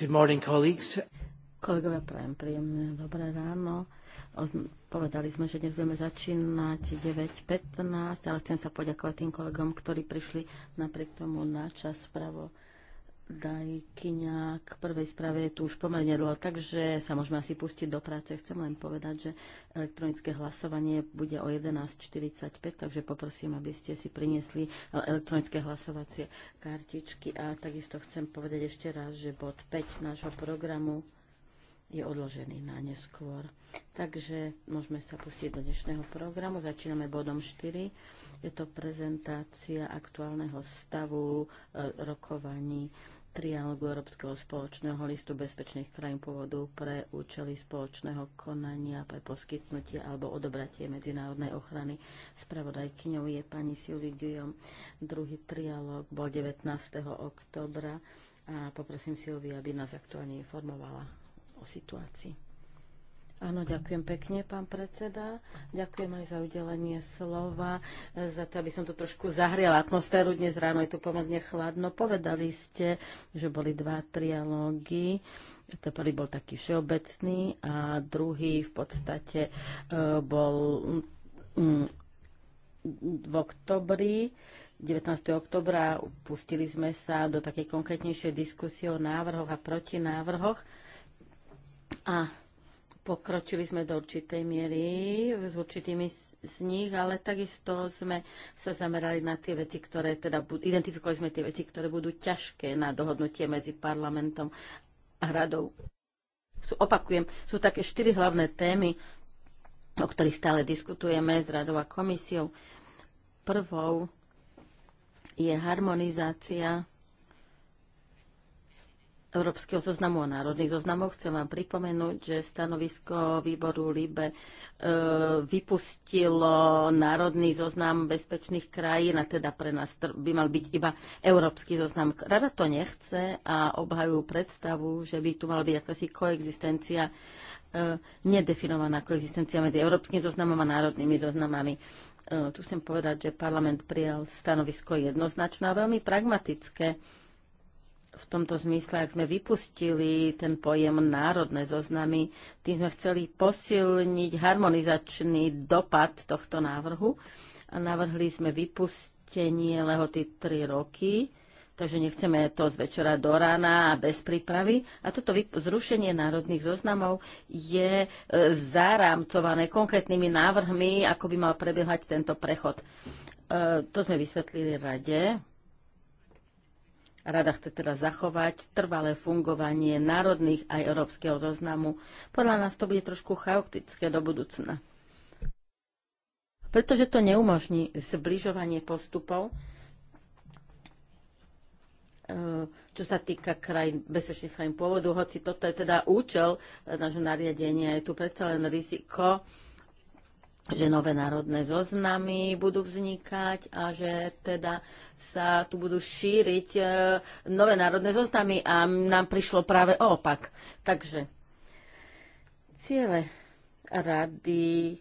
Good morning, colleagues. Kolegovia, prajem príjemné dobré ráno. Povedali sme, že dnes budeme začínať 9.15, ale chcem sa poďakovať tým kolegom, ktorí prišli napriek tomu na čas spravo spravodajkyňa k prvej správe je tu už pomerne dlho, takže sa môžeme asi pustiť do práce. Chcem len povedať, že elektronické hlasovanie bude o 11.45, takže poprosím, aby ste si priniesli eh, elektronické hlasovacie kartičky. A takisto chcem povedať ešte raz, že bod 5 nášho programu je odložený na neskôr. Takže môžeme sa pustiť do dnešného programu. Začíname bodom 4. Je to prezentácia aktuálneho stavu e, rokovaní trialógu Európskeho spoločného listu bezpečných krajín pôvodu pre účely spoločného konania pre poskytnutie alebo odobratie medzinárodnej ochrany. Spravodajkyňou je pani Silvi Guillaume. Druhý trialóg bol 19. oktobra a poprosím Silvi, aby nás aktuálne informovala o situácii. Áno, ďakujem pekne, pán predseda. Ďakujem aj za udelenie slova, e, za to, aby som tu trošku zahriala atmosféru. Dnes ráno je tu pomerne chladno. Povedali ste, že boli dva trialógy. to Prvý bol taký všeobecný a druhý v podstate e, bol mm, v oktobri. 19. oktobra pustili sme sa do takej konkrétnejšej diskusie o návrhoch a protinávrhoch. A Pokročili sme do určitej miery s určitými z nich, ale takisto sme sa zamerali na tie veci, ktoré teda identifikovali sme tie veci, ktoré budú ťažké na dohodnutie medzi parlamentom a radou. Sú, opakujem, sú také štyri hlavné témy, o ktorých stále diskutujeme s radou a komisiou. Prvou je harmonizácia Európskeho zoznamu o národných zoznamoch. Chcem vám pripomenúť, že stanovisko výboru LIBE e, vypustilo národný zoznam bezpečných krajín a teda pre nás by mal byť iba európsky zoznam. Rada to nechce a obhajujú predstavu, že by tu mal byť akási koexistencia e, nedefinovaná koexistencia medzi európskym zoznamom a národnými zoznamami. E, tu chcem povedať, že parlament prijal stanovisko jednoznačné a veľmi pragmatické v tomto zmysle, ak sme vypustili ten pojem národné zoznamy, tým sme chceli posilniť harmonizačný dopad tohto návrhu a navrhli sme vypustenie lehoty 3 roky, takže nechceme to z večera do rána a bez prípravy. A toto zrušenie národných zoznamov je e, zarámcované konkrétnymi návrhmi, ako by mal prebiehať tento prechod. E, to sme vysvetlili rade, Rada chce teda zachovať trvalé fungovanie národných aj európskeho zoznamu. Podľa nás to bude trošku chaotické do budúcna. Pretože to neumožní zbližovanie postupov, e, čo sa týka krajín, bezpečných krajín pôvodu, hoci toto je teda účel nášho nariadenia, je tu predsa len riziko, že nové národné zoznamy budú vznikať a že teda sa tu budú šíriť e, nové národné zoznamy a nám prišlo práve opak. Takže ciele rady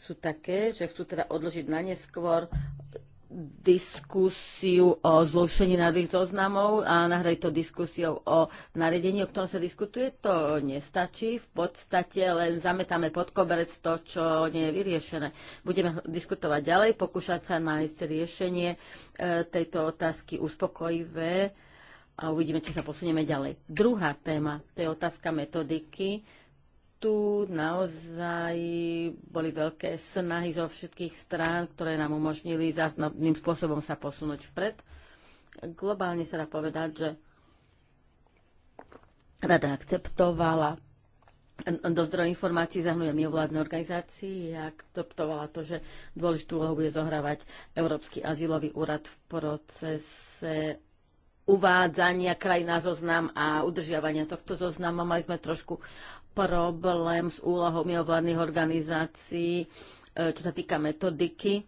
sú také, že chcú teda odložiť na neskôr diskusiu o zlušení nadých zoznamov a nahradiť to diskusiou o naredení, o ktorom sa diskutuje, to nestačí. V podstate len zametáme pod koberec to, čo nie je vyriešené. Budeme diskutovať ďalej, pokúšať sa nájsť riešenie e, tejto otázky uspokojivé a uvidíme, či sa posunieme ďalej. Druhá téma, to je otázka metodiky tu naozaj boli veľké snahy zo všetkých strán, ktoré nám umožnili zásadným spôsobom sa posunúť vpred. Globálne sa dá povedať, že rada akceptovala do zdrojov informácií zahrnuje mimovládne organizácii. a akceptovala to, že dôležitú úlohu bude zohrávať Európsky azylový úrad v procese uvádzania krajina zoznam a udržiavania tohto zoznamu. Mali sme trošku problém s úlohou mimovládnych organizácií, e, čo sa týka metodiky,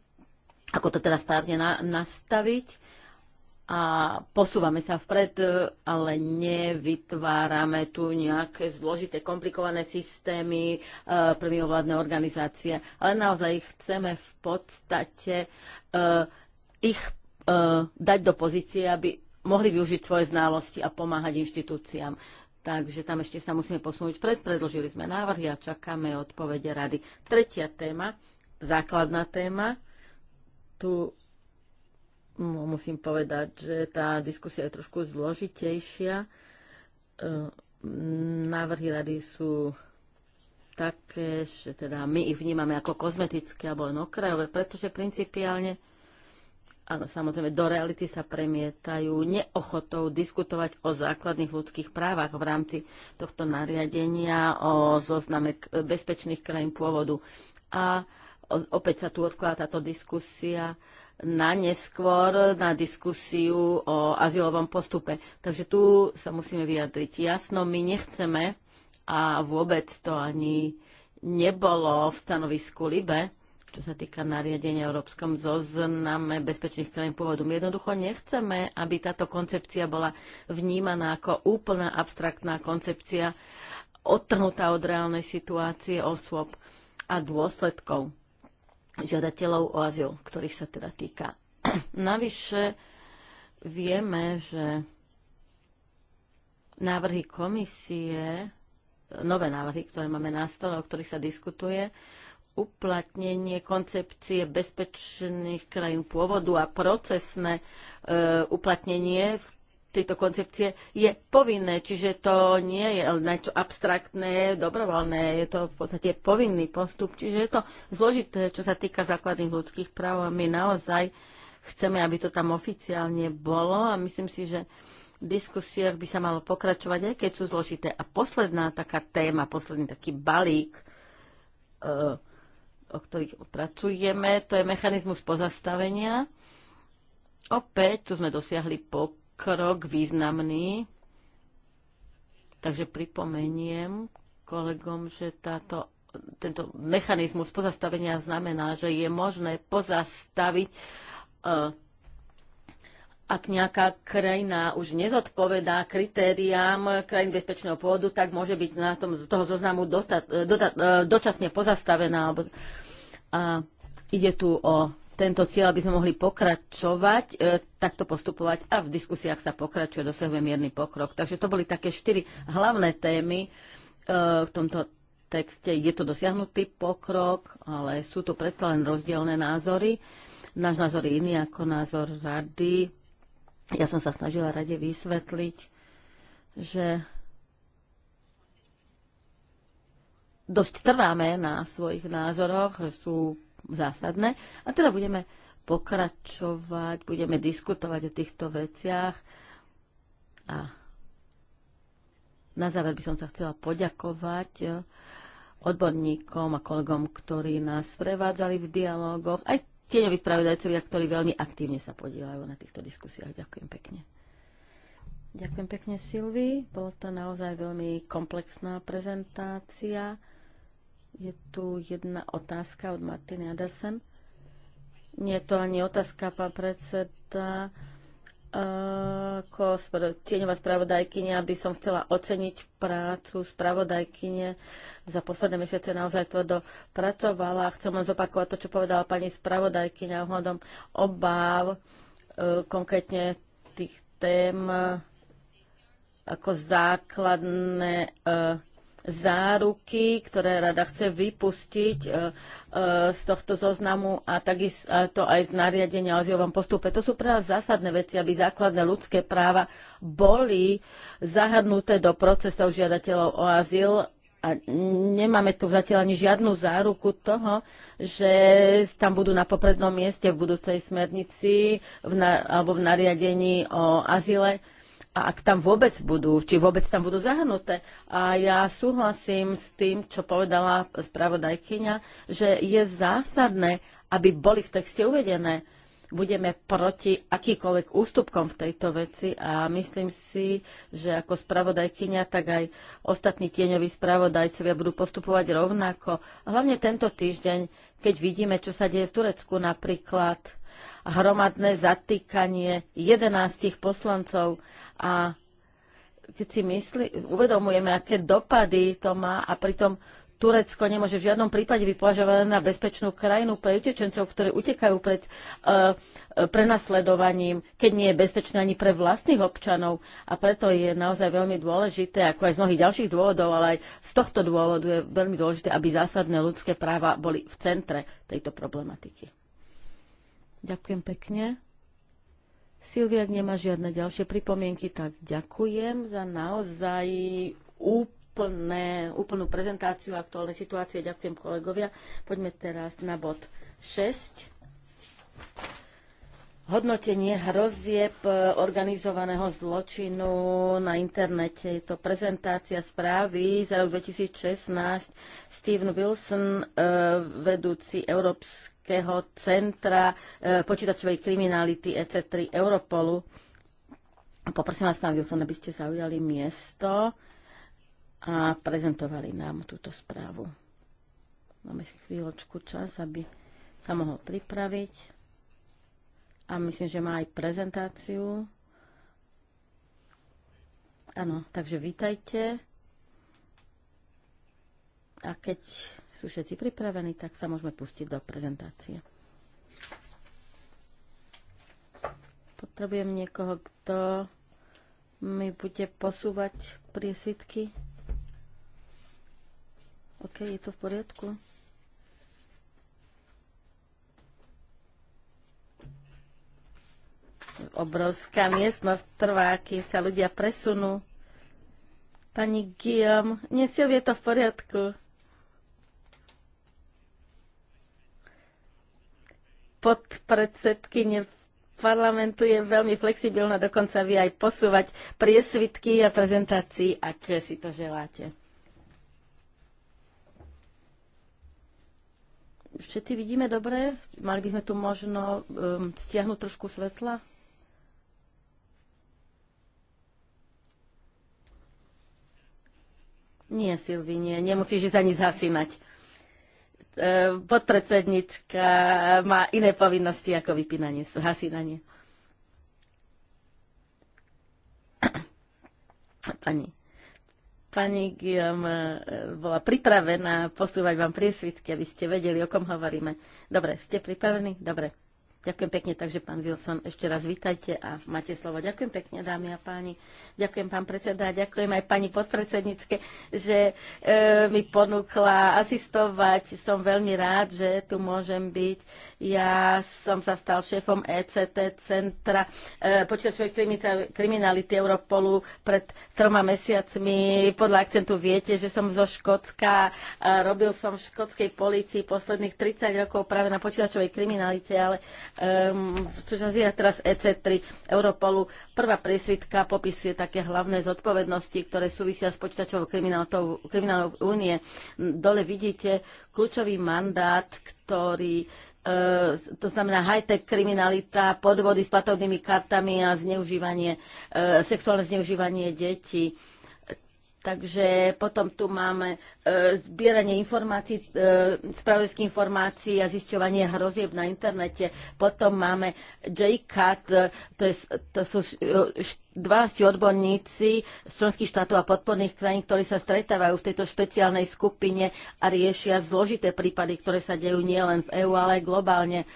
ako to teda správne na, nastaviť a posúvame sa vpred, e, ale nevytvárame tu nejaké zložité, komplikované systémy e, pre mimovládne organizácie, ale naozaj chceme v podstate ich dať do pozície, aby mohli využiť svoje znalosti a pomáhať inštitúciám. Takže tam ešte sa musíme posunúť vpred. Predložili sme návrhy a čakáme odpovede rady. Tretia téma, základná téma. Tu musím povedať, že tá diskusia je trošku zložitejšia. Ehm, návrhy rady sú také, že teda my ich vnímame ako kozmetické alebo len okrajové, pretože principiálne áno, samozrejme, do reality sa premietajú neochotou diskutovať o základných ľudských právach v rámci tohto nariadenia o zozname bezpečných krajín pôvodu. A opäť sa tu odkladá táto diskusia na neskôr, na diskusiu o azylovom postupe. Takže tu sa musíme vyjadriť jasno, my nechceme a vôbec to ani nebolo v stanovisku LIBE, čo sa týka nariadenia Európskom zozname bezpečných krajín pôvodu. My jednoducho nechceme, aby táto koncepcia bola vnímaná ako úplná abstraktná koncepcia, odtrhnutá od reálnej situácie osôb a dôsledkov žiadateľov o azyl, ktorých sa teda týka. Navyše vieme, že návrhy komisie, nové návrhy, ktoré máme na stole, o ktorých sa diskutuje, uplatnenie koncepcie bezpečných krajín pôvodu a procesné e, uplatnenie v tejto koncepcie je povinné, čiže to nie je niečo abstraktné, dobrovoľné, je to v podstate povinný postup, čiže je to zložité, čo sa týka základných ľudských práv a my naozaj chceme, aby to tam oficiálne bolo a myslím si, že v diskusiách by sa malo pokračovať, aj keď sú zložité. A posledná taká téma, posledný taký balík, e, o ktorých pracujeme, to je mechanizmus pozastavenia. Opäť tu sme dosiahli pokrok významný, takže pripomeniem kolegom, že táto, tento mechanizmus pozastavenia znamená, že je možné pozastaviť eh, ak nejaká krajina už nezodpovedá kritériám krajín bezpečného pôdu, tak môže byť na tom, z toho zoznamu dostat, e, do, e, dočasne pozastavená. A ide tu o tento cieľ, aby sme mohli pokračovať, e, takto postupovať a v diskusiách sa pokračuje, dosahuje mierny pokrok. Takže to boli také štyri hlavné témy v tomto texte. Je to dosiahnutý pokrok, ale sú tu predsa len rozdielne názory. Náš názor je iný ako názor rady ja som sa snažila rade vysvetliť, že dosť trváme na svojich názoroch, sú zásadné. A teda budeme pokračovať, budeme diskutovať o týchto veciach. A na záver by som sa chcela poďakovať odborníkom a kolegom, ktorí nás prevádzali v dialogoch, aj tieňoví spravodajcovia, ktorí veľmi aktívne sa podielajú na týchto diskusiách. Ďakujem pekne. Ďakujem pekne, Silvi. Bolo to naozaj veľmi komplexná prezentácia. Je tu jedna otázka od Martiny Andersen. Nie je to ani otázka, pán predseda. Ako tieňová spravodajkynia by som chcela oceniť prácu spravodajkyne. Za posledné mesiace naozaj tvrdo pracovala. Chcem len zopakovať to, čo povedala pani spravodajkynia ohľadom obáv, e, konkrétne tých tém e, ako základné e, záruky, ktoré rada chce vypustiť e, e, z tohto zoznamu a takisto aj z nariadenia o zjovom postupe. To sú pre nás zásadné veci, aby základné ľudské práva boli zahrnuté do procesov žiadateľov o azyl a nemáme tu zatiaľ ani žiadnu záruku toho, že tam budú na poprednom mieste v budúcej smernici v na, alebo v nariadení o azyle a ak tam vôbec budú, či vôbec tam budú zahrnuté. A ja súhlasím s tým, čo povedala spravodajkyňa, že je zásadné, aby boli v texte uvedené. Budeme proti akýkoľvek ústupkom v tejto veci a myslím si, že ako spravodajkyňa, tak aj ostatní tieňoví spravodajcovia budú postupovať rovnako. Hlavne tento týždeň, keď vidíme, čo sa deje v Turecku napríklad, hromadné zatýkanie 11 poslancov a keď si myslí, uvedomujeme, aké dopady to má a pritom Turecko nemôže v žiadnom prípade byť považované na bezpečnú krajinu pre utečencov, ktorí utekajú pred uh, prenasledovaním, keď nie je bezpečné ani pre vlastných občanov. A preto je naozaj veľmi dôležité, ako aj z mnohých ďalších dôvodov, ale aj z tohto dôvodu je veľmi dôležité, aby zásadné ľudské práva boli v centre tejto problematiky. Ďakujem pekne. Silvia, ak nemá žiadne ďalšie pripomienky, tak ďakujem za naozaj úplné, úplnú prezentáciu aktuálnej situácie. Ďakujem kolegovia. Poďme teraz na bod 6. Hodnotenie hrozieb organizovaného zločinu na internete. Je to prezentácia správy za rok 2016. Steven Wilson, eh, vedúci Európsky Európskeho centra e, počítačovej kriminality EC3 Europolu. Poprosím vás, pán Gilson, aby ste zaujali miesto a prezentovali nám túto správu. Máme chvíľočku čas, aby sa mohol pripraviť. A myslím, že má aj prezentáciu. Áno, takže vítajte. A keď sú všetci pripravení, tak sa môžeme pustiť do prezentácie. Potrebujem niekoho, kto mi bude posúvať priesvitky. OK, je to v poriadku? Obrovská miestnosť trvá, kým sa ľudia presunú. Pani Guillaume, nie je to v poriadku. podpredsedkyne parlamentu je veľmi flexibilná, dokonca vy aj posúvať priesvitky a prezentácii, ak si to želáte. Všetci vidíme dobre? Mali by sme tu možno um, stiahnuť trošku svetla? Nie, Silvi, nie. Nemusíš ísť ani zhasínať. Eh, podpredsednička má iné povinnosti ako vypínanie, hasínanie. Pani, pani Guillaume eh, bola pripravená posúvať vám priesvitky, aby ste vedeli, o kom hovoríme. Dobre, ste pripravení? Dobre. Ďakujem pekne, takže pán Wilson, ešte raz vítajte a máte slovo. Ďakujem pekne, dámy a páni. Ďakujem pán predseda, ďakujem aj pani podpredsedničke, že e, mi ponúkla asistovať. Som veľmi rád, že tu môžem byť. Ja som sa stal šéfom ECT Centra e, počítačovej kriminality Europolu pred troma mesiacmi. Podľa akcentu viete, že som zo Škótska. E, robil som v škótskej policii posledných 30 rokov práve na počítačovej kriminalite, ale Um, ehm, ja teraz EC3 Europolu. Prvá prísvitka popisuje také hlavné zodpovednosti, ktoré súvisia s počítačovou kriminálnou únie. Dole vidíte kľúčový mandát, ktorý e, to znamená high-tech kriminalita, podvody s platovnými kartami a zneužívanie, e, sexuálne zneužívanie detí Takže potom tu máme e, zbieranie informácií, e, spravodajských informácií a zisťovanie hrozieb na internete. Potom máme JCAT, e, to, je, to sú 12 e, odborníci z členských štátov a podporných krajín, ktorí sa stretávajú v tejto špeciálnej skupine a riešia zložité prípady, ktoré sa dejú nielen v EÚ, ale aj globálne. E,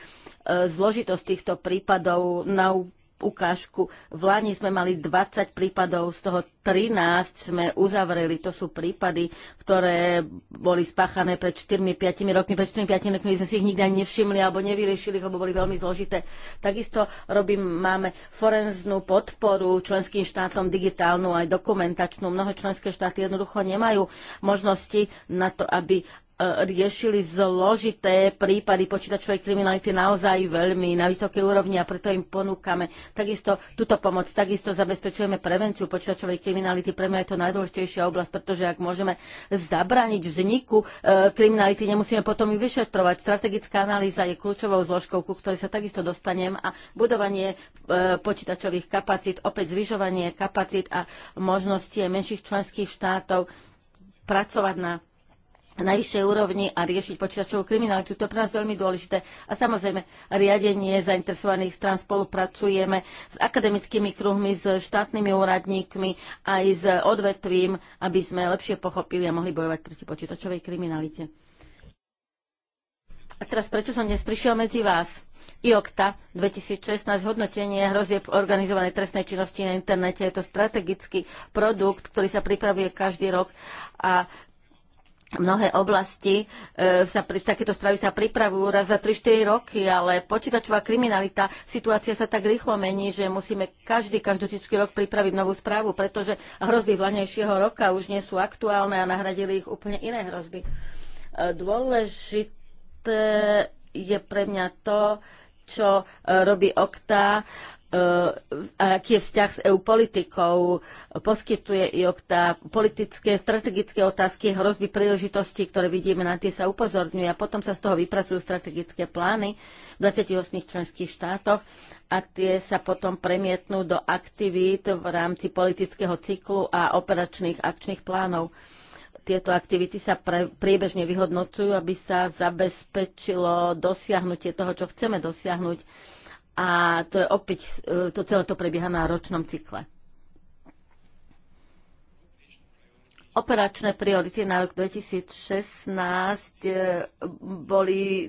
zložitosť týchto prípadov na ukážku. V Lani sme mali 20 prípadov, z toho 13 sme uzavreli. To sú prípady, ktoré boli spáchané pred 4-5 rokmi. Pred 4-5 rokmi sme si ich nikdy ani nevšimli alebo nevyriešili, lebo boli veľmi zložité. Takisto robím, máme forenznú podporu členským štátom, digitálnu aj dokumentačnú. Mnohé členské štáty jednoducho nemajú možnosti na to, aby riešili zložité prípady počítačovej kriminality naozaj veľmi na vysokej úrovni a preto im ponúkame takisto túto pomoc, takisto zabezpečujeme prevenciu počítačovej kriminality. Pre mňa je to najdôležitejšia oblasť, pretože ak môžeme zabrániť vzniku e, kriminality, nemusíme potom ju vyšetrovať. Strategická analýza je kľúčovou zložkou, ku ktorej sa takisto dostanem a budovanie e, počítačových kapacít, opäť zvyšovanie kapacít a možnosti menších členských štátov pracovať na na vyššej úrovni a riešiť počítačovú kriminalitu. To je pre nás veľmi dôležité. A samozrejme, riadenie zainteresovaných strán spolupracujeme s akademickými kruhmi, s štátnymi úradníkmi, aj s odvetvím, aby sme lepšie pochopili a mohli bojovať proti počítačovej kriminalite. A teraz prečo som dnes prišiel medzi vás? IOKTA 2016 hodnotenie hrozieb organizovanej trestnej činnosti na internete. Je to strategický produkt, ktorý sa pripravuje každý rok a Mnohé oblasti e, sa pri, takéto správy sa pripravujú raz za 3-4 roky, ale počítačová kriminalita, situácia sa tak rýchlo mení, že musíme každý každotýčky rok pripraviť novú správu, pretože hrozby vlanejšieho roka už nie sú aktuálne a nahradili ich úplne iné hrozby. E, dôležité je pre mňa to, čo e, robí Okta E, a aký je vzťah s EU politikou, poskytuje i okta politické, strategické otázky, hrozby príležitosti, ktoré vidíme, na tie sa upozorňuje a potom sa z toho vypracujú strategické plány v 28 členských štátoch a tie sa potom premietnú do aktivít v rámci politického cyklu a operačných akčných plánov tieto aktivity sa pre, priebežne vyhodnocujú, aby sa zabezpečilo dosiahnutie toho, čo chceme dosiahnuť a to je opäť, e, to celé to prebieha na ročnom cykle. Operačné priority na rok 2016 e, boli e,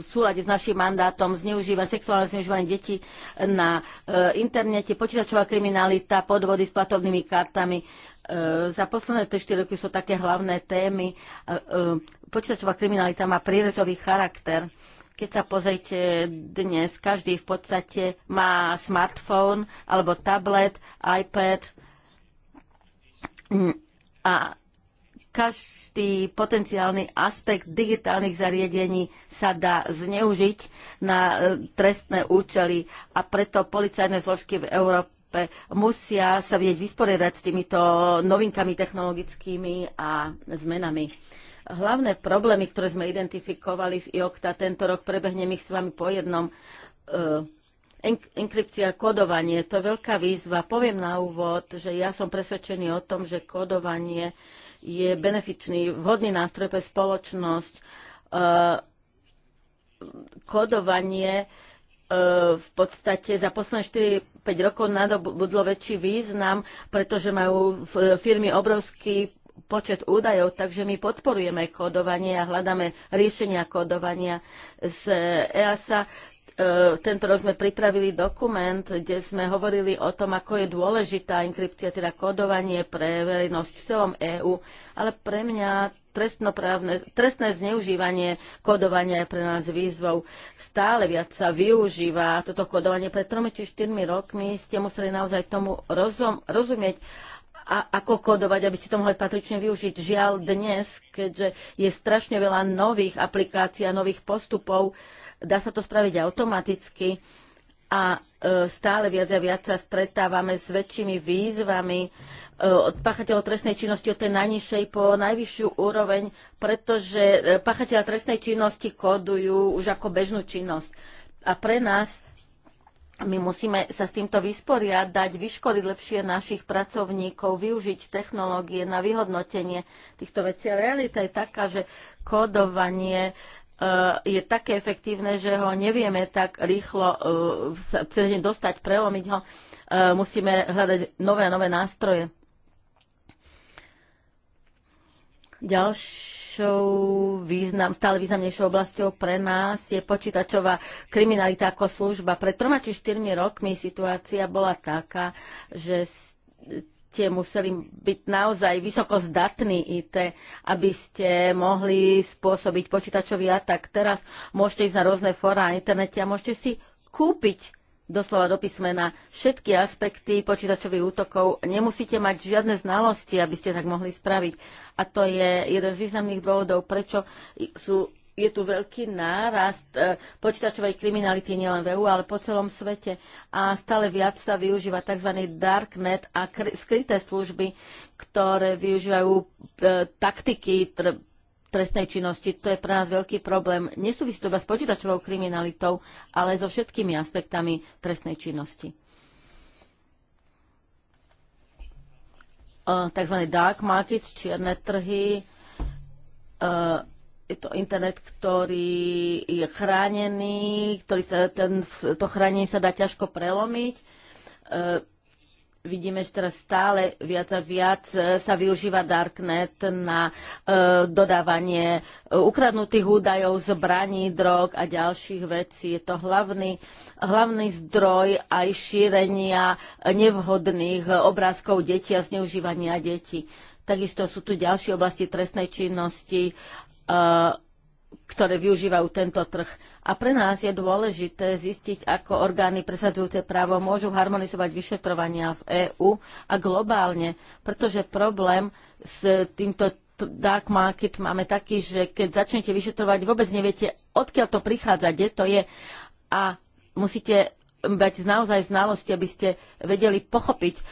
v súlade s našim mandátom zneužívať sexuálne zneužívanie detí na internete, počítačová kriminalita, podvody s platobnými kartami. Za posledné 3-4 roky sú také hlavné témy. Počítačová kriminalita má prírezový charakter keď sa pozrite dnes, každý v podstate má smartfón alebo tablet, iPad a každý potenciálny aspekt digitálnych zariadení sa dá zneužiť na e, trestné účely a preto policajné zložky v Európe musia sa vieť vysporiadať s týmito novinkami technologickými a zmenami. Hlavné problémy, ktoré sme identifikovali v IOKTA tento rok, prebehnem ich s vami po jednom. Eh, Enkrypcia, kodovanie, to je veľká výzva. Poviem na úvod, že ja som presvedčený o tom, že kodovanie je benefičný, vhodný nástroj pre spoločnosť. Eh, kodovanie eh, v podstate za posledné 4-5 rokov nadobudlo väčší význam, pretože majú firmy obrovský počet údajov, takže my podporujeme kódovanie a hľadáme riešenia kódovania z EASA. E, tento rok sme pripravili dokument, kde sme hovorili o tom, ako je dôležitá inkrypcia, teda kódovanie pre verejnosť v celom EÚ, ale pre mňa trestné zneužívanie kódovania je pre nás výzvou. Stále viac sa využíva toto kódovanie. Pred 3 či 4 rokmi ste museli naozaj tomu rozum, rozumieť a ako kodovať, aby ste to mohli patrične využiť. Žiaľ dnes, keďže je strašne veľa nových aplikácií a nových postupov, dá sa to spraviť automaticky a e, stále viac a viac sa stretávame s väčšími výzvami e, od páchateľov trestnej činnosti od tej najnižšej po najvyššiu úroveň, pretože e, páchateľa trestnej činnosti kódujú už ako bežnú činnosť. A pre nás my musíme sa s týmto vysporiadať, vyškoliť lepšie našich pracovníkov, využiť technológie na vyhodnotenie týchto vecí. A realita je taká, že kódovanie e, je také efektívne, že ho nevieme tak rýchlo e, cez dostať, prelomiť ho. E, musíme hľadať nové a nové nástroje. Ďalšou význam, stále významnejšou oblasťou pre nás je počítačová kriminalita ako služba. Pred troma či štyrmi rokmi situácia bola taká, že ste museli byť naozaj vysoko zdatní IT, aby ste mohli spôsobiť počítačový atak. Teraz môžete ísť na rôzne fóra na internete a môžete si kúpiť doslova do písmena všetky aspekty počítačových útokov. Nemusíte mať žiadne znalosti, aby ste tak mohli spraviť. A to je jeden z významných dôvodov, prečo sú, je tu veľký nárast e, počítačovej kriminality nielen v EU, ale po celom svete. A stále viac sa využíva tzv. darknet a skryté služby, ktoré využívajú e, taktiky, tr- trestnej činnosti. To je pre nás veľký problém. Nesúvisí to iba s počítačovou kriminalitou, ale so všetkými aspektami trestnej činnosti. Eh, Tzv. dark markets, čierne trhy, eh, je to internet, ktorý je chránený, ktorý sa, ten, to chránenie sa dá ťažko prelomiť eh, vidíme, že teraz stále viac a viac e, sa využíva darknet na uh, dodávanie e, ukradnutých údajov, zbraní, drog a ďalších vecí. Je to hlavný, hlavný zdroj aj šírenia nevhodných obrázkov detí a zneužívania detí. Takisto sú tu ďalšie oblasti trestnej činnosti, Uh, ktoré využívajú tento trh. A pre nás je dôležité zistiť, ako orgány presadzujúce právo môžu harmonizovať vyšetrovania v EÚ a globálne, pretože problém s týmto dark market máme taký, že keď začnete vyšetrovať, vôbec neviete, odkiaľ to prichádza, kde to je a musíte mať naozaj znalosti, aby ste vedeli pochopiť, e,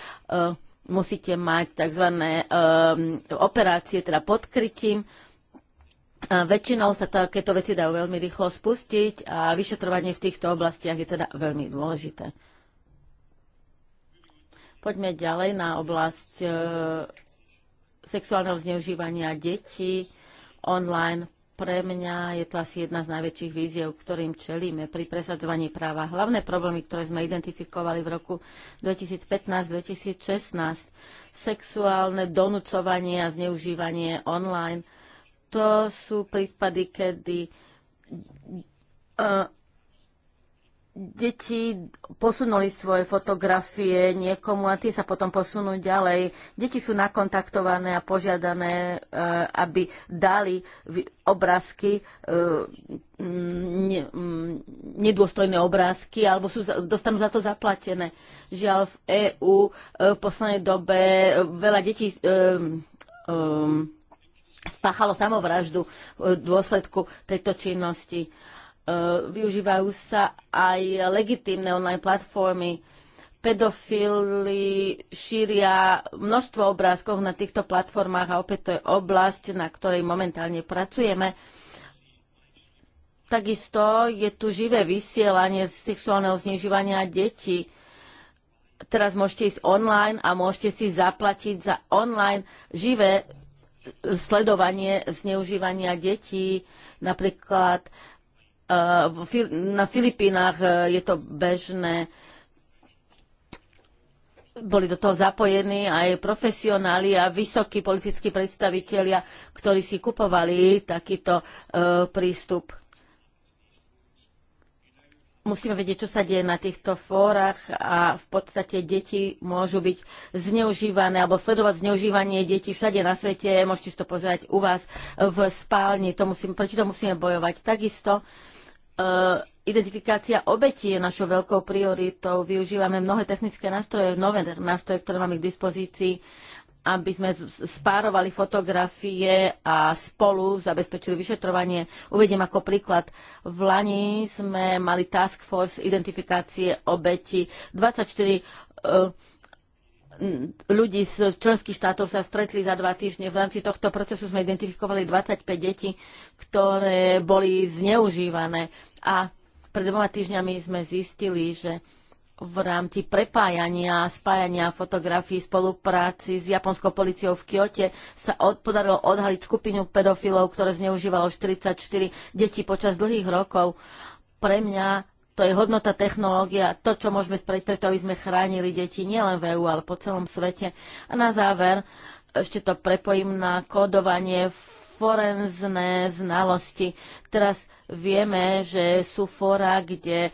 musíte mať tzv. E, operácie, teda podkrytím, Väčšinou sa takéto veci dajú veľmi rýchlo spustiť a vyšetrovanie v týchto oblastiach je teda veľmi dôležité. Poďme ďalej na oblasť e, sexuálneho zneužívania detí online. Pre mňa je to asi jedna z najväčších víziev, ktorým čelíme pri presadzovaní práva. Hlavné problémy, ktoré sme identifikovali v roku 2015-2016, sexuálne donúcovanie a zneužívanie online – to sú prípady, kedy uh, deti posunuli svoje fotografie niekomu a tie sa potom posunú ďalej. Deti sú nakontaktované a požiadané, e, aby dali obrázky, e, nedôstojné obrázky, alebo sú, dostanú za to zaplatené. Žiaľ, v EÚ v poslednej dobe veľa detí um, spáchalo samovraždu v dôsledku tejto činnosti. E, využívajú sa aj legitímne online platformy. pedofily, šíria množstvo obrázkov na týchto platformách a opäť to je oblasť, na ktorej momentálne pracujeme. Takisto je tu živé vysielanie sexuálneho znižovania detí teraz môžete ísť online a môžete si zaplatiť za online živé sledovanie zneužívania detí. Napríklad e, na Filipínach e, je to bežné. Boli do toho zapojení aj profesionáli a vysokí politickí predstavitelia, ktorí si kupovali takýto e, prístup musíme vedieť, čo sa deje na týchto fórach a v podstate deti môžu byť zneužívané alebo sledovať zneužívanie detí všade na svete. Môžete si to pozerať u vás v spálni. To musím, proti to musíme bojovať. Takisto e, Identifikácia obetí je našou veľkou prioritou. Využívame mnohé technické nástroje, nové nástroje, ktoré máme k dispozícii aby sme spárovali fotografie a spolu zabezpečili vyšetrovanie. Uvediem ako príklad. V Lani sme mali task force identifikácie obeti. 24 eh, ľudí z členských štátov sa stretli za dva týždne. V rámci tohto procesu sme identifikovali 25 detí, ktoré boli zneužívané. A pred dvoma týždňami sme zistili, že v rámci prepájania, spájania fotografií, spolupráci s japonskou policiou v Kyote sa od, podarilo odhaliť skupinu pedofilov, ktoré zneužívalo 44 detí počas dlhých rokov. Pre mňa to je hodnota technológia, to, čo môžeme spraviť preto, aby sme chránili deti nielen v EU, ale po celom svete. A na záver ešte to prepojím na kódovanie forenzné znalosti. Teraz vieme, že sú fóra, kde e,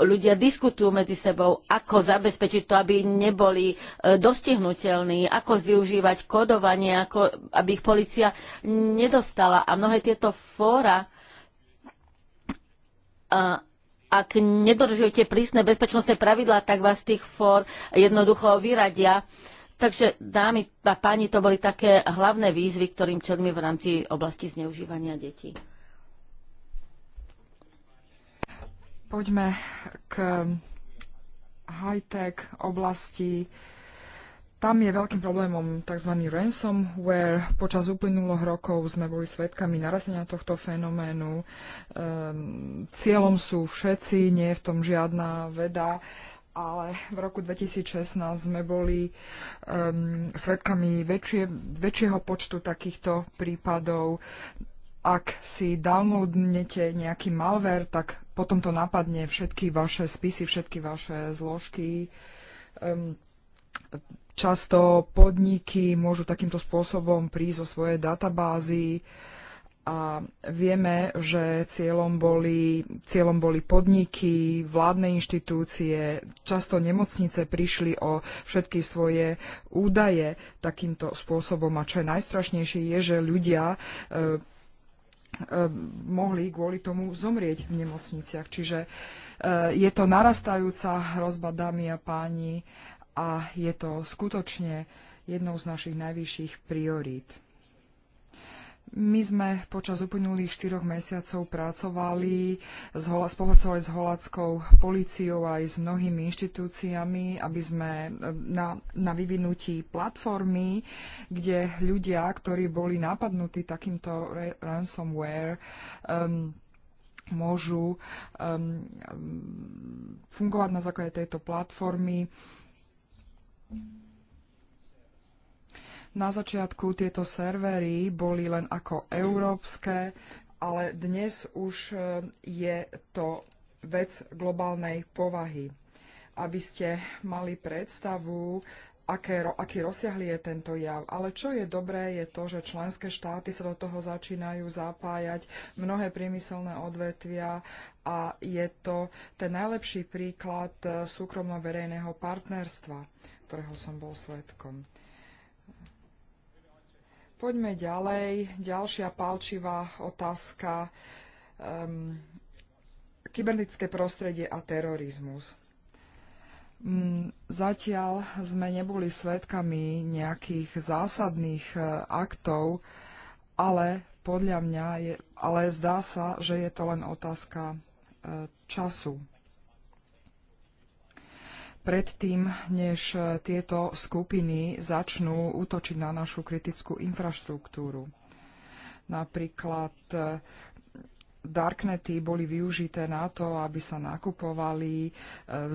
ľudia diskutujú medzi sebou, ako zabezpečiť to, aby neboli e, dostihnutelní, ako využívať kodovanie, ako, aby ich policia nedostala. A mnohé tieto fóra a, e, ak nedodržujete prísne bezpečnostné pravidlá, tak vás tých fór jednoducho vyradia. E, Takže dámy a páni, to boli také hlavné výzvy, ktorým čelíme v rámci oblasti zneužívania detí. Poďme k high-tech oblasti. Tam je veľkým problémom tzv. ransomware. Počas uplynulých rokov sme boli svedkami narastenia tohto fenoménu. Ehm, cieľom sú všetci, nie je v tom žiadna veda ale v roku 2016 sme boli um, svedkami väčšie, väčšieho počtu takýchto prípadov. Ak si downloadnete nejaký malware, tak potom to napadne všetky vaše spisy, všetky vaše zložky. Um, často podniky môžu takýmto spôsobom prísť zo svojej databázy. Um, a vieme, že cieľom boli, cieľom boli podniky, vládne inštitúcie, často nemocnice prišli o všetky svoje údaje takýmto spôsobom. A čo je najstrašnejšie, je, že ľudia e, e, mohli kvôli tomu zomrieť v nemocniciach. Čiže e, je to narastajúca hrozba, dámy a páni, a je to skutočne jednou z našich najvyšších priorít. My sme počas uplynulých štyroch mesiacov pracovali, spolupracovali s holandskou policiou aj s mnohými inštitúciami, aby sme e, na, na vyvinutí platformy, kde ľudia, ktorí boli napadnutí takýmto ransomware, um, môžu um, fungovať na základe tejto platformy. Na začiatku tieto servery boli len ako európske, ale dnes už e, je to vec globálnej povahy. Aby ste mali predstavu, aké, aký rozsiahly je tento jav. Ale čo je dobré, je to, že členské štáty sa do toho začínajú zapájať, mnohé priemyselné odvetvia a je to ten najlepší príklad e, súkromno-verejného partnerstva, ktorého som bol svetkom. Poďme ďalej. Ďalšia palčivá otázka. Um, kybernetické prostredie a terorizmus. Mm, zatiaľ sme neboli svedkami nejakých zásadných e, aktov, ale podľa mňa je, ale zdá sa, že je to len otázka e, času predtým, než tieto skupiny začnú útočiť na našu kritickú infraštruktúru. Napríklad eh, darknety boli využité na to, aby sa nakupovali eh,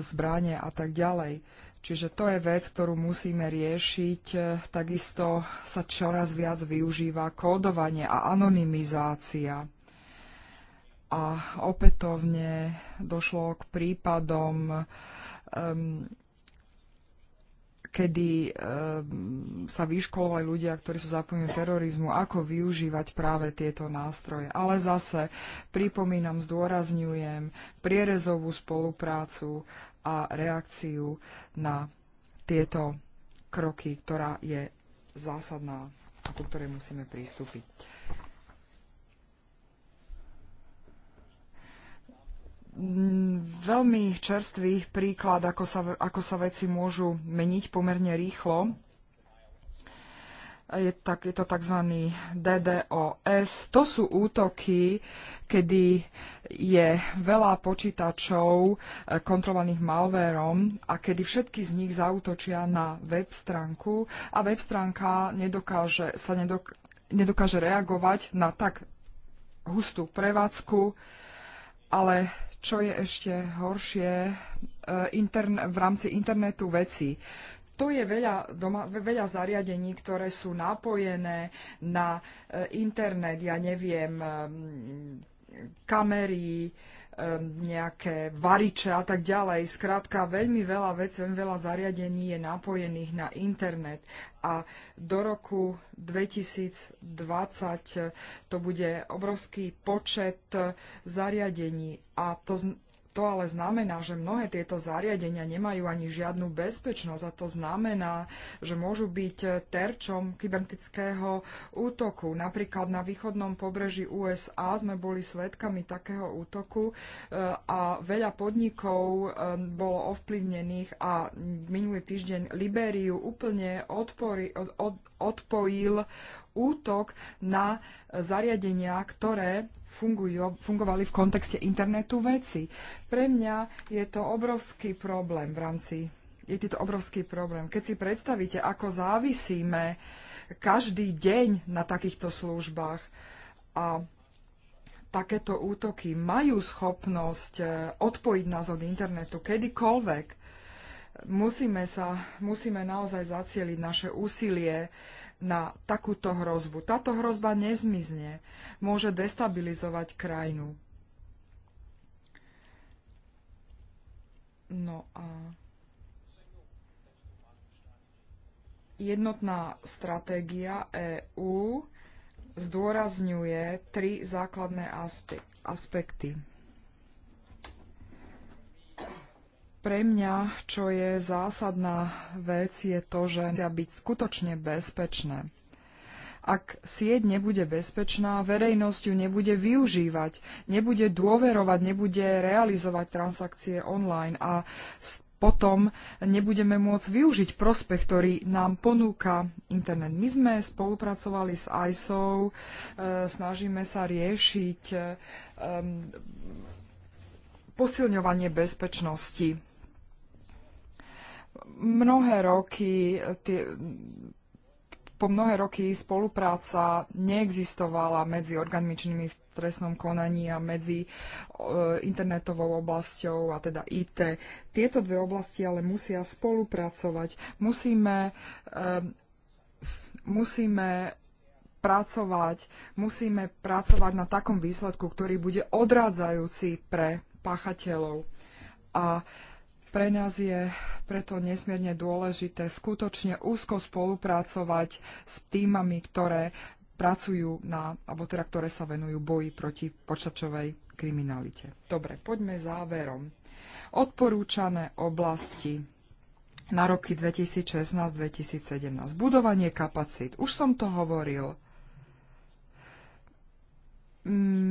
zbranie a tak ďalej. Čiže to je vec, ktorú musíme riešiť. Eh, takisto sa čoraz viac využíva kódovanie a anonymizácia. A opätovne došlo k prípadom Ehm, kedy ehm, sa vyškolovali ľudia, ktorí sú zapojení terorizmu, ako využívať práve tieto nástroje. Ale zase pripomínam, zdôrazňujem prierezovú spoluprácu a reakciu na tieto kroky, ktorá je zásadná a ku ktorej musíme pristúpiť. Mm, veľmi čerstvý príklad, ako sa, ako sa veci môžu meniť pomerne rýchlo. Je, tak, je to tzv. DDoS. To sú útoky, kedy je veľa počítačov eh, kontrolovaných malvérom a kedy všetky z nich zautočia na web stránku a web stránka nedokáže, sa nedok- nedokáže reagovať na tak hustú prevádzku, ale čo je ešte horšie, e, intern, v rámci internetu veci. To je veľa, doma, veľa zariadení, ktoré sú napojené na e, internet, ja neviem, kamery, nejaké variče a tak ďalej. Skrátka, veľmi veľa vec, veľmi veľa zariadení je napojených na internet a do roku 2020 to bude obrovský počet eh, zariadení a to to ale znamená, že mnohé tieto zariadenia nemajú ani žiadnu bezpečnosť a to znamená, že môžu byť terčom kybernetického útoku. Napríklad na východnom pobreží USA sme boli svedkami takého útoku e, a veľa podnikov e, bolo ovplyvnených a minulý týždeň Libériu úplne odpori, od, od, odpojil útok na zariadenia, ktoré fungujú, fungovali v kontexte internetu veci. Pre mňa je to obrovský problém v rámci je to obrovský problém. Keď si predstavíte, ako závisíme každý deň na takýchto službách a takéto útoky majú schopnosť e, odpojiť nás od internetu kedykoľvek, musíme, sa, musíme naozaj zacieliť naše úsilie na takúto hrozbu. Táto hrozba nezmizne, môže destabilizovať krajinu. No a jednotná stratégia EÚ zdôrazňuje tri základné aspekty. Pre mňa, čo je zásadná vec, je to, že musia byť skutočne bezpečné. Ak sieť nebude bezpečná, verejnosť ju nebude využívať, nebude dôverovať, nebude realizovať transakcie online a potom nebudeme môcť využiť prospech, ktorý nám ponúka internet. My sme spolupracovali s ISO, e, snažíme sa riešiť e, posilňovanie bezpečnosti mnohé roky tie, po mnohé roky spolupráca neexistovala medzi organičnými v trestnom konaní a medzi e, internetovou oblasťou a teda IT. Tieto dve oblasti ale musia spolupracovať. Musíme, e, musíme pracovať, musíme pracovať na takom výsledku, ktorý bude odrádzajúci pre páchateľov. A e, pre nás je preto nesmierne dôležité skutočne úzko spolupracovať s týmami, ktoré pracujú na, alebo teda ktoré sa venujú boji proti počačovej kriminalite. Dobre, poďme záverom. Odporúčané oblasti na roky 2016-2017. Budovanie kapacít. Už som to hovoril.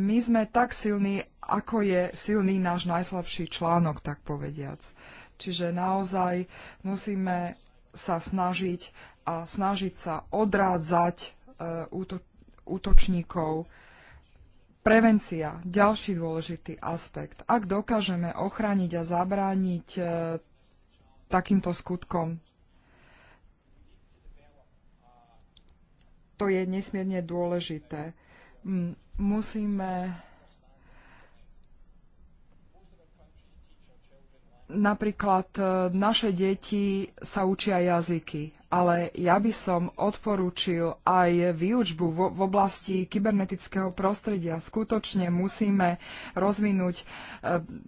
My sme tak silní, ako je silný náš najslabší článok, tak povediac. Čiže naozaj musíme sa snažiť a snažiť sa odrádzať e, úto, útočníkov. Prevencia, ďalší dôležitý aspekt. Ak dokážeme ochrániť a zabrániť e, takýmto skutkom, to je nesmierne dôležité. Musíme napríklad e, naše deti sa učia jazyky, ale ja by som odporúčil aj výučbu v oblasti kybernetického prostredia. Skutočne musíme rozvinúť e,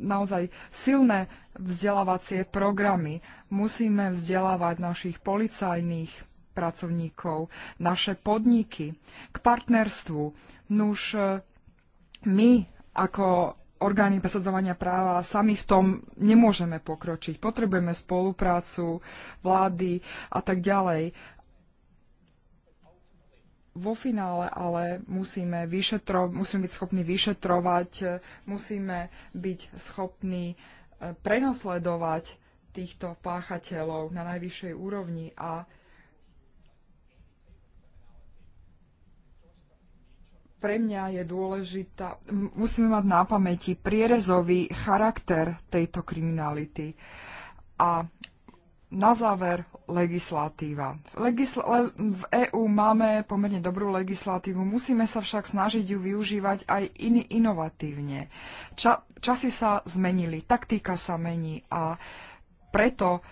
naozaj silné vzdelávacie programy. Musíme vzdelávať našich policajných pracovníkov, naše podniky k partnerstvu. Nuž e, my ako orgány presadzovania práva a sami v tom nemôžeme pokročiť. Potrebujeme spoluprácu vlády a tak ďalej. Vo finále ale musíme, vyšetro, musíme byť schopní vyšetrovať, musíme byť schopní e, prenasledovať týchto páchateľov na najvyššej úrovni a pre mňa je dôležitá, musíme mať na pamäti prierezový charakter tejto kriminality. A na záver legislatíva. v EÚ máme pomerne dobrú legislatívu, musíme sa však snažiť ju využívať aj in- inovatívne. Ča- časy sa zmenili, taktika sa mení a preto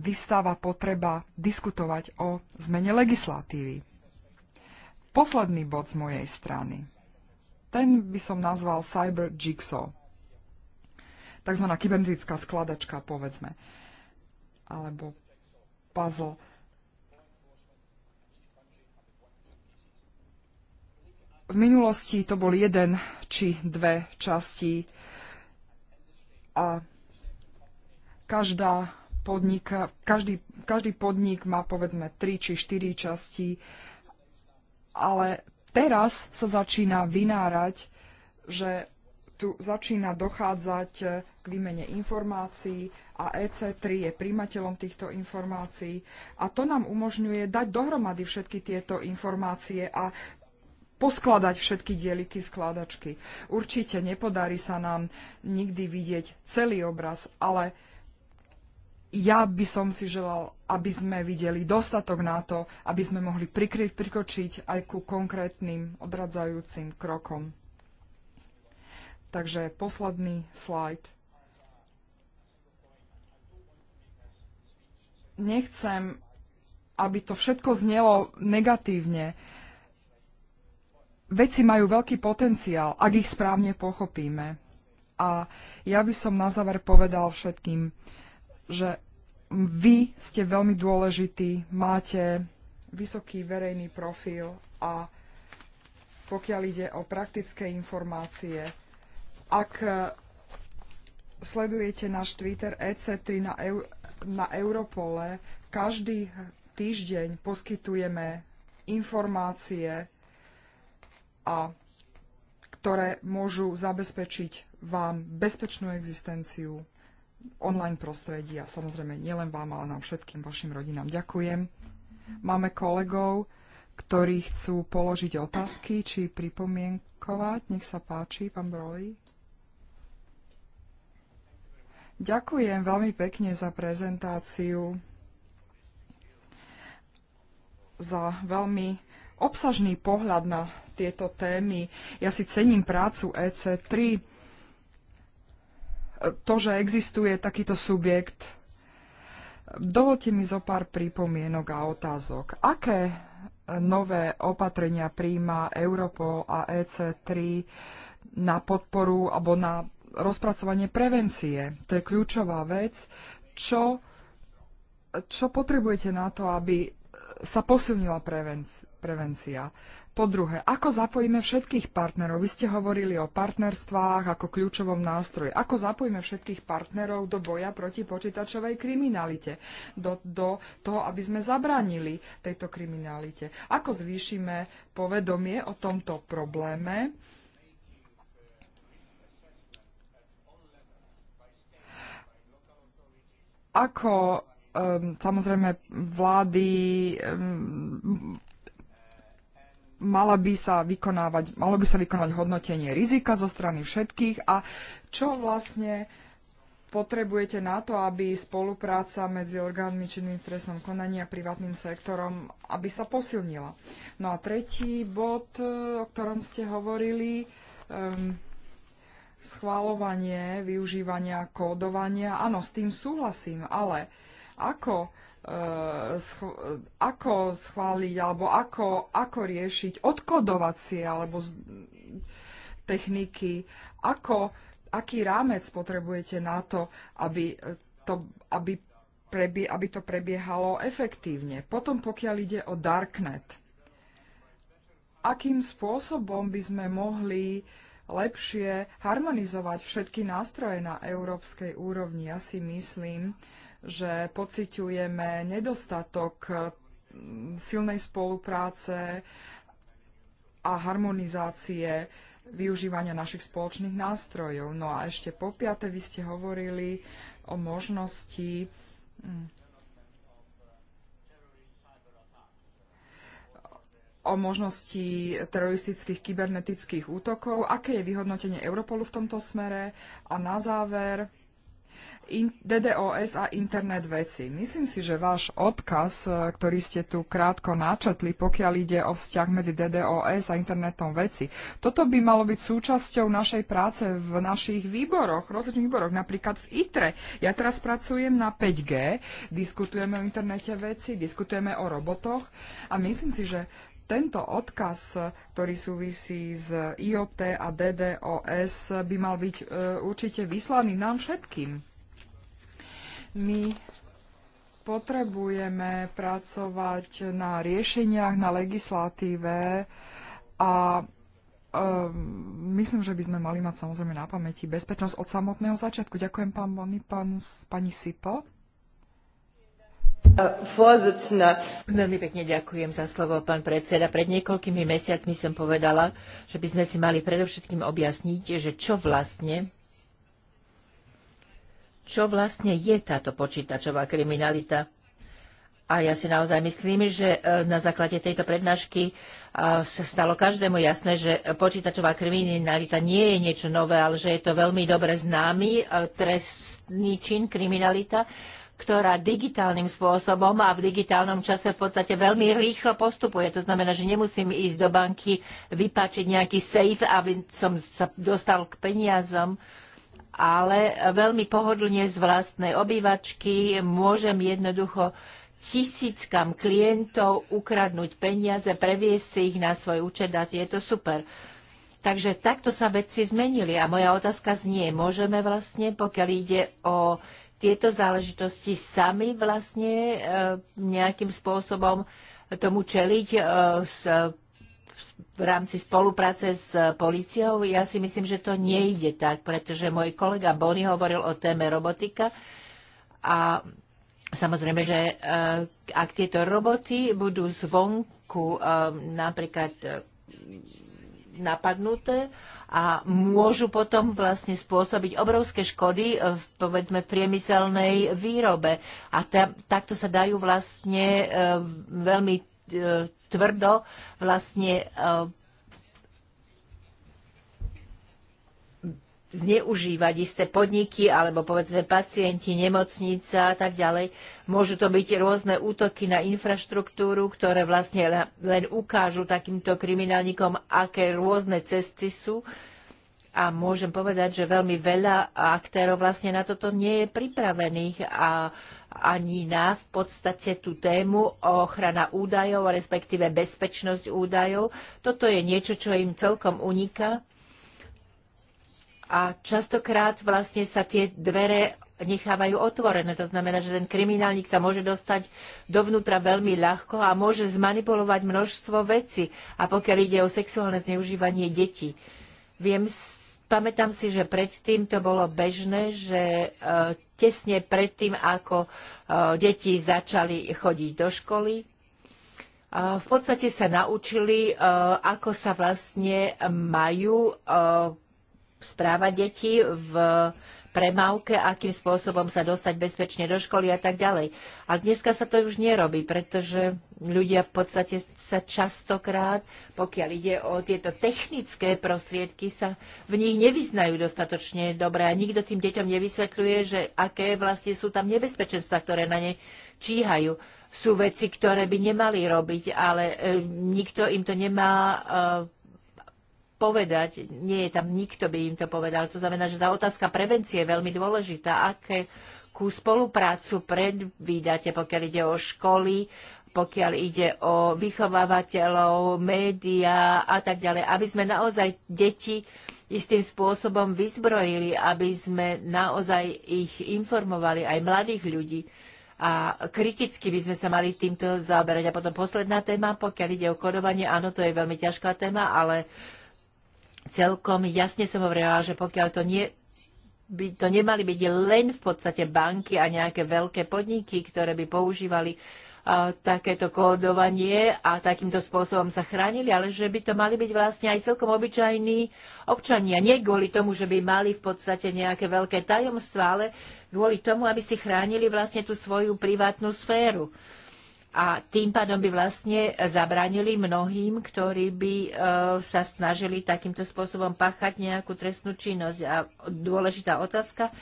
vyvstáva potreba diskutovať o zmene legislatívy. Posledný bod z mojej strany. Ten by som nazval Cyber Jigsaw. Takzvaná kybernetická skladačka, povedzme. Alebo puzzle. V minulosti to bol jeden či dve časti a každá podnik, každý, každý podnik má povedzme tri či štyri časti Uh, ale teraz sa začína vynárať, že tu začína dochádzať e, k výmene informácií a EC3 je príjmateľom týchto informácií a to nám umožňuje dať dohromady všetky tieto informácie a poskladať všetky dieliky skladačky. Určite nepodarí sa nám nikdy vidieť celý obraz, ale ja by som si želal, aby sme videli dostatok na to, aby sme mohli prikryť, prikočiť aj ku konkrétnym odradzajúcim krokom. Takže posledný slajd. Nechcem, aby to všetko znelo negatívne. Veci majú veľký potenciál, ak ich správne pochopíme. A ja by som na záver povedal všetkým, že vy ste veľmi dôležití, máte vysoký verejný profil a pokiaľ ide o praktické informácie, ak sledujete náš Twitter EC3 na, EU, na Europole, každý týždeň poskytujeme informácie, a ktoré môžu zabezpečiť vám bezpečnú existenciu online prostredí a samozrejme nielen vám, ale nám všetkým vašim rodinám. Ďakujem. Máme kolegov, ktorí chcú položiť otázky či pripomienkovať. Nech sa páči, pán Broli. Ďakujem veľmi pekne za prezentáciu, za veľmi obsažný pohľad na tieto témy. Ja si cením prácu EC3 to, že existuje takýto subjekt. Dovolte mi zo pár pripomienok a otázok. Aké nové opatrenia príjma Europol a EC3 na podporu alebo na rozpracovanie prevencie? To je kľúčová vec. Čo, čo potrebujete na to, aby sa posilnila prevencia? Po druhé, ako zapojíme všetkých partnerov? Vy ste hovorili o partnerstvách ako kľúčovom nástroji. Ako zapojíme všetkých partnerov do boja proti počítačovej kriminalite? Do, do toho, aby sme zabránili tejto kriminalite? Ako zvýšime povedomie o tomto probléme? Ako um, samozrejme vlády um, mala by sa vykonávať, malo by sa vykonávať hodnotenie rizika zo strany všetkých a čo vlastne potrebujete na to, aby spolupráca medzi orgánmi činnými v trestnom konaní a privátnym sektorom, aby sa posilnila. No a tretí bod, e, o ktorom ste hovorili, um, schválovanie, využívania, kódovania. Áno, s tým súhlasím, ale uh, ako, eh, schv- ako schváliť alebo ako, ako riešiť odkodovacie alebo z- techniky, ako, aký rámec potrebujete na to, aby eh, to, aby, prebie- aby to prebiehalo efektívne. Potom pokiaľ ide o Darknet, akým spôsobom by sme mohli lepšie harmonizovať všetky nástroje na európskej úrovni. Ja si myslím, že pociťujeme nedostatok eh, silnej spolupráce a harmonizácie využívania našich spoločných nástrojov. No a ešte po piate, vy ste hovorili o možnosti mm, o možnosti teroristických kybernetických útokov. Aké je vyhodnotenie Europolu v tomto smere? A na záver, DDoS a internet veci. Myslím si, že váš odkaz, e, ktorý ste tu krátko načetli, pokiaľ ide o vzťah medzi DDoS a internetom veci, toto by malo byť súčasťou našej práce v našich výboroch, rozličných výboroch, napríklad v ITRE. Ja teraz pracujem na 5G, diskutujeme o internete veci, diskutujeme o robotoch a myslím si, že tento odkaz, e, ktorý súvisí s IoT a DDoS, by mal byť e, určite vyslaný nám všetkým. My potrebujeme pracovať na riešeniach, na legislatíve a um, myslím, že by sme mali mať samozrejme na pamäti bezpečnosť od samotného začiatku. Ďakujem pán Bony, pán, pani Sipo. E, Veľmi pekne ďakujem za slovo, pán predseda. Pred niekoľkými mesiacmi som povedala, že by sme si mali predovšetkým objasniť, že čo vlastne čo vlastne je táto počítačová kriminalita. A ja si naozaj myslím, že e, na základe tejto prednášky e, sa stalo každému jasné, že počítačová kriminalita nie je niečo nové, ale že je to veľmi dobre známy e, trestný čin kriminalita, ktorá digitálnym spôsobom a v digitálnom čase v podstate veľmi rýchlo postupuje. To znamená, že nemusím ísť do banky, vypačiť nejaký safe, aby som sa dostal k peniazom ale veľmi pohodlne z vlastnej obývačky môžem jednoducho tisíckam klientov ukradnúť peniaze, previesť si ich na svoj účet a je to super. Takže takto sa veci zmenili a moja otázka znie, môžeme vlastne, pokiaľ ide o tieto záležitosti, sami vlastne e, nejakým spôsobom tomu čeliť e, s v rámci spolupráce s políciou. Ja si myslím, že to nejde tak, pretože môj kolega Bony hovoril o téme robotika a Samozrejme, že eh, ak tieto roboty budú zvonku eh, napríklad eh, napadnuté a môžu potom vlastne spôsobiť obrovské škody v, povedzme, v priemyselnej výrobe. A ta, takto sa dajú vlastne veľmi E, tvrdo vlastne e, zneužívať isté podniky alebo povedzme pacienti, nemocnica a tak ďalej. Môžu to byť rôzne útoky na infraštruktúru, ktoré vlastne len ukážu takýmto kriminálnikom, aké rôzne cesty sú. A môžem povedať, že veľmi veľa aktérov vlastne na toto nie je pripravených a ani na v podstate tú tému ochrana údajov, respektíve bezpečnosť údajov. Toto je niečo, čo im celkom uniká. A častokrát vlastne sa tie dvere nechávajú otvorené. To znamená, že ten kriminálnik sa môže dostať dovnútra veľmi ľahko a môže zmanipulovať množstvo veci. A pokiaľ ide o sexuálne zneužívanie detí, viem Pamätám si, že predtým to bolo bežné, že e, tesne predtým, ako e, deti začali chodiť do školy, e, v podstate sa naučili, ako sa vlastne majú správať deti. v premávke, akým spôsobom sa dostať bezpečne do školy a tak ďalej. Ale dneska sa to už nerobí, pretože ľudia v podstate sa častokrát, pokiaľ ide o tieto technické prostriedky, sa v nich nevyznajú dostatočne dobre a nikto tým deťom nevysvetľuje, že aké vlastne sú tam nebezpečenstva, ktoré na ne číhajú. Sú veci, ktoré by nemali robiť, ale e, nikto im to nemá e, povedať. Nie je tam nikto, by im to povedal. To znamená, že tá otázka prevencie je veľmi dôležitá. Aké akú spoluprácu predvídate, pokiaľ ide o školy, pokiaľ ide o vychovávateľov, médiá a tak ďalej, aby sme naozaj deti istým spôsobom vyzbrojili, aby sme naozaj ich informovali, aj mladých ľudí. A kriticky by sme sa mali týmto zaoberať. A potom posledná téma, pokiaľ ide o kodovanie, áno, to je veľmi ťažká téma, ale uh, celkom jasne som hovorila, že pokiaľ to nie by to nemali byť len v podstate banky a nejaké veľké podniky, ktoré by používali a, takéto kódovanie a takýmto spôsobom sa chránili, ale že by to mali byť vlastne aj celkom obyčajní občania. Nie kvôli tomu, že by mali v podstate nejaké veľké tajomstvá, ale kvôli tomu, aby si chránili vlastne tú svoju privátnu sféru a tým pádom by vlastne zabránili mnohým, ktorí by e, sa snažili takýmto spôsobom páchať nejakú trestnú činnosť. A dôležitá otázka,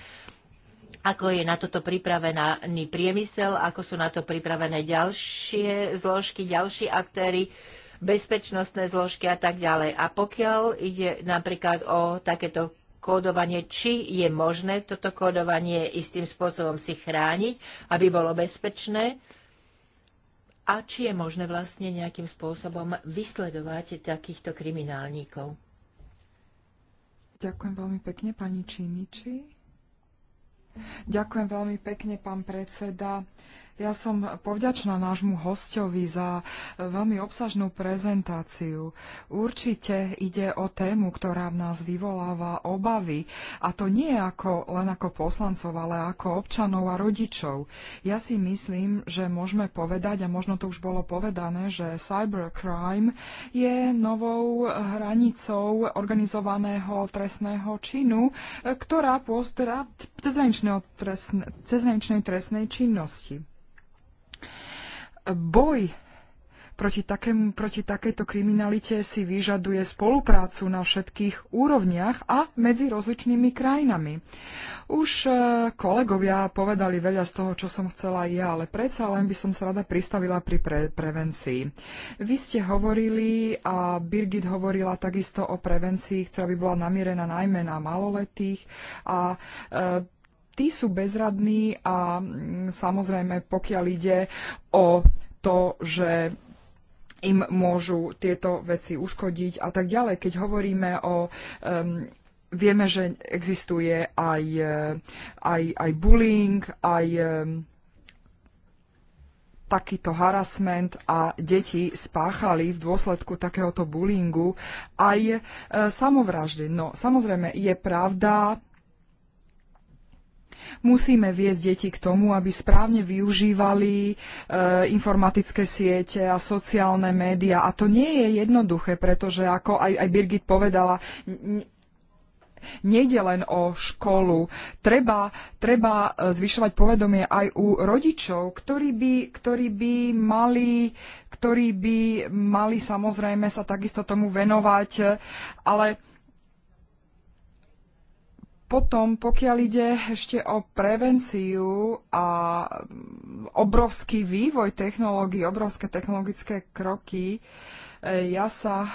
ako je na toto pripravený priemysel, ako sú na to pripravené ďalšie zložky, ďalší aktéry, bezpečnostné zložky a tak ďalej. A pokiaľ ide napríklad o takéto kódovanie, či je možné toto kódovanie istým spôsobom si chrániť, aby bolo bezpečné, a či je možné vlastne nejakým spôsobom vysledovať takýchto kriminálníkov. Ďakujem veľmi pekne, pani Činiči. Ďakujem veľmi pekne, pán predseda. Ja som povďačná nášmu hostovi za e, veľmi obsažnú prezentáciu. Určite ide o tému, ktorá v nás vyvoláva obavy. A to nie ako, len ako poslancov, ale ako občanov a rodičov. Ja si myslím, že môžeme povedať, a možno to už bolo povedané, že cybercrime je novou hranicou organizovaného trestného činu, e, ktorá pôsobí teda cezhraničnej trestnej činnosti. Boj proti, takému, proti takejto kriminalite si vyžaduje spoluprácu na všetkých úrovniach a medzi rozličnými krajinami. Už e, kolegovia povedali veľa z toho, čo som chcela ja, ale predsa len by som sa rada pristavila pri pre- prevencii. Vy ste hovorili a Birgit hovorila takisto o prevencii, ktorá by bola namierená najmä na maloletých a e, tí sú bezradní a mm, samozrejme, pokiaľ ide o to, že im môžu tieto veci uškodiť a tak ďalej. Keď hovoríme o... Um, vieme, že existuje aj, e, aj, aj bullying, aj um, takýto harassment a deti spáchali v dôsledku takéhoto bullyingu aj e, samovraždy. No samozrejme je pravda, Musíme viesť deti k tomu, aby správne využívali e, informatické siete a sociálne médiá. A to nie je jednoduché, pretože ako aj, aj Birgit povedala, Nejde len o školu. Treba, treba e, zvyšovať povedomie aj u rodičov, ktorí by, ktorí by mali ktorí by mali samozrejme sa takisto tomu venovať, ale potom, pokiaľ ide ešte o prevenciu a obrovský vývoj technológií, obrovské technologické kroky, e, ja sa e,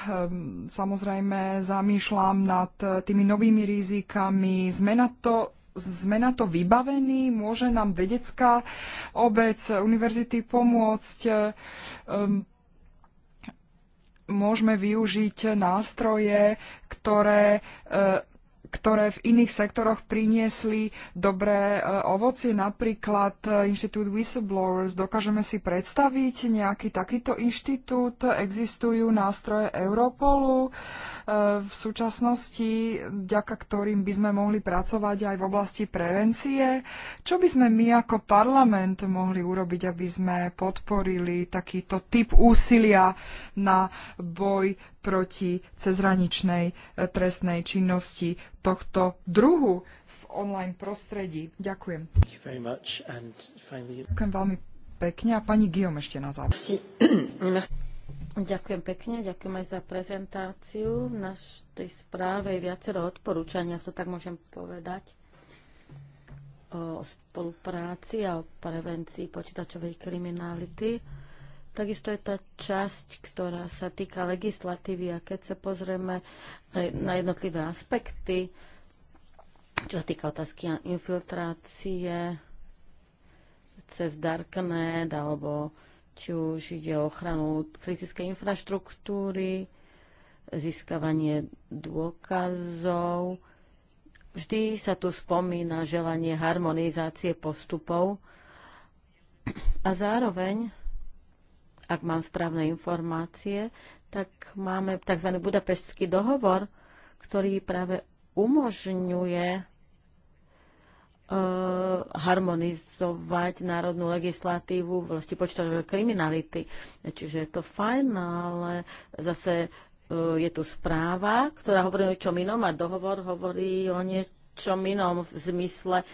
samozrejme zamýšľam nad tými novými rizikami. Sme na to, sme na to vybavení? Môže nám vedecká obec, univerzity pomôcť? E, môžeme využiť nástroje, ktoré ktoré v iných sektoroch priniesli dobré e, ovocie, napríklad e, Inštitút Whistleblowers. Dokážeme si predstaviť nejaký takýto inštitút? Existujú nástroje Europolu e, v súčasnosti, vďaka ktorým by sme mohli pracovať aj v oblasti prevencie. Čo by sme my ako parlament mohli urobiť, aby sme podporili takýto typ úsilia na boj proti cezhraničnej e, trestnej činnosti tohto druhu v online prostredí. Ďakujem. Ďakujem veľmi pekne a pani Guillaume ešte na záver. Ďakujem pekne, ďakujem aj za prezentáciu. V našej správe je viacero odporúčania, to tak môžem povedať, o spolupráci a o prevencii počítačovej kriminality Takisto je tá časť, ktorá sa týka legislatívy a keď sa pozrieme na jednotlivé aspekty, čo sa týka otázky infiltrácie cez Darknet alebo či už ide o ochranu kritickej infraštruktúry, získavanie dôkazov. Vždy sa tu spomína želanie harmonizácie postupov a zároveň ak mám správne informácie, tak máme tzv. budapeštský dohovor, ktorý práve umožňuje e, harmonizovať národnú legislatívu vlasti počtovej kriminality. Čiže je to fajn, no ale zase e, je tu správa, ktorá hovorí o čom inom a dohovor hovorí o niečom, čom inom v zmysle e,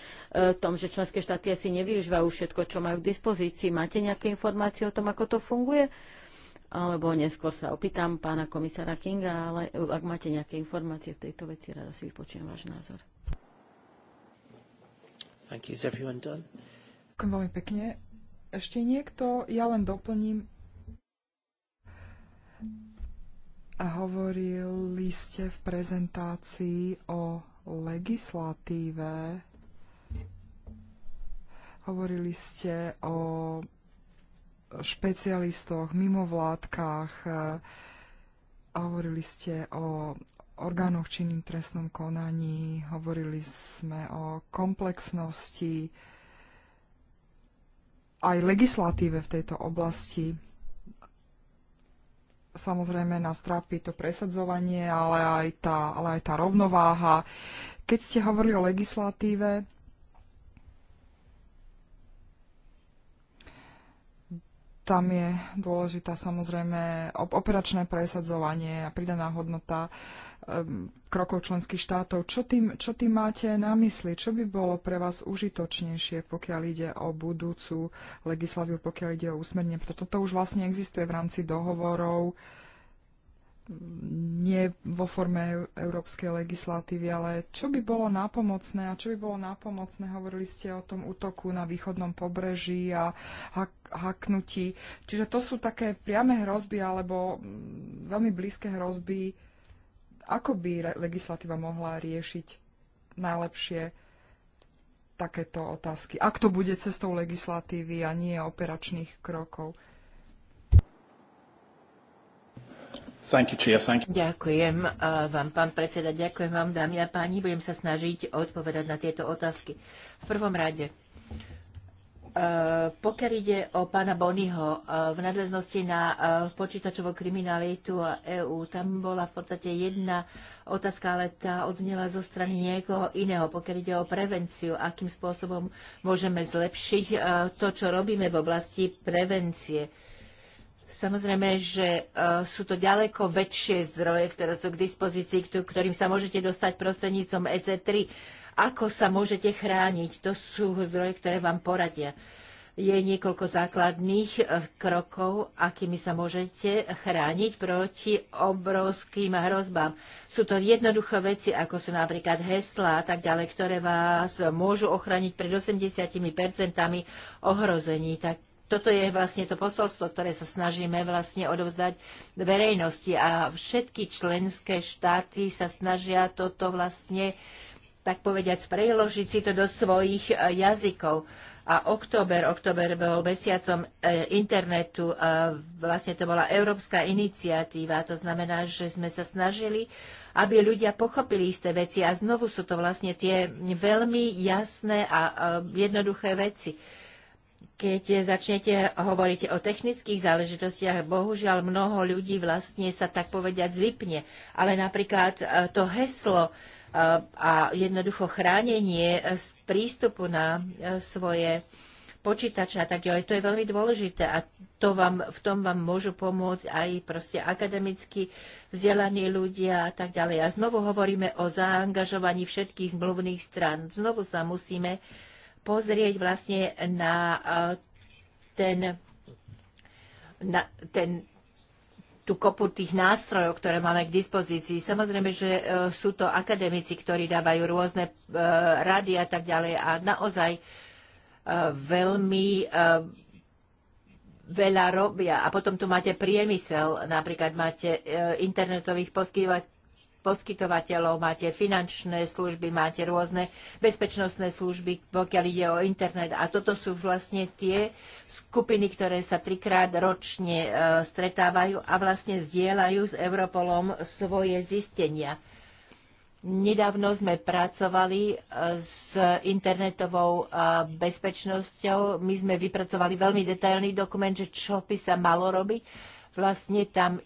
tom, že členské štáty asi nevyužívajú všetko, čo majú k dispozícii. Máte nejaké informácie o tom, ako to funguje? Alebo neskôr sa opýtam pána komisára Kinga, ale e, ak máte nejaké informácie v tejto veci, rada si vypočujem váš názor. Thank you. Is everyone done? Ďakujem veľmi pekne. Ešte niekto, ja len doplním. A hovorili ste v prezentácii o legislatíve. Hovorili ste o špecialistoch, mimovládkach, eh, hovorili ste o orgánoch činným trestnom konaní, hovorili sme o komplexnosti aj legislatíve v tejto oblasti samozrejme nás trápi to presadzovanie, ale aj tá, ale aj tá rovnováha. Keď ste hovorili o legislatíve, tam je dôležitá samozrejme operačné presadzovanie a pridaná hodnota ehm, krokov členských štátov. Čo tým, čo tým máte na mysli? Čo by bolo pre vás užitočnejšie, pokiaľ ide o budúcu legislatívu, pokiaľ ide o úsmerne? Toto už vlastne existuje v rámci dohovorov nie vo forme európskej legislatívy, ale čo by bolo nápomocné a čo by bolo nápomocné, hovorili ste o tom útoku na východnom pobreží a haknutí. Čiže to sú také priame hrozby alebo mm, veľmi blízke hrozby. Ako by legislatíva mohla riešiť najlepšie takéto otázky? Ak to bude cestou legislatívy a nie operačných krokov? Ďakujem uh, vám, pán predseda, ďakujem vám, dámy a páni. Budem sa snažiť odpovedať na tieto otázky. V prvom rade, uh, pokiaľ ide o pána Bonyho uh, v nadväznosti na počítačovú kriminalitu a EÚ, tam bola v podstate jedna otázka, ale tá odznela zo strany niekoho iného. Pokiaľ ide o prevenciu, akým spôsobom môžeme zlepšiť to, čo robíme v oblasti prevencie Samozrejme, že e, sú to ďaleko väčšie zdroje, ktoré sú k dispozícii, ktorým sa môžete dostať prostrednícom EC3. Ako sa môžete chrániť? To sú zdroje, ktoré vám poradia je niekoľko základných e, krokov, akými sa môžete chrániť proti obrovským hrozbám. Sú to jednoduché veci, ako sú napríklad hesla a tak ďalej, ktoré vás môžu ochrániť pred 80% ohrození. Tak toto je vlastne to posolstvo, ktoré sa snažíme vlastne odovzdať verejnosti a všetky členské štáty sa snažia toto vlastne tak povediať, preložiť si to do svojich e, jazykov. A október, október bol mesiacom e, internetu, a vlastne to bola európska iniciatíva, to znamená, že sme sa snažili, aby ľudia pochopili isté veci a znovu sú to vlastne tie veľmi jasné a e, jednoduché veci keď začnete hovoriť o technických záležitostiach, bohužiaľ mnoho ľudí vlastne sa tak povediať zvypne. Ale napríklad e, to heslo e, a jednoducho chránenie prístupu na e, svoje počítače a tak ďalej. To je veľmi dôležité a to vám, v tom vám môžu pomôcť aj proste akademicky vzdelaní ľudia a tak ďalej. A znovu hovoríme o zaangažovaní všetkých zmluvných strán. Znovu sa musíme uh, pozrieť vlastne na eh, ten, na ten tú kopu tých nástrojov, ktoré máme k dispozícii. Samozrejme, že eh, sú to akademici, ktorí dávajú rôzne eh, rady a tak ďalej a naozaj veľmi veľa robia. A potom tu máte priemysel, napríklad máte internetových poskyva- poskytovateľov, máte finančné služby, máte rôzne bezpečnostné služby, pokiaľ ide o internet. A toto sú vlastne tie skupiny, ktoré sa trikrát ročne e, stretávajú a vlastne zdieľajú s Europolom svoje zistenia. Nedávno sme pracovali e, s internetovou e, bezpečnosťou. My sme vypracovali veľmi detailný dokument, že čo by sa malo robiť. Vlastne tam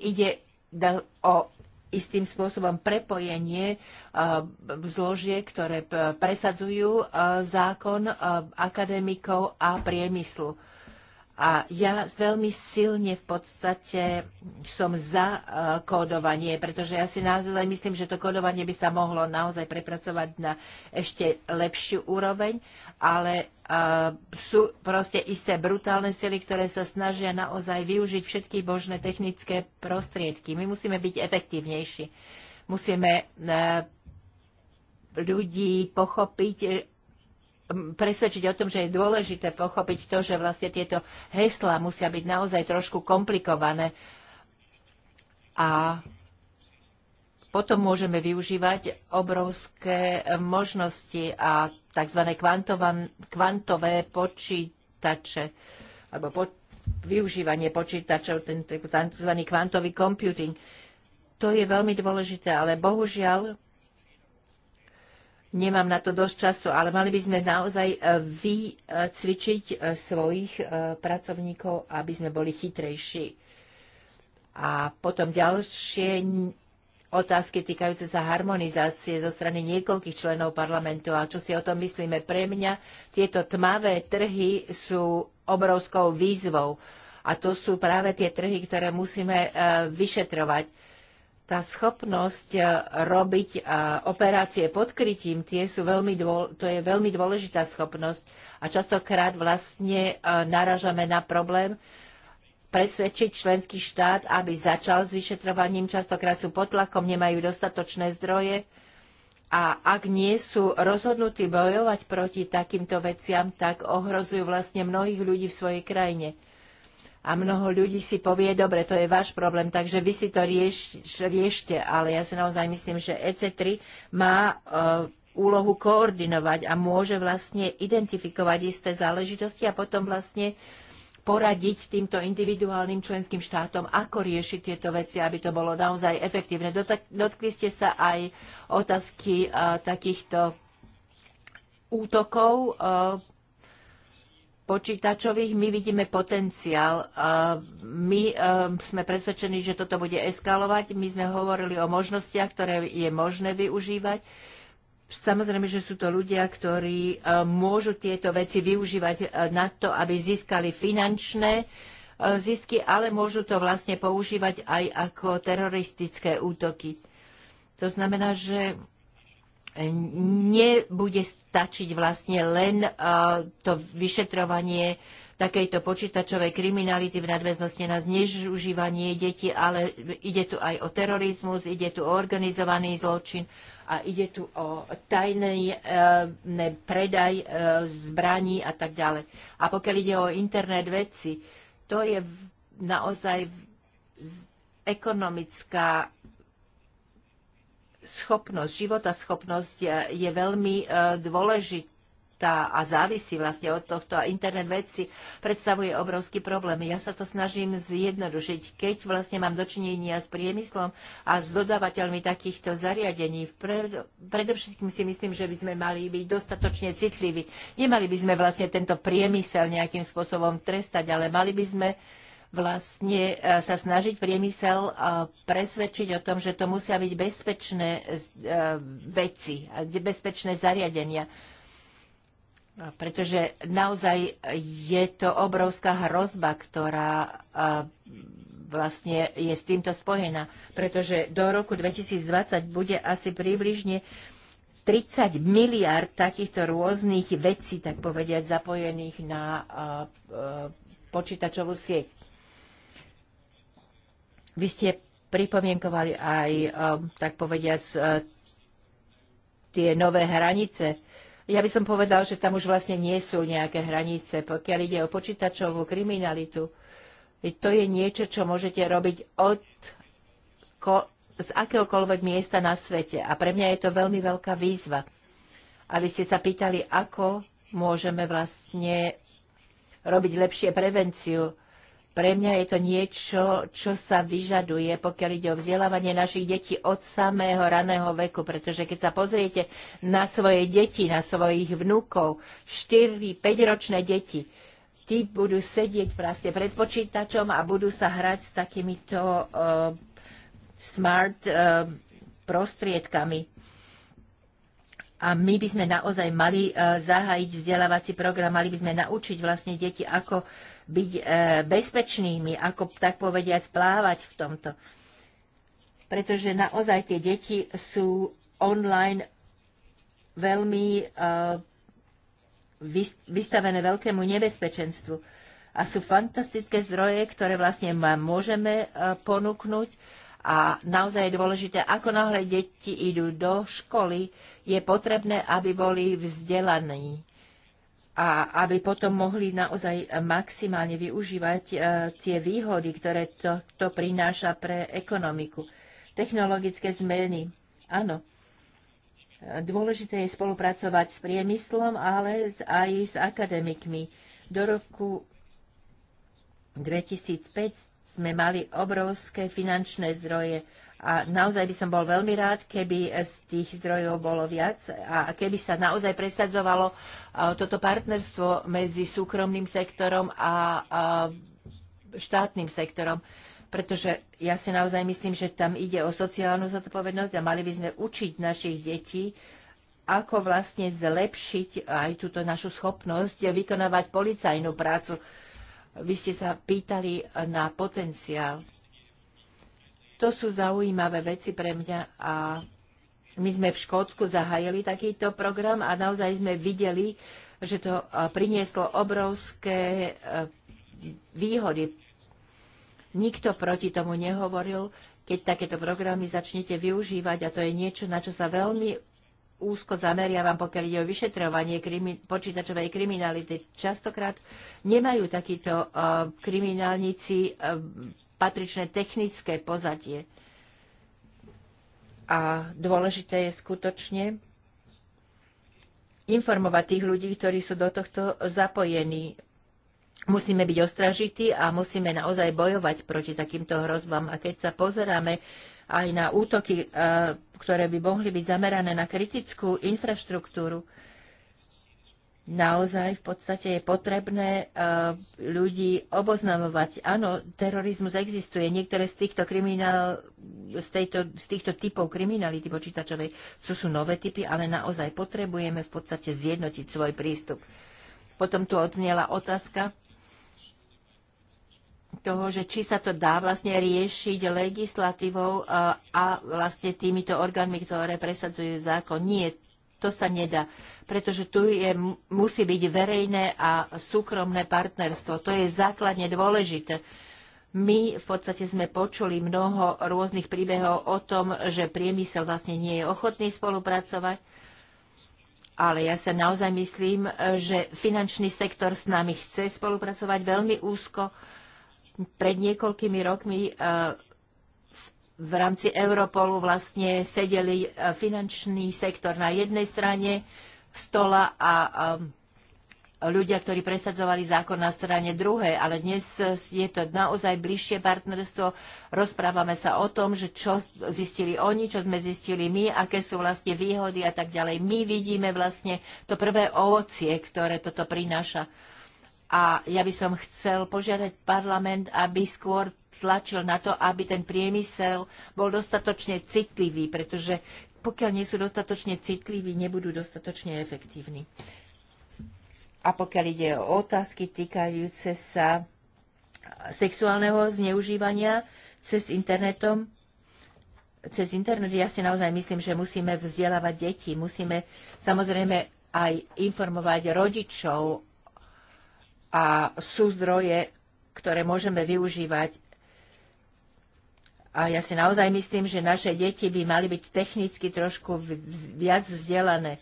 ide o istým spôsobom prepojenie eh, zložiek, ktoré presadzujú eh, zákon eh, akademikov a priemyslu. A ja veľmi silne v podstate som za e, kódovanie, pretože ja si naozaj myslím, že to kódovanie by sa mohlo naozaj prepracovať na ešte lepšiu úroveň, ale e, sú proste isté brutálne sily, ktoré sa snažia naozaj využiť všetky božné technické prostriedky. My musíme byť efektívnejší. Musíme e, ľudí pochopiť presvedčiť o tom, že je dôležité pochopiť to, že vlastne tieto heslá musia byť naozaj trošku komplikované a potom môžeme využívať obrovské možnosti a tzv. kvantové počítače alebo po, využívanie počítačov, ten tzv. kvantový computing. To je veľmi dôležité, ale bohužiaľ Nemám na to dosť času, ale mali by sme naozaj e, vycvičiť e, svojich e, pracovníkov, aby sme boli chytrejší. A potom ďalšie otázky týkajúce sa harmonizácie zo strany niekoľkých členov parlamentu a čo si o tom myslíme. Pre mňa tieto tmavé trhy sú obrovskou výzvou. A to sú práve tie trhy, ktoré musíme vyšetrovať tá schopnosť eh, robiť eh, operácie pod krytím, tie sú veľmi dôl, to je veľmi dôležitá schopnosť a častokrát vlastne eh, naražame na problém presvedčiť členský štát, aby začal s vyšetrovaním. Častokrát sú pod tlakom, nemajú dostatočné zdroje a ak nie sú rozhodnutí bojovať proti takýmto veciam, tak ohrozujú vlastne mnohých ľudí v svojej krajine. A mnoho ľudí si povie, dobre, to je váš problém, takže vy si to rieš, riešte, ale ja si naozaj myslím, že EC3 má uh, úlohu koordinovať a môže vlastne identifikovať isté záležitosti a potom vlastne poradiť týmto individuálnym členským štátom, ako riešiť tieto veci, aby to bolo naozaj efektívne. Dotkli ste sa aj otázky uh, takýchto útokov uh, počítačových, my vidíme potenciál. My e, sme presvedčení, že toto bude eskalovať. My sme hovorili o možnostiach, ktoré je možné využívať. Samozrejme, že sú to ľudia, ktorí e, môžu tieto veci využívať e, na to, aby získali finančné zisky, ale môžu to vlastne používať aj ako teroristické útoky. To znamená, že nebude stačiť vlastne len uh, to vyšetrovanie takejto počítačovej kriminality v nadväznosti na zneužívanie detí, ale ide tu aj o terorizmus, ide tu o organizovaný zločin a ide tu o tajný e, predaj e, zbraní a tak ďalej. A pokiaľ ide o internet veci, to je naozaj ekonomická schopnosť, života schopnosť je veľmi e, dôležitá a závisí vlastne od tohto a internet veci predstavuje obrovský problém. Ja sa to snažím zjednodušiť. Keď vlastne mám dočinenia s priemyslom a s dodávateľmi takýchto zariadení, pred, predovšetkým si myslím, že by sme mali byť dostatočne citliví. Nemali by sme vlastne tento priemysel nejakým spôsobom trestať, ale mali by sme vlastne e, sa snažiť priemysel e, presvedčiť o tom, že to musia byť bezpečné e, veci, bezpečné zariadenia. Pretože naozaj je to obrovská hrozba, ktorá vlastne je s týmto spojená. Pretože do roku 2020 bude asi približne 30 miliard takýchto rôznych vecí, tak povediať, zapojených na počítačovú sieť. Vy ste pripomienkovali aj, eh, tak povediac, eh, tie nové hranice. Ja by som povedal, že tam už vlastne nie sú nejaké hranice. Pokiaľ ide o počítačovú kriminalitu, to je niečo, čo môžete robiť od ko, z akéhokoľvek miesta na svete. A pre mňa je to veľmi veľká výzva. A vy ste sa pýtali, ako môžeme vlastne robiť lepšie prevenciu. Pre mňa je to niečo, čo sa vyžaduje, pokiaľ ide o vzdelávanie našich detí od samého raného veku, pretože keď sa pozriete na svoje deti, na svojich vnúkov, 4-5 ročné deti, tí budú sedieť vlastne pred počítačom a budú sa hrať s takýmito uh, smart uh, prostriedkami. A my by sme naozaj mali uh, zahájiť vzdelávací program, mali by sme naučiť vlastne deti, ako uh, byť e, bezpečnými, ako tak povediať plávať v tomto. Pretože naozaj tie deti sú online veľmi e, vystavené veľkému nebezpečenstvu. A sú fantastické zdroje, ktoré vlastne môžeme e, ponúknuť. A naozaj je dôležité, ako náhle deti idú do školy, je potrebné, aby boli vzdelaní a aby potom mohli naozaj maximálne využívať e, tie výhody, ktoré to, to prináša pre ekonomiku. Technologické zmeny. Áno. Dôležité je spolupracovať s priemyslom, ale aj s akademikmi. Do roku 2005 sme mali obrovské finančné zdroje a naozaj by som bol veľmi rád, keby z tých zdrojov bolo viac a keby sa naozaj presadzovalo toto partnerstvo medzi súkromným sektorom a štátnym sektorom. Pretože ja si naozaj myslím, že tam ide o sociálnu zodpovednosť a mali by sme učiť našich detí, ako vlastne zlepšiť aj túto našu schopnosť vykonávať policajnú prácu. Vy ste sa pýtali na potenciál to sú zaujímavé veci pre mňa a my sme v Škótsku zahajili takýto program a naozaj sme videli, že to e, prinieslo obrovské e, výhody. Nikto proti tomu nehovoril, keď takéto programy začnete využívať a to je niečo, na čo sa veľmi úzko zameriavam, pokiaľ ide o vyšetrovanie krimi- počítačovej kriminality. Častokrát nemajú takíto uh, kriminálnici uh, patričné technické pozadie. A dôležité je skutočne informovať tých ľudí, ktorí sú do tohto zapojení. Musíme byť ostražití a musíme naozaj bojovať proti takýmto hrozbám. A keď sa pozeráme aj na útoky uh, ktoré by mohli byť zamerané na kritickú infraštruktúru. Naozaj v podstate je potrebné e, ľudí oboznamovať. Áno, terorizmus existuje. Niektoré z týchto, kriminál, z, tejto, z týchto typov kriminality počítačovej sú, sú nové typy, ale naozaj potrebujeme v podstate zjednotiť svoj prístup. Potom tu odznela otázka, toho, že či sa to dá vlastne riešiť legislatívou e, a vlastne týmito orgánmi, ktoré presadzujú zákon. Nie, to sa nedá, pretože tu je, musí byť verejné a súkromné partnerstvo. To je základne dôležité. My v podstate sme počuli mnoho rôznych príbehov o tom, že priemysel vlastne nie je ochotný spolupracovať, ale ja sa naozaj myslím, e, že finančný sektor s nami chce spolupracovať veľmi úzko pred niekoľkými rokmi e, v rámci Europolu vlastne sedeli e, finančný sektor na jednej strane stola a ľudia, ktorí presadzovali zákon na strane druhej, ale dnes je to naozaj bližšie partnerstvo. Rozprávame sa o tom, že čo zistili oni, čo sme zistili my, aké sú vlastne výhody a tak ďalej. My vidíme vlastne to prvé ovocie, ktoré toto prináša. A ja by som chcel požiadať parlament, aby skôr tlačil na to, aby ten priemysel bol dostatočne citlivý, pretože pokiaľ nie sú dostatočne citliví, nebudú dostatočne efektívni. A pokiaľ ide o otázky týkajúce sa sexuálneho zneužívania cez internetom, cez internet ja si naozaj myslím, že musíme vzdelávať deti, musíme samozrejme aj informovať rodičov a sú zdroje, ktoré môžeme využívať. A ja si naozaj myslím, že naše deti by mali byť technicky trošku viac vzdelané.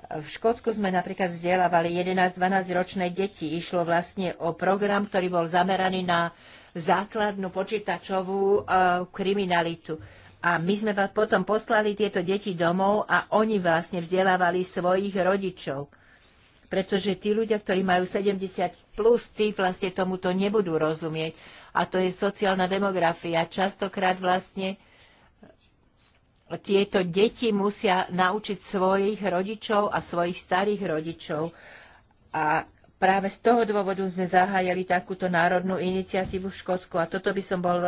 V Škótsku sme napríklad vzdelávali 11-12 ročné deti. Išlo vlastne o program, ktorý bol zameraný na základnú počítačovú e, kriminalitu. A my sme potom poslali tieto deti domov a oni vlastne vzdelávali svojich rodičov pretože tí ľudia, ktorí majú 70 plus, tí vlastne tomuto nebudú rozumieť. A to je sociálna demografia. Častokrát vlastne tieto deti musia naučiť svojich rodičov a svojich starých rodičov. A práve z toho dôvodu sme zahájali takúto národnú iniciatívu v Škótsku. A toto by som bol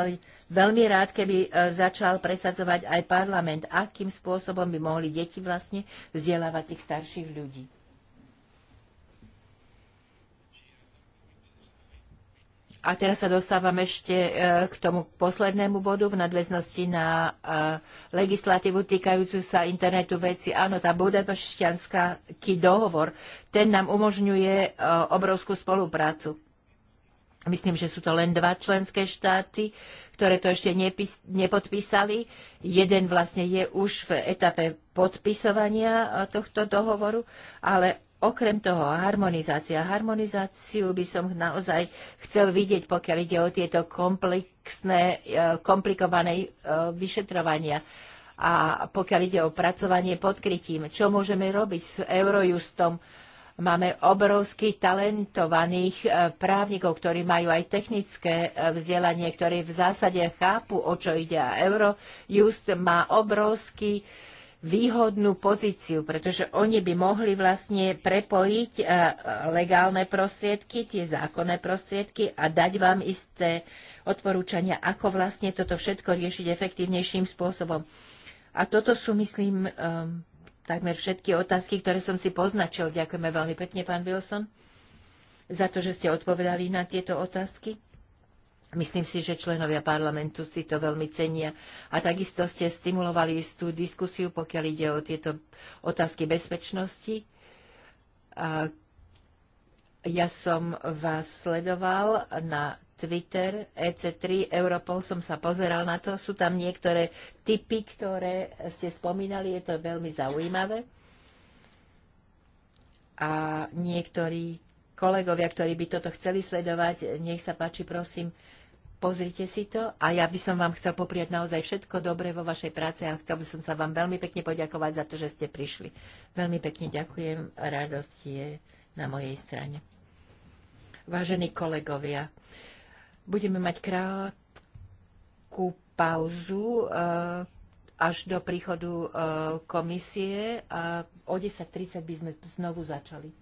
veľmi rád, keby e, začal presadzovať aj parlament, akým spôsobom by mohli deti vlastne vzdelávať tých starších ľudí. A teraz sa dostávam ešte e, k tomu poslednému bodu v nadväznosti na e, legislatívu týkajúcu sa internetu veci. Áno, tá ký dohovor, ten nám umožňuje e, obrovskú spoluprácu. Myslím, že sú to len dva členské štáty, ktoré to ešte nepodpísali. Jeden vlastne je už v etape podpisovania tohto dohovoru, ale Okrem toho, harmonizácia. Harmonizáciu by som naozaj chcel vidieť, pokiaľ ide o tieto komplexné, e, komplikované e, vyšetrovania a pokiaľ ide o pracovanie pod krytím. Čo môžeme robiť s Eurojustom? Máme obrovsky talentovaných e, právnikov, ktorí majú aj technické vzdelanie, ktorí v zásade chápu, o čo ide. A Eurojust má obrovský uh, výhodnú pozíciu, pretože oni by mohli vlastne prepojiť e, e, legálne prostriedky, tie zákonné prostriedky a dať vám isté odporúčania, ako vlastne toto všetko riešiť efektívnejším spôsobom. A toto sú, myslím, e, takmer všetky otázky, ktoré som si poznačil. Ďakujeme veľmi pekne, pán Wilson, za to, že ste odpovedali na tieto otázky. Myslím si, že členovia parlamentu si to veľmi cenia. A takisto ste stimulovali istú diskusiu, pokiaľ ide o tieto otázky bezpečnosti. A ja som vás sledoval na Twitter, EC3, Europol som sa pozeral na to. Sú tam niektoré typy, ktoré ste spomínali, je to veľmi zaujímavé. A niektorí kolegovia, ktorí by toto chceli sledovať, nech sa páči, prosím, Pozrite si to a ja by som vám chcel popriať naozaj všetko dobré vo vašej práce a chcel by som sa vám veľmi pekne poďakovať za to, že ste prišli. Veľmi pekne ďakujem, radosť je na mojej strane. Vážení kolegovia, budeme mať krátku pauzu eh, až do príchodu eh, komisie a o 10.30 by sme znovu začali.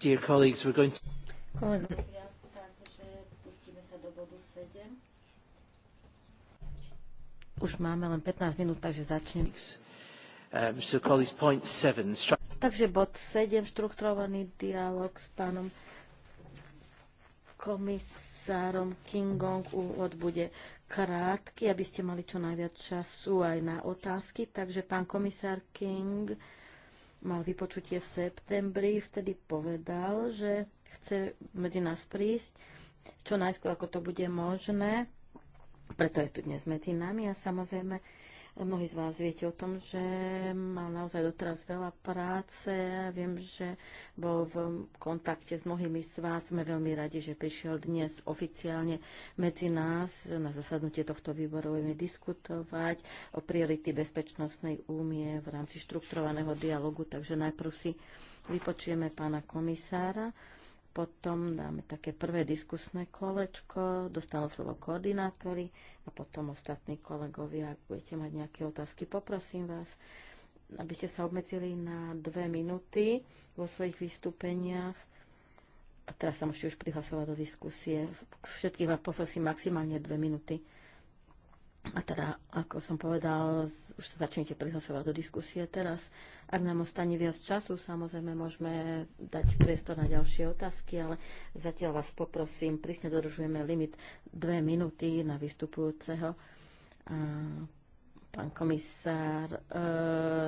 Dear colleagues, we're going to... Už máme len 15 minút, takže začnem. Um, so colleagues, point 7. Takže bod 7, štrukturovaný dialog s pánom komisárom Kingong úvod bude krátky, aby ste mali čo najviac času aj na otázky. Takže pán komisár King, mal vypočutie v septembri, vtedy povedal, že chce medzi nás prísť čo najskôr, ako to bude možné. Preto je tu dnes medzi nami a samozrejme Mnohí z vás viete o tom, že mal naozaj doteraz veľa práce. Viem, že bol v kontakte s mnohými z vás. Sme veľmi radi, že prišiel dnes oficiálne medzi nás. Na zasadnutie tohto výboru budeme diskutovať o priority Bezpečnostnej únie v rámci štrukturovaného dialogu. Takže najprv si vypočujeme pána komisára potom dáme také prvé diskusné kolečko, dostanú slovo koordinátory a potom ostatní kolegovia, ak budete mať nejaké otázky, poprosím vás, aby ste sa obmedzili na dve minúty vo svojich vystúpeniach. A teraz sa môžete už prihlasovať do diskusie. Všetkých vás poprosím maximálne dve minúty. A teda, ako som povedal, už sa začnete prihlasovať do diskusie teraz. Ak nám ostane viac času, samozrejme môžeme dať priestor na ďalšie otázky, ale zatiaľ vás poprosím, prísne dodržujeme limit dve minúty na vystupujúceho. A pán komisár e,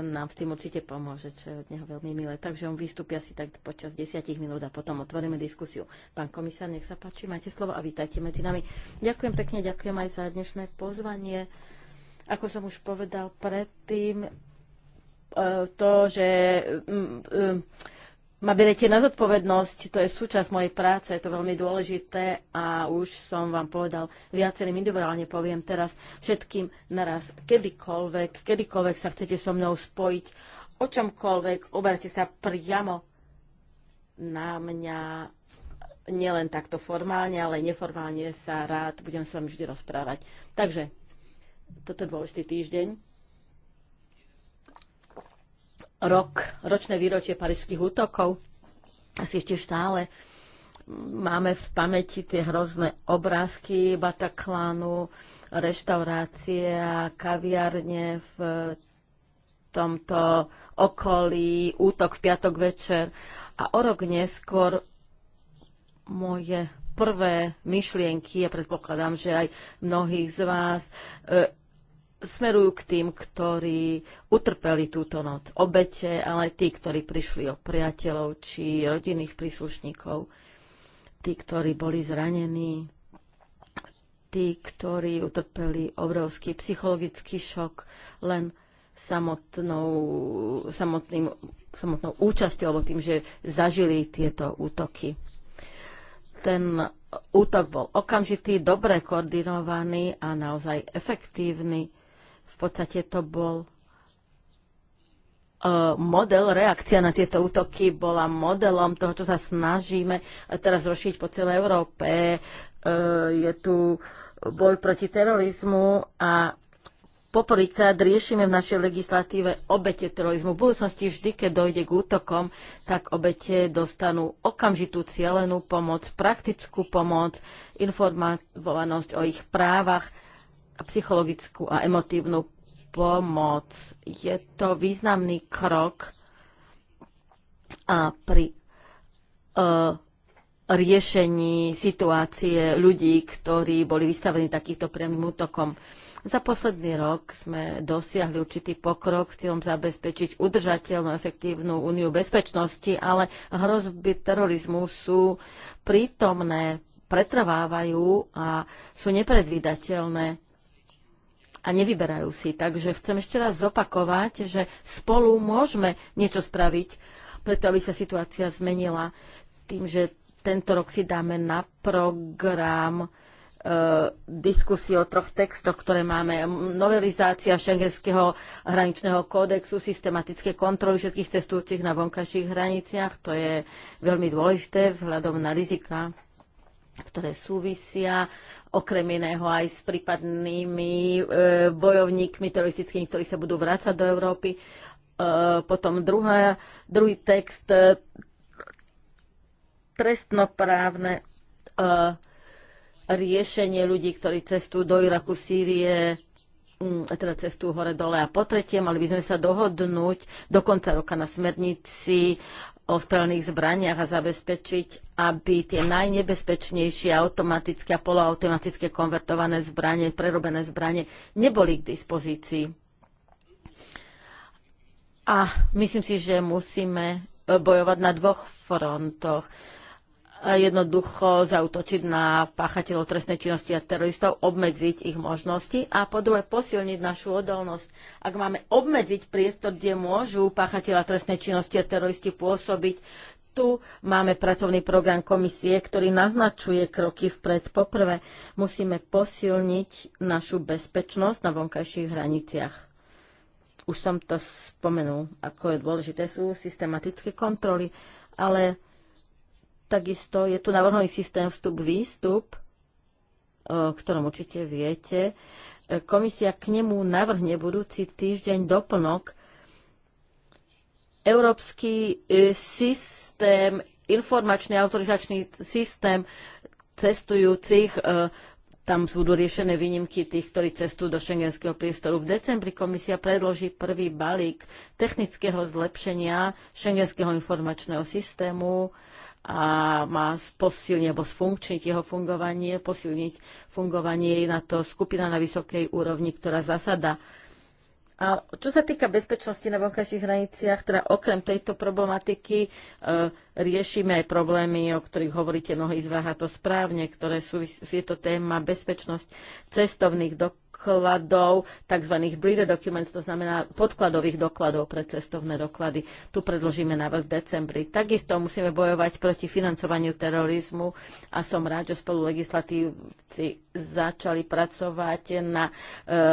nám s tým určite pomôže, čo je od neho veľmi milé. Takže on vystúpia si tak počas desiatich minút a potom otvoríme diskusiu. Pán komisár, nech sa páči, máte slovo a vítajte medzi nami. Ďakujem pekne, ďakujem aj za dnešné pozvanie. Ako som už povedal predtým, E, to, že ma beriete na zodpovednosť, to je súčasť mojej práce, je to veľmi dôležité a už som vám povedal viacerým individuálne poviem teraz všetkým naraz, kedykoľvek, kedykoľvek sa chcete so mnou spojiť, o čomkoľvek, oberte sa priamo na mňa, nielen takto formálne, ale neformálne sa rád budem s vami vždy rozprávať. Takže, toto je dôležitý týždeň rok, ročné výročie parížských útokov. Asi ešte stále máme v pamäti tie hrozné obrázky Bataclanu, reštaurácie a kaviarne v tomto okolí, útok v piatok večer. A o rok neskôr moje prvé myšlienky, ja predpokladám, že aj mnohých z vás, e, smerujú k tým, ktorí utrpeli túto noc. Obete, ale tí, ktorí prišli o priateľov či rodinných príslušníkov, tí, ktorí boli zranení, tí, ktorí utrpeli obrovský psychologický šok len samotnou, samotným, samotnou účasťou alebo tým, že zažili tieto útoky. Ten útok bol okamžitý, dobre koordinovaný a naozaj efektívny podstate to bol e, model, reakcia na tieto útoky bola modelom toho, čo sa snažíme teraz rozšíriť po celej Európe. E, je tu boj proti terorizmu a poprvýkrát riešime v našej legislatíve obete terorizmu. V budúcnosti vždy, keď dojde k útokom, tak obete dostanú okamžitú cielenú pomoc, praktickú pomoc, informovanosť o ich právach, psychologickú a emotívnu pomoc. Je to významný krok a pri uh, riešení situácie ľudí, ktorí boli vystavení takýchto priamým útokom. Za posledný rok sme dosiahli určitý pokrok s cieľom zabezpečiť udržateľnú efektívnu úniu bezpečnosti, ale hrozby terorizmu sú prítomné, pretrvávajú a sú nepredvídateľné a nevyberajú si. Takže chcem ešte raz zopakovať, že spolu môžeme niečo spraviť, preto aby sa situácia zmenila tým, že tento rok si dáme na program e, diskusie diskusiu o troch textoch, ktoré máme. Novelizácia šengenského hraničného kódexu, systematické kontroly všetkých cestujúcich na vonkajších hraniciach, to je veľmi dôležité vzhľadom na rizika ktoré súvisia okrem iného aj s prípadnými e, bojovníkmi teroristickými, ktorí sa budú vrácať do Európy. E, potom druhá, druhý text e, trestnoprávne e, riešenie ľudí, ktorí cestujú do Iraku, Sýrie, teda cestujú hore-dole. A po tretie, mali by sme sa dohodnúť do konca roka na smernici o strelných zbraniach a zabezpečiť, aby tie najnebezpečnejšie automatické a poloautomatické konvertované zbranie, prerobené zbranie neboli k dispozícii. A myslím si, že musíme bojovať na dvoch frontoch. Eh, jednoducho zautočiť na páchateľov trestnej činnosti a teroristov, obmedziť ich možnosti a po druhé posilniť našu odolnosť. Ak máme obmedziť priestor, kde môžu páchateľa trestnej činnosti a teroristi pôsobiť, tu máme pracovný program komisie, ktorý naznačuje kroky vpred. Poprvé, musíme posilniť našu bezpečnosť na vonkajších hraniciach. Už som to spomenul, ako je dôležité sú systematické kontroly, ale Takisto je tu navrhnutý systém vstup-výstup, o e, ktorom určite viete. E, komisia k nemu navrhne budúci týždeň doplnok Európsky e, systém, informačný autorizačný systém cestujúcich, tam budú riešené výnimky tých, ktorí cestujú do šengenského priestoru. V decembri komisia predloží prvý balík technického zlepšenia šengenského informačného systému a má posilniť alebo sfunkčniť jeho fungovanie, posilniť fungovanie na to skupina na vysokej úrovni, ktorá zasada. A čo sa týka bezpečnosti na vonkajších hraniciach, teda okrem tejto problematiky e, riešime aj problémy, o ktorých hovoríte mnohí z vás, a to správne, ktoré sú, je to téma bezpečnosť cestovných do, dokladov, tzv. breeder documents, to znamená podkladových dokladov pre cestovné doklady. Tu predložíme návrh v decembri. Takisto musíme bojovať proti financovaniu terorizmu a som rád, že spolu legislatívci začali pracovať na e,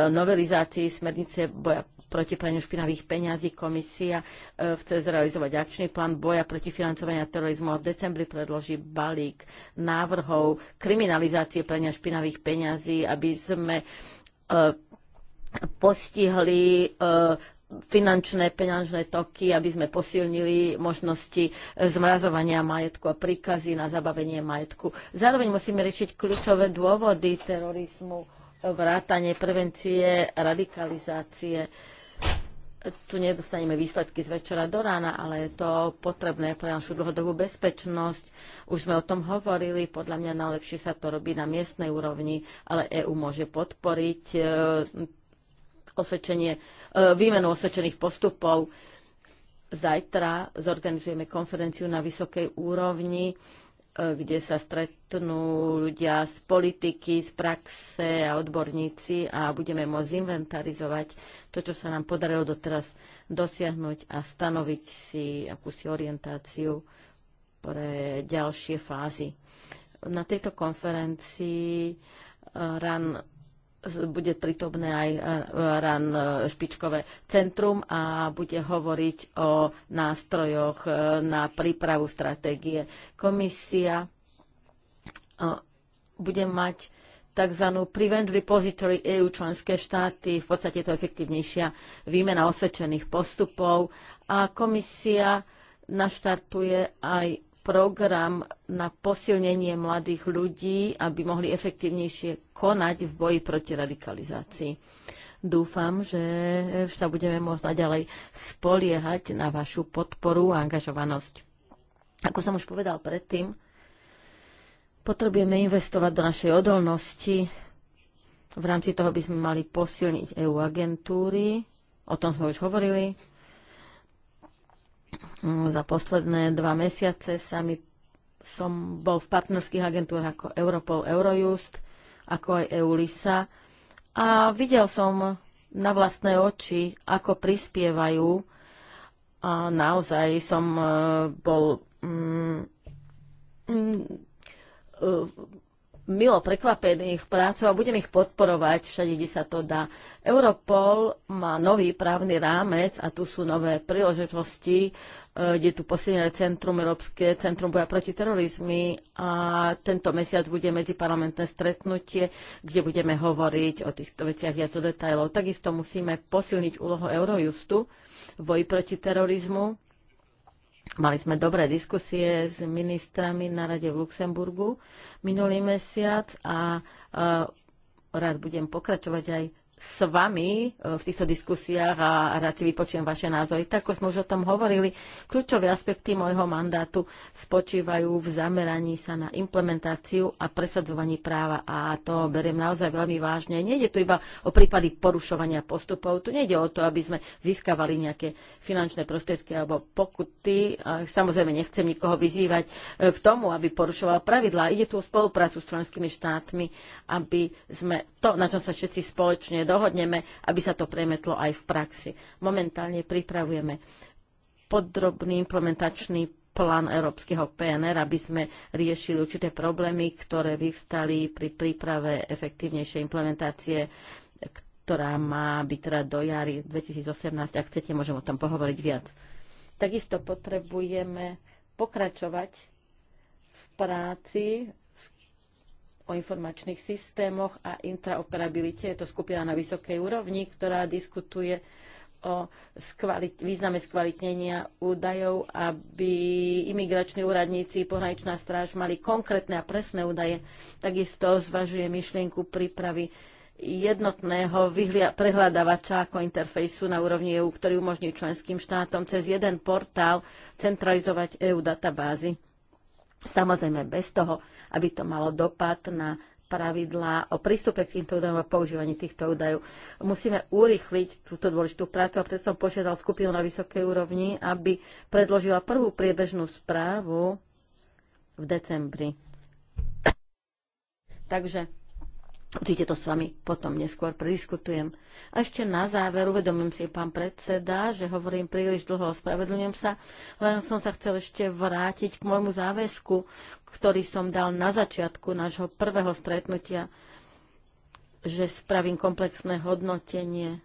novelizácii smernice boja proti praniu špinavých peňazí komisia e, chce zrealizovať akčný plán boja proti financovania terorizmu a v decembri predloží balík návrhov kriminalizácie prania špinavých peňazí, aby sme E, postihli e, finančné peňažné toky, aby sme posilnili možnosti zmrazovania majetku a príkazy na zabavenie majetku. Zároveň musíme riešiť kľúčové dôvody terorizmu, vrátanie prevencie, radikalizácie tu nedostaneme výsledky z večera do rána, ale je to potrebné pre našu dlhodobú bezpečnosť. Už sme o tom hovorili, podľa mňa najlepšie sa to robí na miestnej úrovni, ale EÚ môže podporiť e, osvedčenie, e, výmenu osvedčených postupov. Zajtra zorganizujeme konferenciu na vysokej úrovni kde sa stretnú ľudia z politiky, z praxe a odborníci a budeme môcť inventarizovať to, čo sa nám podarilo doteraz dosiahnuť a stanoviť si akúsi orientáciu pre ďalšie fázy. Na tejto konferencii eh, RAN bude prítomné aj e, RAN e, špičkové centrum a bude hovoriť o nástrojoch e, na prípravu stratégie. Komisia bude mať tzv. Prevent Repository EU členské štáty, v podstate je to efektívnejšia výmena osvedčených postupov a komisia naštartuje aj program na posilnenie mladých ľudí, aby mohli efektívnejšie konať v boji proti radikalizácii. Dúfam, že sa budeme môcť naďalej spoliehať na vašu podporu a angažovanosť. Ako som už povedal predtým, potrebujeme investovať do našej odolnosti. V rámci toho by sme mali posilniť EU agentúry, o tom sme už hovorili, Mm, za posledné dva mesiace sa mi, som bol v partnerských agentúrach ako Europol Eurojust, ako aj EULISA a videl som na vlastné oči, ako prispievajú a naozaj som e, bol mm, mm, e, milo prekvapených prácu a budem ich podporovať všade, kde sa to dá. Europol má nový právny rámec a tu sú nové príležitosti, e, kde tu posilňuje centrum Európske centrum boja proti terorizmu a tento mesiac bude medziparlamentné stretnutie, kde budeme hovoriť o týchto veciach viac do detajlov. Takisto musíme posilniť úlohu Eurojustu v boji proti terorizmu Mali sme dobré diskusie s ministrami na rade v Luxemburgu minulý mesiac a e, rád budem pokračovať aj s vami e, v týchto diskusiách a rád si vypočujem vaše názory. Tak ako sme už o tom hovorili, kľúčové aspekty môjho mandátu spočívajú v zameraní sa na implementáciu a presadzovaní práva a to beriem naozaj veľmi vážne. Nejde tu iba o prípady porušovania postupov, tu nejde o to, aby sme získavali nejaké finančné prostriedky alebo pokuty. Samozrejme, nechcem nikoho vyzývať e, k tomu, aby porušoval pravidlá. Ide tu o spoluprácu s členskými štátmi, aby sme to, na čom sa všetci spoločne dohodneme, aby sa to premetlo aj v praxi. Momentálne pripravujeme podrobný implementačný plán európskeho PNR, aby sme riešili určité problémy, ktoré vyvstali pri príprave efektívnejšej implementácie, ktorá má byť teda do jary 2018. Ak chcete, môžem o tom pohovoriť viac. Takisto potrebujeme pokračovať v práci o informačných systémoch a intraoperabilite. Je to skupina na vysokej úrovni, ktorá diskutuje o skvalit- význame skvalitnenia údajov, aby imigrační úradníci, pohraničná stráž mali konkrétne a presné údaje. Takisto zvažuje myšlienku prípravy jednotného prehľadávača ako interfejsu na úrovni EU, ktorý umožní členským štátom cez jeden portál centralizovať EU databázy Samozrejme bez toho, aby to malo dopad na pravidlá o prístupe k týmto údajom a používaní týchto údajov. Musíme urychliť túto dôležitú prácu a preto som požiadal skupinu na vysokej úrovni, aby predložila prvú priebežnú správu v decembri. Takže Určite to s vami potom neskôr prediskutujem. A ešte na záver uvedomím si, pán predseda, že hovorím príliš dlho, ospravedlňujem sa, len som sa chcel ešte vrátiť k môjmu záväzku, ktorý som dal na začiatku nášho prvého stretnutia, že spravím komplexné hodnotenie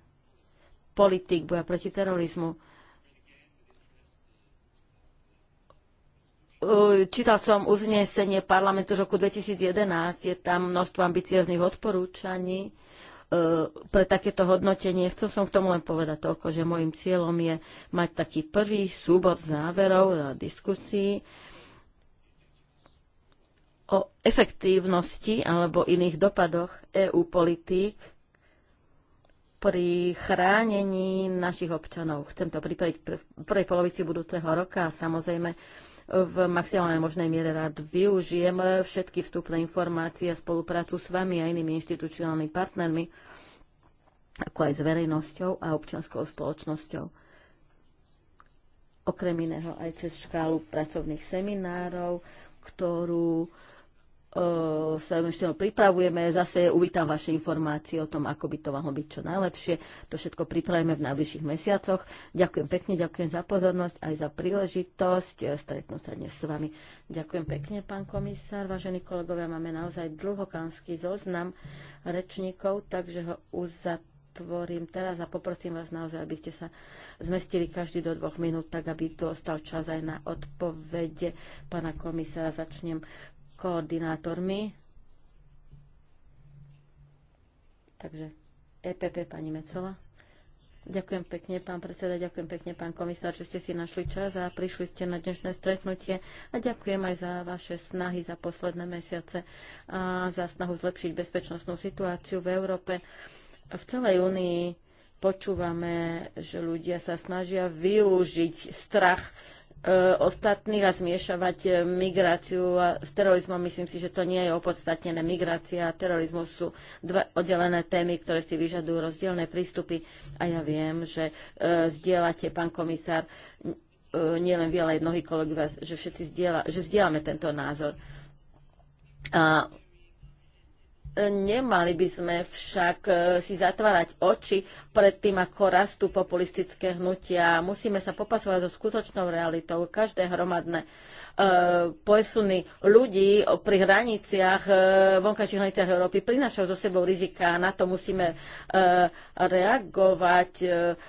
politik boja proti terorizmu Eh, čítal som uznesenie parlamentu z roku 2011, je tam množstvo ambicioznych odporúčaní eh, pre takéto hodnotenie. Chcel som k tomu len povedať toľko, že môjim cieľom je mať taký prvý súbor záverov a diskusí o efektívnosti alebo iných dopadoch EU politík pri chránení našich občanov. Chcem to pripraviť v prvej polovici budúceho roka a samozrejme v maximálnej možnej miere rád využijem všetky vstupné informácie a spoluprácu s vami a inými inštitucionálnymi partnermi, ako aj s verejnosťou a občianskou spoločnosťou. Okrem iného aj cez škálu pracovných seminárov, ktorú Eh, sa ešte pripravujeme. Zase uvítam vaše informácie o tom, ako by to mohlo byť čo najlepšie. To všetko pripravíme v najbližších mesiacoch. Ďakujem pekne, ďakujem za pozornosť aj za príležitosť eh, stretnúť sa dnes s vami. Ďakujem pekne, pán komisár. Vážení kolegovia, máme naozaj dlhokánsky zoznam rečníkov, takže ho uzatvorím tvorím teraz a poprosím vás naozaj, aby ste sa zmestili každý do dvoch minút, tak aby tu ostal čas aj na odpovede pána komisára. Začnem koordinátormi. Takže EPP pani Mecola. Ďakujem pekne, pán predseda, ďakujem pekne, pán komisár, že ste si našli čas a prišli ste na dnešné stretnutie a ďakujem aj za vaše snahy za posledné mesiace a za snahu zlepšiť bezpečnostnú situáciu v Európe. V celej únii počúvame, že ľudia sa snažia využiť strach E, ostatných a zmiešavať e, migráciu a s terorizmom. Myslím si, že to nie je opodstatnené. Migrácia a terorizmus sú dve oddelené témy, ktoré si vyžadujú rozdielne prístupy. A ja viem, že e, zdieľate, pán komisár, e, nielen vy, ale aj mnohí kolegovia, že všetci zdieľa, že zdieľame tento názor. A Nemali by sme však e, si zatvárať oči pred tým, ako rastú populistické hnutia. Musíme sa popasovať so skutočnou realitou. Každé hromadné E, posuny ľudí pri hraniciach, e, vonkajších hraniciach Európy prinášajú so sebou rizika a na to musíme e, reagovať,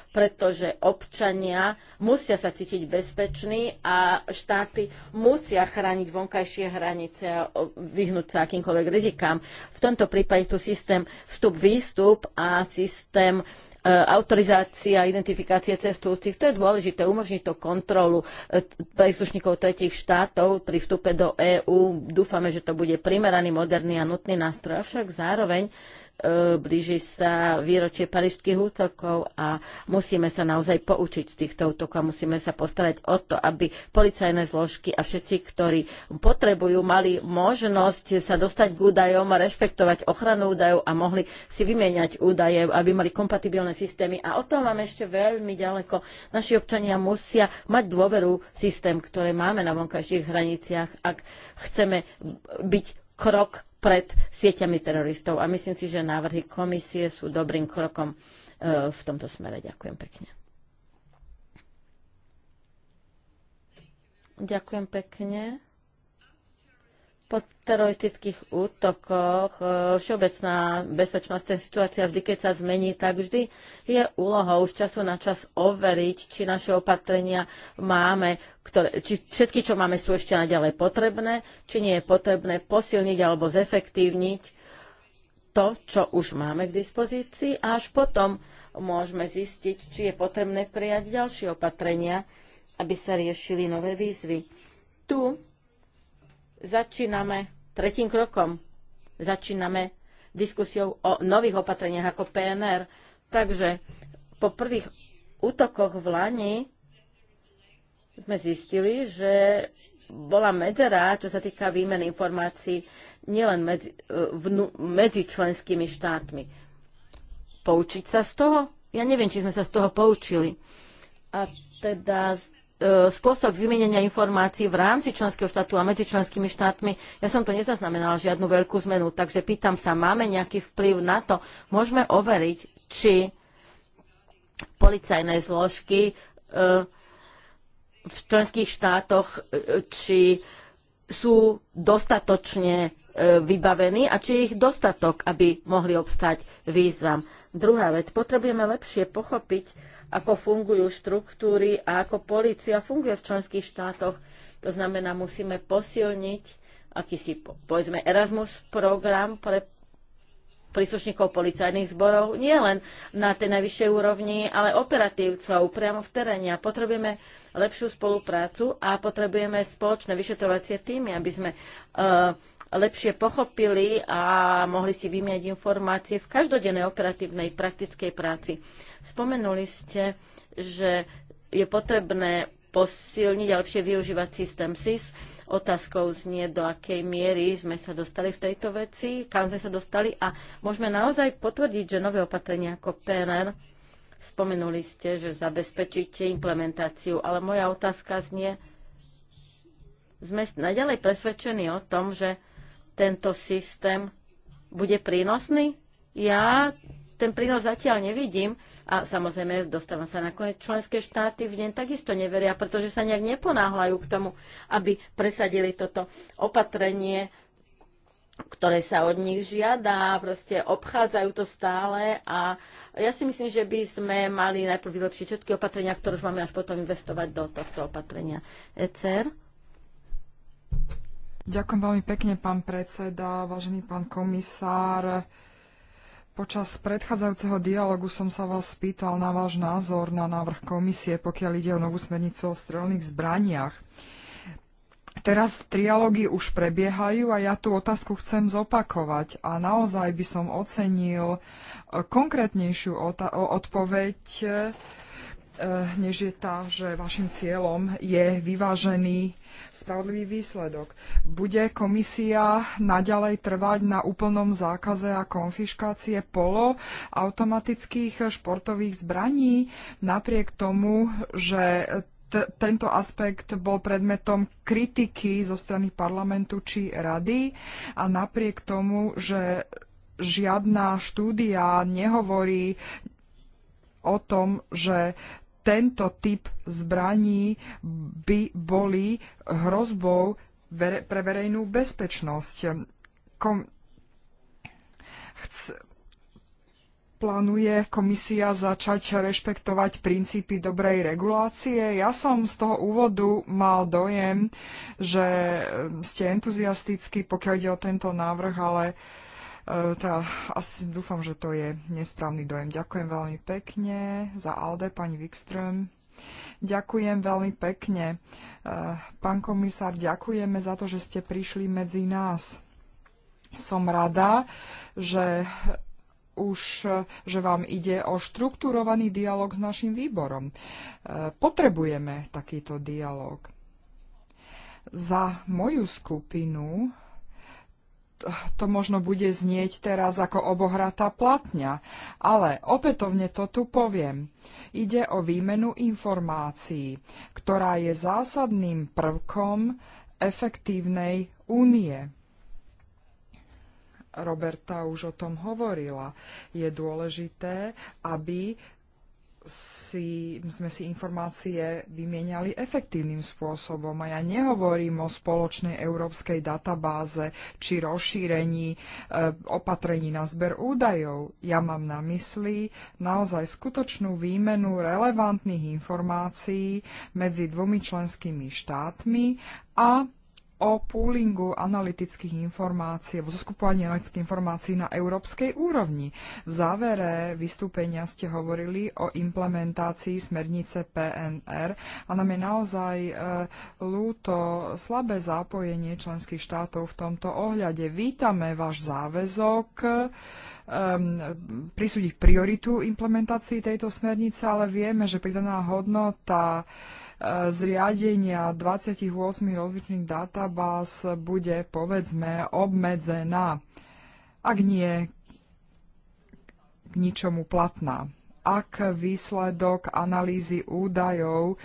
pretože občania musia sa cítiť bezpeční a štáty musia chrániť vonkajšie hranice a vyhnúť sa akýmkoľvek rizikám. V tomto prípade tu systém vstup-výstup a systém E, autorizácia, identifikácie cestujúcich. To je dôležité, umožniť to kontrolu e, príslušníkov tretich štátov pri vstupe do EÚ. Dúfame, že to bude primeraný, moderný a nutný nástroj, avšak zároveň E, blíži sa výročie parížských útokov a musíme sa naozaj poučiť z týchto útokov a musíme sa postarať o to, aby policajné zložky a všetci, ktorí potrebujú, mali možnosť sa dostať k údajom a rešpektovať ochranu údajov a mohli si vymieňať údaje, aby mali kompatibilné systémy. A o tom máme ešte veľmi ďaleko. Naši občania musia mať dôveru systém, ktoré máme na vonkajších hraniciach, ak chceme byť krok pred sieťami teroristov. A myslím si, že návrhy komisie sú dobrým krokom e, v tomto smere. Ďakujem pekne. Ďakujem pekne po teroristických útokoch e, všeobecná ten situácia vždy, keď sa zmení, tak vždy je úlohou z času na čas overiť, či naše opatrenia máme, ktoré, či všetky, čo máme, sú ešte naďalej potrebné, či nie je potrebné posilniť alebo zefektívniť to, čo už máme k dispozícii a až potom môžeme zistiť, či je potrebné prijať ďalšie opatrenia, aby sa riešili nové výzvy. Tu Začíname tretím krokom. Začíname diskusiou o nových opatreniach ako PNR. Takže po prvých útokoch v Lani sme zistili, že bola medzera, čo sa týka výmeny informácií nielen medzi, vnú, medzi členskými štátmi. Poučiť sa z toho? Ja neviem, či sme sa z toho poučili. A teda E, spôsob vymenenia informácií v rámci členského štátu a medzi členskými štátmi, ja som to nezaznamenala žiadnu veľkú zmenu, takže pýtam sa, máme nejaký vplyv na to? Môžeme overiť, či policajné zložky e, v členských štátoch, e, či sú dostatočne vybavení a či ich dostatok, aby mohli obstať výzvam. Druhá vec, potrebujeme lepšie pochopiť, ako fungujú štruktúry a ako policia funguje v členských štátoch. To znamená, musíme posilniť akýsi, povedzme, Erasmus program pre príslušníkov policajných zborov, nie len na tej najvyššej úrovni, ale operatívcov priamo v teréne. A potrebujeme lepšiu spoluprácu a potrebujeme spoločné vyšetrovacie týmy, aby sme eh, lepšie pochopili a mohli si vymieť informácie v každodennej operatívnej praktickej práci. Spomenuli ste, že je potrebné posilniť a lepšie využívať systém SIS Otázkou znie, do akej miery sme sa dostali v tejto veci, kam sme sa dostali a môžeme naozaj potvrdiť, že nové opatrenia ako PNR, spomenuli ste, že zabezpečíte implementáciu, ale moja otázka znie, sme naďalej presvedčení o tom, že tento systém bude prínosný? Ja ten prínos zatiaľ nevidím a samozrejme dostávam sa na Členské štáty v deň takisto neveria, pretože sa nejak neponáhľajú k tomu, aby presadili toto opatrenie, ktoré sa od nich žiada, proste obchádzajú to stále a ja si myslím, že by sme mali najprv vylepšiť všetky opatrenia, ktoré už máme až potom investovať do tohto opatrenia. ECR? Ďakujem veľmi pekne, pán predseda, vážený pán komisár. Počas predchádzajúceho dialogu som sa vás spýtal na váš názor na návrh komisie, pokiaľ ide o novú smernicu o strelných zbraniach. Teraz trialógy už prebiehajú a ja tú otázku chcem zopakovať a naozaj by som ocenil eh, konkrétnejšiu odpoveď E, než je tá, že vašim cieľom je vyvážený spravodlivý výsledok. Bude komisia naďalej trvať na úplnom zákaze a konfiškácie polo automatických športových zbraní, napriek tomu, že tento aspekt bol predmetom kritiky zo strany parlamentu či rady a napriek tomu, že žiadna štúdia nehovorí o tom, že tento typ zbraní by boli hrozbou pre verejnú bezpečnosť. Kom- Chc- plánuje komisia začať rešpektovať princípy dobrej regulácie. Ja som z toho úvodu mal dojem, že ste entuziastickí, pokiaľ ide o tento návrh, ale uh, E, tá, asi dúfam, že to je nesprávny dojem. Ďakujem veľmi pekne za Alde, pani Wikström. Ďakujem veľmi pekne. E, pán komisár, ďakujeme za to, že ste prišli medzi nás. Som rada, že už, že vám ide o štruktúrovaný dialog s našim výborom. E, potrebujeme takýto dialog. Za moju skupinu to možno bude znieť teraz ako obohratá platňa, ale opätovne to tu poviem. Ide o výmenu informácií, ktorá je zásadným prvkom efektívnej únie. Roberta už o tom hovorila. Je dôležité, aby si, sme si informácie vymieniali efektívnym spôsobom. A ja nehovorím o spoločnej európskej databáze či rozšírení e, opatrení na zber údajov. Ja mám na mysli naozaj skutočnú výmenu relevantných informácií medzi dvomi členskými štátmi a o poolingu analytických informácií alebo zoskupovaní analytických informácií na európskej úrovni. V závere vystúpenia ste hovorili o implementácii smernice PNR a nám je naozaj e, ľúto slabé zápojenie členských štátov v tomto ohľade. Vítame váš záväzok e, prisúdiť prioritu implementácii tejto smernice, ale vieme, že pridaná hodnota E, zriadenia 28 rozličných databáz bude, povedzme, obmedzená, ak nie k ničomu platná. Ak výsledok analýzy údajov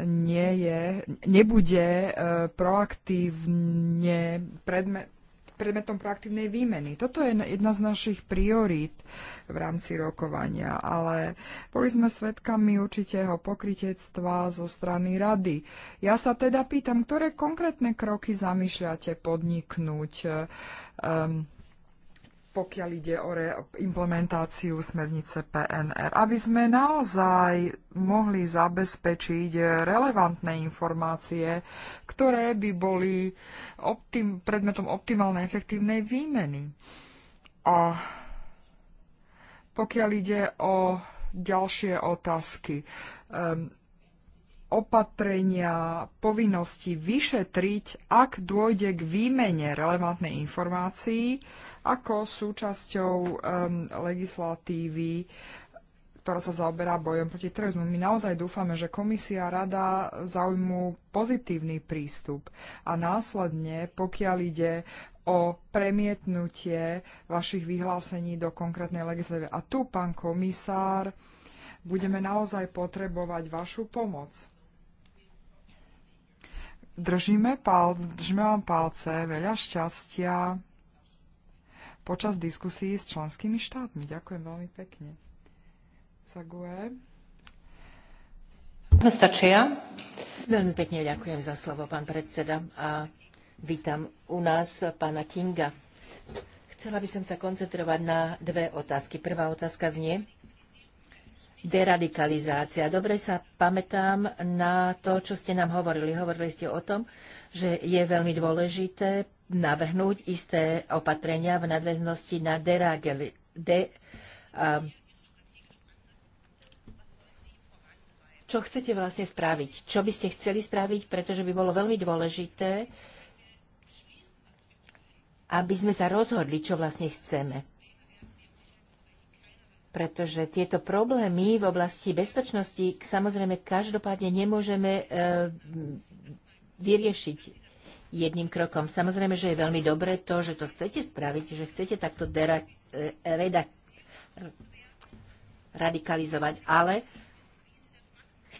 nie je, nebude e, proaktívne predmet predmetom proaktívnej výmeny. Toto je jedna z našich priorít v rámci rokovania, ale boli sme svedkami určitého pokritectva zo strany rady. Ja sa teda pýtam, ktoré konkrétne kroky zamýšľate podniknúť? Um, pokiaľ ide o implementáciu smernice PNR, aby sme naozaj mohli zabezpečiť relevantné informácie, ktoré by boli optim- predmetom optimálnej efektívnej výmeny. A pokiaľ ide o ďalšie otázky, um, opatrenia, povinnosti vyšetriť, ak dôjde k výmene relevantnej informácií ako súčasťou um, legislatívy, ktorá sa zaoberá bojom proti terorizmu. My naozaj dúfame, že komisia rada zaujmú pozitívny prístup a následne, pokiaľ ide o premietnutie vašich vyhlásení do konkrétnej legislatívy. A tu, pán komisár, budeme naozaj potrebovať vašu pomoc. Držíme, pal- držíme vám palce, veľa šťastia počas diskusí s členskými štátmi. Ďakujem veľmi pekne. Zague. Stačia. Veľmi pekne ďakujem za slovo, pán predseda. A vítam u nás pána Kinga. Chcela by som sa koncentrovať na dve otázky. Prvá otázka znie, deradikalizácia. Dobre sa pamätám na to, čo ste nám hovorili. Hovorili ste o tom, že je veľmi dôležité navrhnúť isté opatrenia v nadväznosti na derageli, de, um, čo chcete vlastne spraviť? Čo by ste chceli spraviť? Pretože by bolo veľmi dôležité, aby sme sa rozhodli, čo vlastne chceme pretože tieto problémy v oblasti bezpečnosti samozrejme každopádne nemôžeme eh, vyriešiť jedným krokom. Samozrejme, že je veľmi dobré to, že to chcete spraviť, že chcete takto dera, eh, reda, radikalizovať, ale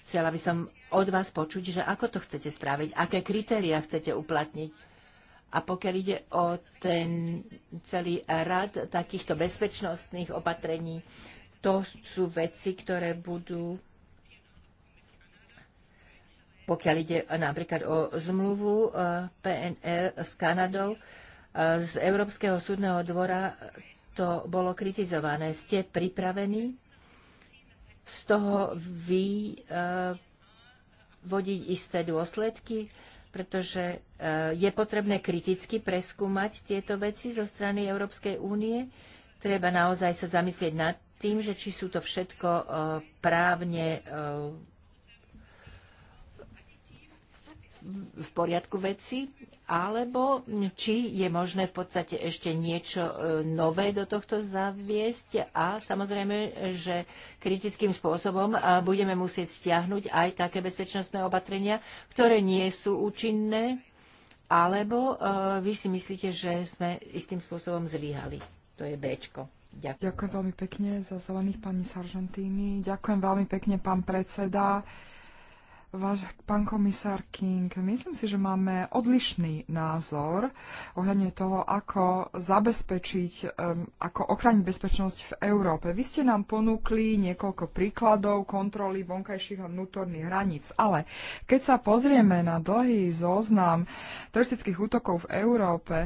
chcela by som od vás počuť, že ako to chcete spraviť, aké kritéria chcete uplatniť a pokiaľ ide o ten celý rad takýchto bezpečnostných opatrení, to sú veci, ktoré budú, pokiaľ ide napríklad o zmluvu eh, PNR s Kanadou, eh, z Európskeho súdneho dvora to bolo kritizované. Ste pripravení z toho vy eh, vodiť isté dôsledky? pretože e, je potrebné kriticky preskúmať tieto veci zo strany Európskej únie. Treba naozaj sa zamyslieť nad tým, že či sú to všetko e, právne e, v poriadku veci, alebo či je možné v podstate ešte niečo e, nové do tohto zaviesť a samozrejme, že kritickým spôsobom e, budeme musieť stiahnuť aj také bezpečnostné opatrenia, ktoré nie sú účinné, alebo e, vy si myslíte, že sme istým spôsobom zlyhali. To je Bčko. Ďakujem. Ďakujem veľmi pekne za zelených pani Saržantíny. Ďakujem veľmi pekne, pán predseda. Váš pán komisár King, myslím si, že máme odlišný názor ohľadne toho, ako zabezpečiť, ako ochrániť bezpečnosť v Európe. Vy ste nám ponúkli niekoľko príkladov kontroly vonkajších a vnútorných hraníc, ale keď sa pozrieme na dlhý zoznam teroristických útokov v Európe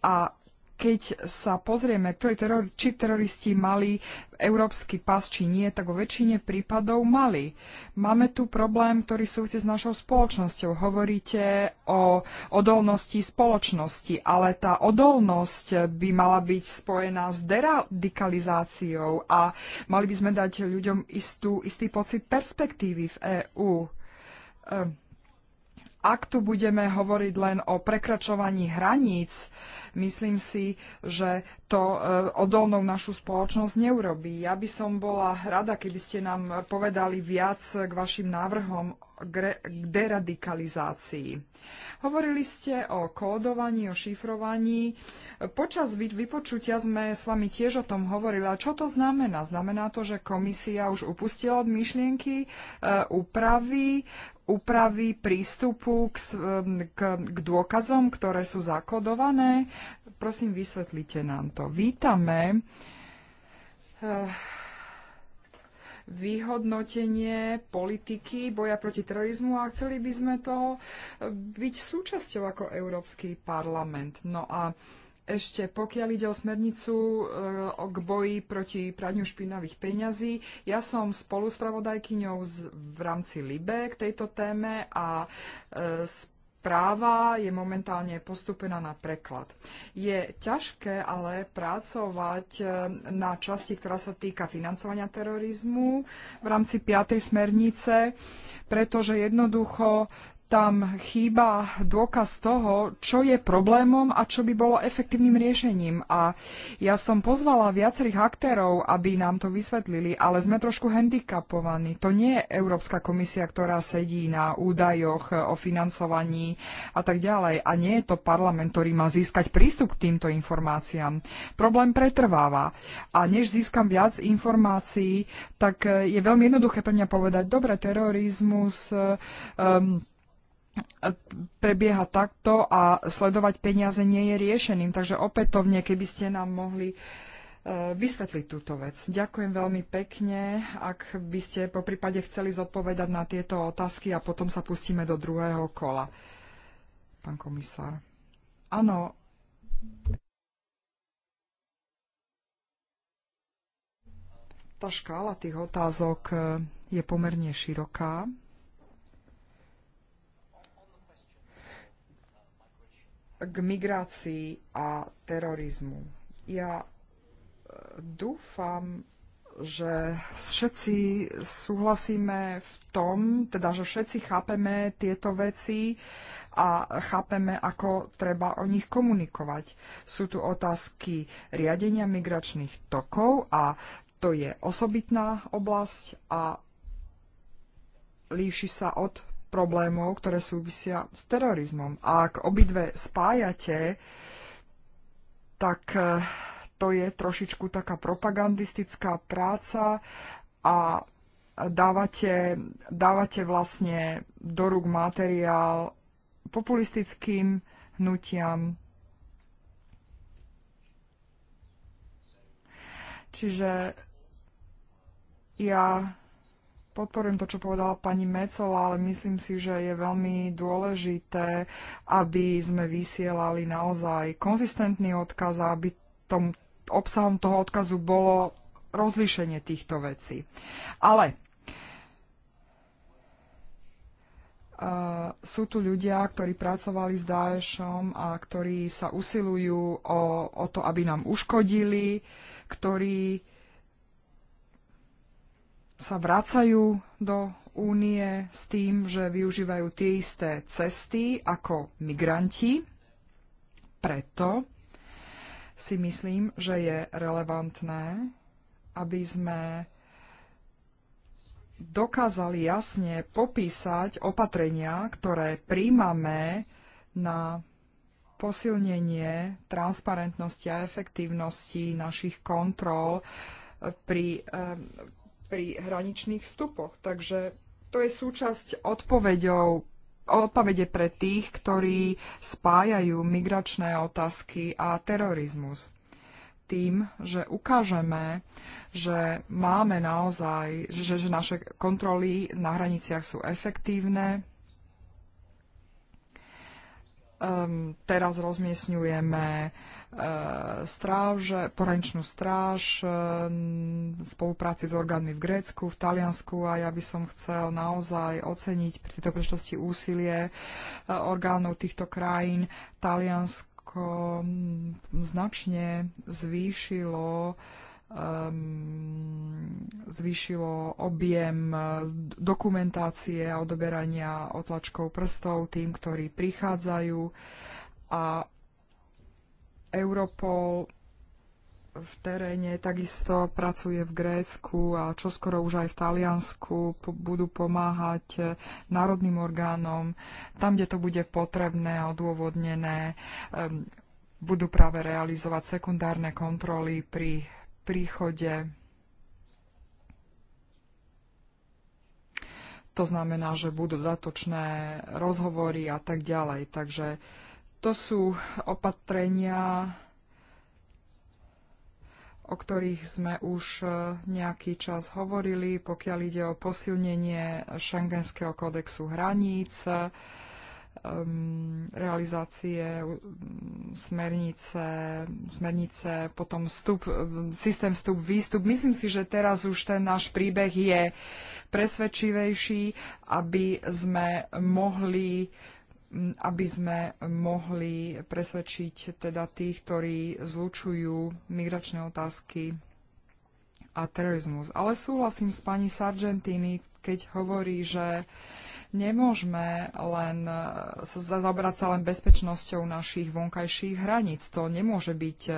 a keď sa pozrieme, teror, či teroristi mali európsky pas, či nie, tak vo väčšine prípadov mali. Máme tu problém, ktorý súvisí s našou spoločnosťou. Hovoríte o odolnosti spoločnosti, ale tá odolnosť by mala byť spojená s deradikalizáciou a mali by sme dať ľuďom istú, istý pocit perspektívy v EÚ. Ehm, ak tu budeme hovoriť len o prekračovaní hraníc, myslím si, že to eh, odolnou našu spoločnosť neurobí. Ja by som bola rada, keby ste nám povedali viac k vašim návrhom k deradikalizácii. Hovorili ste o kódovaní, o šifrovaní. Počas vypočutia sme s vami tiež o tom hovorili. A čo to znamená? Znamená to, že komisia už upustila od myšlienky eh, úpravy, úpravy prístupu k, k, k dôkazom, ktoré sú zakodované. Prosím, vysvetlite nám to. Vítame eh, vyhodnotenie politiky boja proti terorizmu a chceli by sme toho eh, byť súčasťou ako Európsky parlament. No a ešte pokiaľ ide o smernicu e, o k boji proti praniu špinavých peňazí, ja som spolu s pravodajkyňou v rámci LIBE k tejto téme a e, správa je momentálne postupená na preklad. Je ťažké ale pracovať e, na časti, ktorá sa týka financovania terorizmu v rámci 5. smernice, pretože jednoducho tam chýba dôkaz toho, čo je problémom a čo by bolo efektívnym riešením. A ja som pozvala viacerých aktérov, aby nám to vysvetlili, ale sme trošku handicapovaní. To nie je Európska komisia, ktorá sedí na údajoch o financovaní a tak ďalej. A nie je to parlament, ktorý má získať prístup k týmto informáciám. Problém pretrváva. A než získam viac informácií, tak je veľmi jednoduché pre mňa povedať, dobre, terorizmus, um, prebieha takto a sledovať peniaze nie je riešeným. Takže opätovne, keby ste nám mohli e, vysvetliť túto vec. Ďakujem veľmi pekne, ak by ste po prípade chceli zodpovedať na tieto otázky a potom sa pustíme do druhého kola. Pán komisár. Áno. Tá škála tých otázok e, je pomerne široká. k migrácii a terorizmu. Ja e, dúfam, že všetci súhlasíme v tom, teda že všetci chápeme tieto veci a chápeme, ako treba o nich komunikovať. Sú tu otázky riadenia migračných tokov a to je osobitná oblasť a líši sa od problémov, ktoré súvisia s terorizmom. A ak obidve spájate, tak eh, to je trošičku taká propagandistická práca a dávate, dávate vlastne do rúk materiál populistickým hnutiam. Čiže ja podporujem to, čo povedala pani Mecola, ale myslím si, že je veľmi dôležité, aby sme vysielali naozaj konzistentný odkaz a aby tom obsahom toho odkazu bolo rozlíšenie týchto vecí. Ale Uh, sú tu ľudia, ktorí pracovali s Daešom a ktorí sa usilujú o, o to, aby nám uškodili, ktorí uh, sa vracajú do únie s tým, že využívajú tie isté cesty ako migranti. Preto si myslím, že je relevantné, aby sme dokázali jasne popísať opatrenia, ktoré príjmame na posilnenie transparentnosti a efektívnosti našich kontrol pri eh, pri hraničných vstupoch. Takže to je súčasť odpovedou odpovede pre tých, ktorí spájajú migračné otázky a terorizmus. Tým, že ukážeme, že máme naozaj, že, že naše kontroly na hraniciach sú efektívne. Um, teraz rozmiesňujeme E, stráže, porančnú stráž, e, spolupráci s orgánmi v Grécku, v Taliansku a ja by som chcel naozaj oceniť pri tejto príležitosti úsilie e, orgánov týchto krajín. Taliansko značne zvýšilo zvýšilo objem dokumentácie a odoberania otlačkov prstov tým, ktorí prichádzajú a Europol v teréne takisto pracuje v Grécku a čoskoro už aj v Taliansku budú pomáhať národným orgánom tam, kde to bude potrebné a odôvodnené. Budú práve realizovať sekundárne kontroly pri príchode. To znamená, že budú datočné rozhovory a tak ďalej. Takže to sú opatrenia, o ktorých sme už e, nejaký čas hovorili, pokiaľ ide o posilnenie Schengenského kódexu hraníc, e, realizácie smernice, smernice, potom vstup, e, systém vstup, výstup. Myslím si, že teraz už ten náš príbeh je presvedčivejší, aby sme mohli aby sme mohli presvedčiť teda tých, ktorí zlučujú migračné otázky a terorizmus. Ale súhlasím s pani Sargentini, keď hovorí, že nemôžeme len e, sa zaoberať sa len bezpečnosťou našich vonkajších hraníc. To nemôže byť e,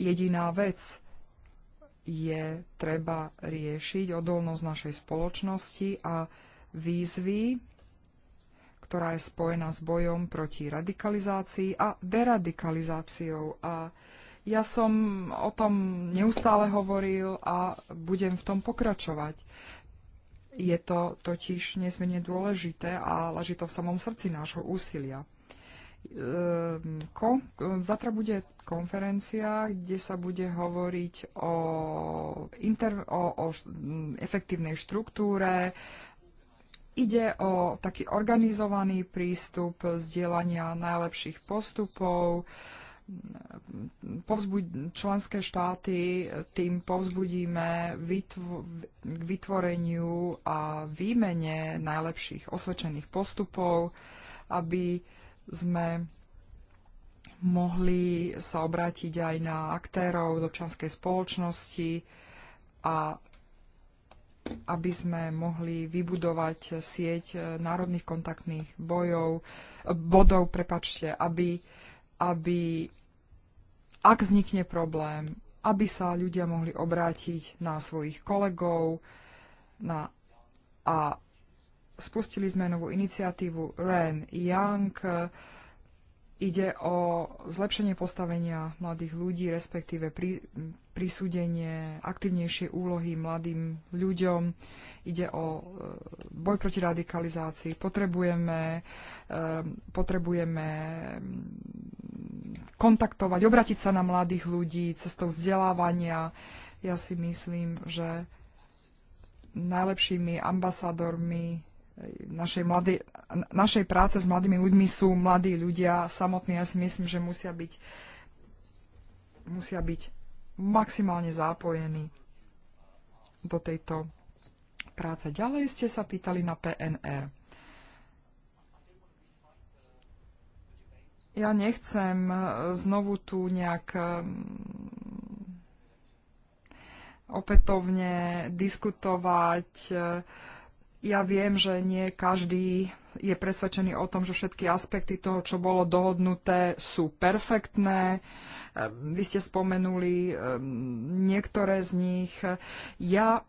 jediná vec. Je treba riešiť odolnosť našej spoločnosti a výzvy, ktorá je spojená s bojom proti radikalizácii a deradikalizáciou. A ja som o tom neustále hovoril a budem v tom pokračovať. Je to totiž nesmierne dôležité a leží to v samom srdci nášho úsilia. Ehm, Kon, zatra bude konferencia, kde sa bude hovoriť o, inter, o, o efektívnej štruktúre, Ide o taký organizovaný prístup zdieľania najlepších postupov. Povzbuď, členské štáty tým povzbudíme k vytvoreniu a výmene najlepších osvedčených postupov, aby sme mohli sa obrátiť aj na aktérov z občanskej spoločnosti a aby sme mohli vybudovať sieť eh, národných kontaktných bojov, eh, bodov, prepačte, aby, aby ak vznikne problém, aby sa ľudia mohli obrátiť na svojich kolegov na, a spustili sme novú iniciatívu REN Young, eh, Ide o zlepšenie postavenia mladých ľudí, respektíve prisúdenie aktívnejšej úlohy mladým ľuďom. Ide o e, boj proti radikalizácii. Potrebujeme, e, potrebujeme mm, kontaktovať, obratiť sa na mladých ľudí cestou vzdelávania. Ja si myslím, že najlepšími ambasádormi našej, mladé, našej práce s mladými ľuďmi sú mladí ľudia samotní. Ja si myslím, že musia byť, musia byť maximálne zapojení do tejto práce. Ďalej ste sa pýtali na PNR. Ja nechcem e, znovu tu nejak e, opätovne diskutovať e, ja viem, že nie každý je presvedčený o tom, že všetky aspekty toho, čo bolo dohodnuté, sú perfektné. Ehm, vy ste spomenuli ehm, niektoré z nich. Ja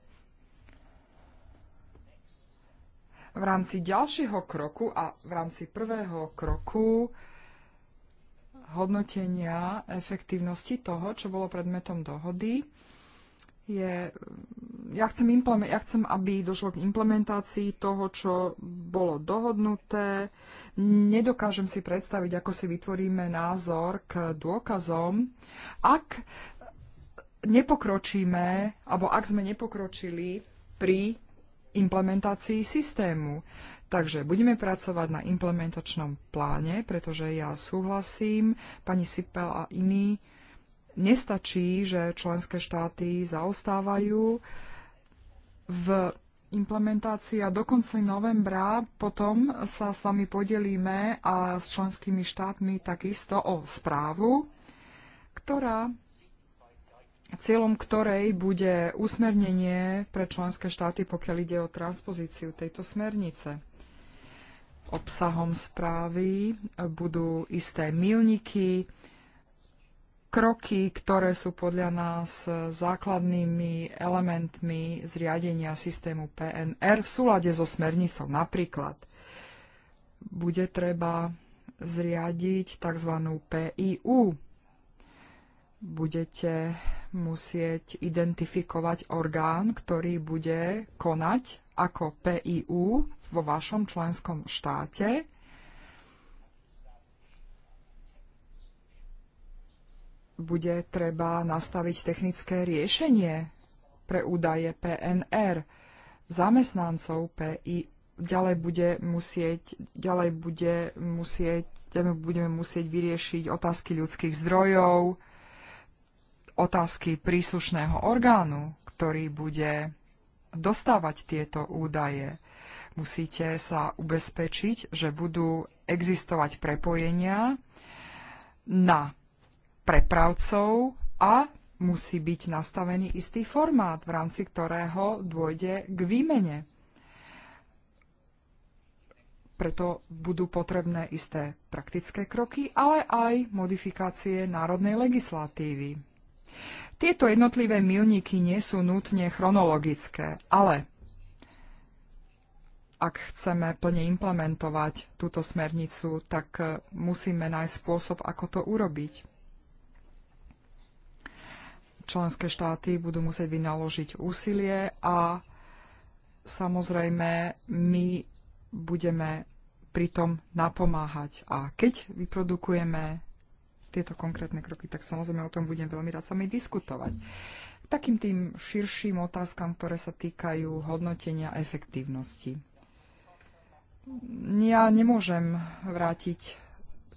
v rámci ďalšieho kroku a v rámci prvého kroku hodnotenia efektívnosti toho, čo bolo predmetom dohody, je, ja chcem, implement, ja chcem, aby došlo k implementácii toho, čo bolo dohodnuté. Nedokážem si predstaviť, ako si vytvoríme názor k dôkazom, ak nepokročíme, alebo ak sme nepokročili pri implementácii systému. Takže budeme pracovať na implementačnom pláne, pretože ja súhlasím, pani Sipel a iní, Nestačí, že členské štáty zaostávajú v implementácii a do konca novembra potom sa s vami podelíme a s členskými štátmi takisto o správu, ktorá cieľom ktorej bude usmernenie pre členské štáty, pokiaľ ide o transpozíciu tejto smernice. Obsahom správy budú isté milníky, kroky, ktoré sú podľa nás základnými elementmi zriadenia systému PNR v súlade so smernicou. Napríklad bude treba zriadiť tzv. PIU. Budete musieť identifikovať orgán, ktorý bude konať ako PIU vo vašom členskom štáte bude treba nastaviť technické riešenie pre údaje PNR zamestnancov PI ďalej bude musieť, ďalej bude musieť, budeme musieť vyriešiť otázky ľudských zdrojov, otázky príslušného orgánu, ktorý bude dostávať tieto údaje. Musíte sa ubezpečiť, že budú existovať prepojenia na prepravcov a musí byť nastavený istý formát, v rámci ktorého dôjde k výmene. Preto budú potrebné isté praktické kroky, ale aj modifikácie národnej legislatívy. Tieto jednotlivé milníky nie sú nutne chronologické, ale ak chceme plne implementovať túto smernicu, tak musíme nájsť spôsob, ako to urobiť členské štáty budú musieť vynaložiť úsilie a samozrejme my budeme pritom napomáhať. A keď vyprodukujeme tieto konkrétne kroky, tak samozrejme o tom budem veľmi rád sami diskutovať. K takým tým širším otázkam, ktoré sa týkajú hodnotenia efektívnosti. Ja nemôžem vrátiť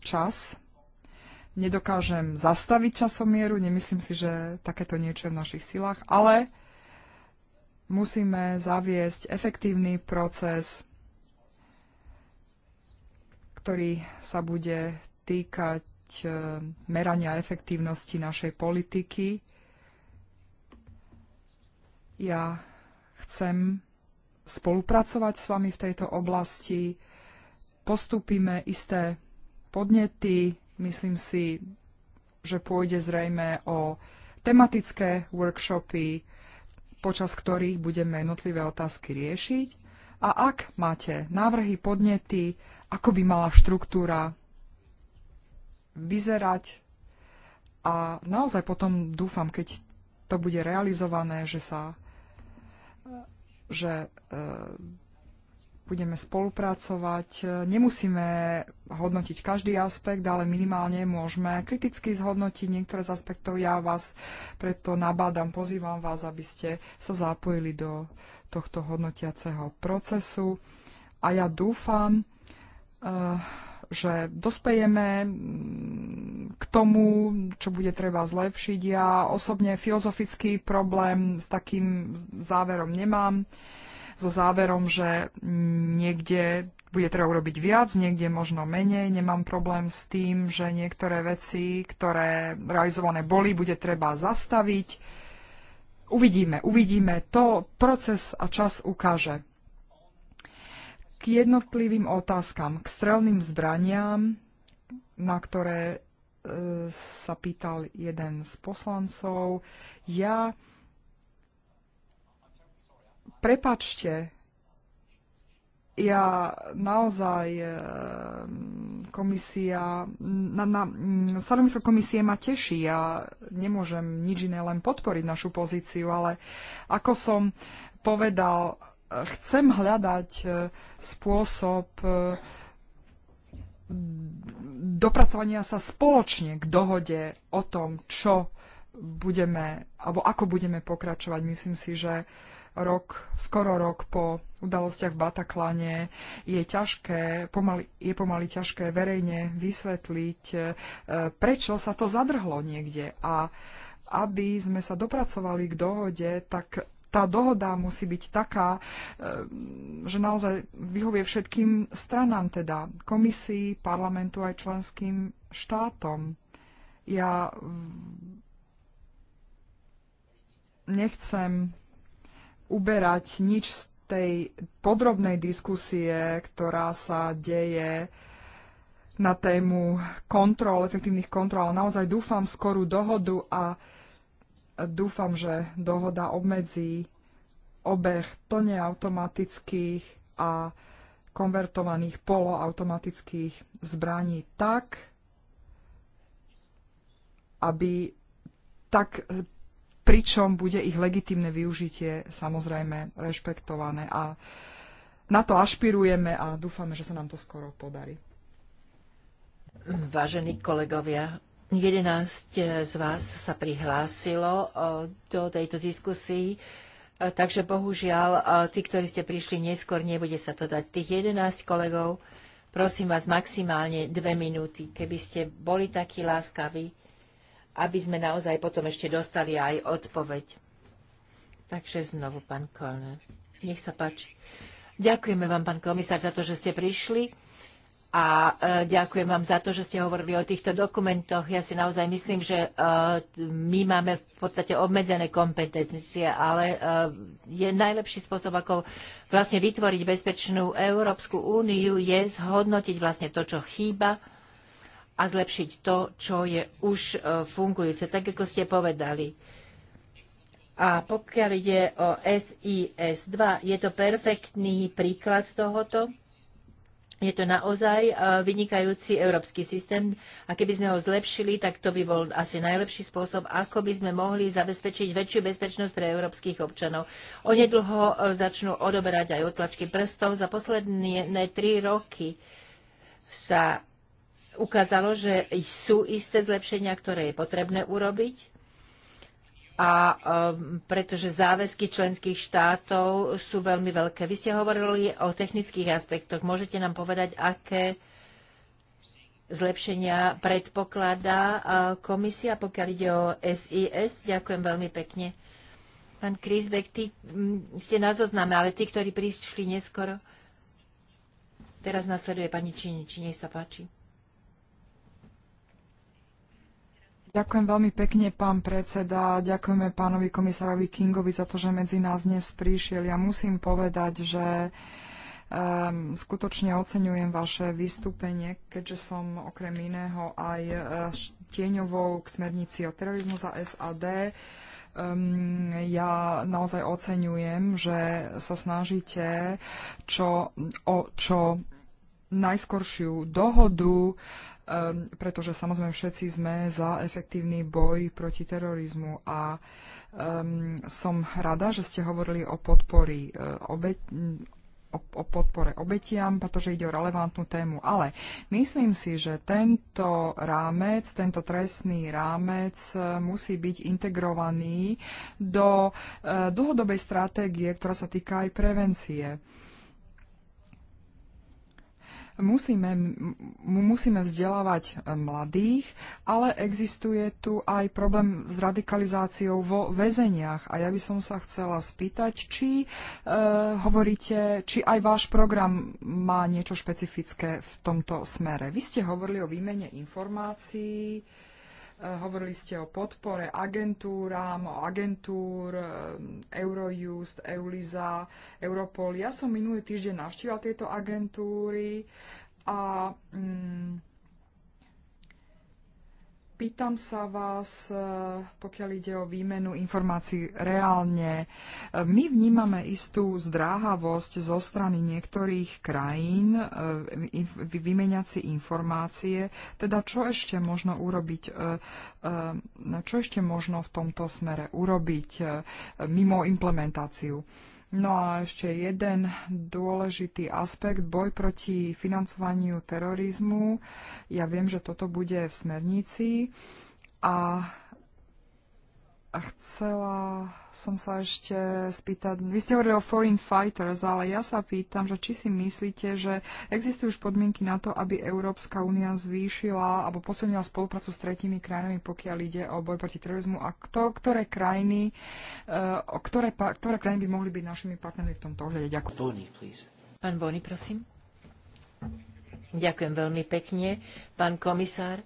čas nedokážem zastaviť časomieru, nemyslím si, že takéto niečo je v našich silách, ale musíme zaviesť efektívny proces, ktorý sa bude týkať e, merania efektívnosti našej politiky. Ja chcem spolupracovať s vami v tejto oblasti. Postupíme isté podnety, Myslím si, že pôjde zrejme o tematické workshopy, počas ktorých budeme jednotlivé otázky riešiť. A ak máte návrhy, podnety, ako by mala štruktúra vyzerať, a naozaj potom dúfam, keď to bude realizované, že sa že e, budeme spolupracovať. Nemusíme hodnotiť každý aspekt, ale minimálne môžeme kriticky zhodnotiť niektoré z aspektov. Ja vás preto nabádam, pozývam vás, aby ste sa zapojili do tohto hodnotiaceho procesu. A ja dúfam, eh, že dospejeme mm, k tomu, čo bude treba zlepšiť. Ja osobne filozofický problém s takým záverom nemám so záverom, že niekde bude treba urobiť viac, niekde možno menej. Nemám problém s tým, že niektoré veci, ktoré realizované boli, bude treba zastaviť. Uvidíme, uvidíme. To proces a čas ukáže. K jednotlivým otázkam, k strelným zbraniam, na ktoré e, sa pýtal jeden z poslancov. Ja prepačte, ja naozaj e, komisia, na, na, stanovisko komisie ma teší. Ja nemôžem nič iné len podporiť našu pozíciu, ale ako som povedal, chcem hľadať e, spôsob e, dopracovania sa spoločne k dohode o tom, čo budeme, alebo ako budeme pokračovať. Myslím si, že uh, rok, skoro rok po udalostiach v Bataklane je ťažké, pomaly, je pomaly ťažké verejne vysvetliť, e, prečo sa to zadrhlo niekde. A aby sme sa dopracovali k dohode, tak tá dohoda musí byť taká, e, že naozaj vyhovie všetkým stranám, teda komisii, parlamentu aj členským štátom. Ja nechcem uberať nič z tej podrobnej diskusie, ktorá sa deje na tému kontrol, efektívnych kontrol. Naozaj dúfam skorú dohodu a dúfam, že dohoda obmedzí obeh plne automatických a konvertovaných poloautomatických zbraní tak, aby tak pričom bude ich legitimné využitie samozrejme rešpektované a na to ašpirujeme a dúfame, že sa nám to skoro podarí. Vážení kolegovia, 11 z vás sa prihlásilo e, do tejto diskusii, e, takže bohužiaľ, e, tí, ktorí ste prišli neskôr, nebude sa to dať. Tých 11 kolegov, prosím vás maximálne dve minúty. Keby ste boli takí láskaví, aby sme naozaj potom ešte dostali aj odpoveď. Takže znovu, pán Kolner. Nech sa páči. Ďakujeme vám, pán komisár, za to, že ste prišli a e, ďakujem vám za to, že ste hovorili o týchto dokumentoch. Ja si naozaj myslím, že e, my máme v podstate obmedzené kompetencie, ale e, je najlepší spôsob, ako vlastne vytvoriť bezpečnú Európsku úniu, je zhodnotiť vlastne to, čo chýba a zlepšiť to, čo je už e, fungujúce, tak ako ste povedali. A pokiaľ ide o SIS-2, je to perfektný príklad tohoto. Je to naozaj e, vynikajúci európsky systém a keby sme ho zlepšili, tak to by bol asi najlepší spôsob, ako by sme mohli zabezpečiť väčšiu bezpečnosť pre európskych občanov. Onedlho e, začnú odoberať aj otlačky prstov. Za posledné tri roky sa ukázalo, že sú isté zlepšenia, ktoré je potrebné urobiť a um, pretože záväzky členských štátov sú veľmi veľké. Vy ste hovorili o technických aspektoch. Môžete nám povedať, aké zlepšenia predpokladá uh, komisia, pokiaľ ide o SIS? Ďakujem veľmi pekne. Pán Krisbek, ty mm, ste na zozname, ale tí, ktorí prišli neskoro. Teraz nasleduje pani či nech sa páči. Ďakujem veľmi pekne, pán predseda. Ďakujeme pánovi komisárovi Kingovi za to, že medzi nás dnes prišiel. Ja musím povedať, že um, skutočne oceňujem vaše vystúpenie, keďže som okrem iného aj e, tieňovou k smernici o terorizmu za SAD. Um, ehm, ja naozaj oceňujem, že sa snažíte čo, o čo najskoršiu dohodu Ehm, pretože samozrejme všetci sme za efektívny boj proti terorizmu a um, som rada, že ste hovorili o podpory eh, obe, o, o podpore obetiam, pretože ide o relevantnú tému. Ale myslím si, že tento rámec, tento trestný rámec eh, musí byť integrovaný do uh, dlhodobej stratégie, ktorá sa týka aj prevencie. Musíme, musíme vzdelávať e, mladých, ale existuje tu aj problém s radikalizáciou vo väzeniach. A ja by som sa chcela spýtať, či e, hovoríte, či aj váš program má niečo špecifické v tomto smere. Vy ste hovorili o výmene informácií, Eh, hovorili ste o podpore agentúram, o agentúr eh, Eurojust, Euliza, Europol. Ja som minulý týždeň navštívila tieto agentúry a mm, Pýtam sa vás, e, pokiaľ ide o výmenu informácií reálne. E, my vnímame istú zdráhavosť zo strany niektorých krajín e, vymeniať si informácie, teda čo ešte možno urobiť, čo ešte možno v tomto smere urobiť mimo implementáciu. No a ešte jeden dôležitý aspekt, boj proti financovaniu terorizmu. Ja viem, že toto bude v smernici a chcela som sa ešte spýtať, vy ste hovorili o foreign fighters, ale ja sa pýtam, že či si myslíte, že existujú už podmienky na to, aby Európska únia zvýšila alebo posilnila spoluprácu s tretími krajinami, pokiaľ ide o boj proti terorizmu a kto, ktoré krajiny, uh, ktoré, ktoré krajiny by mohli byť našimi partnermi v tomto ohľade. Ďakujem. Boni, Pán Boni, prosím. Ďakujem veľmi pekne. Pán komisár,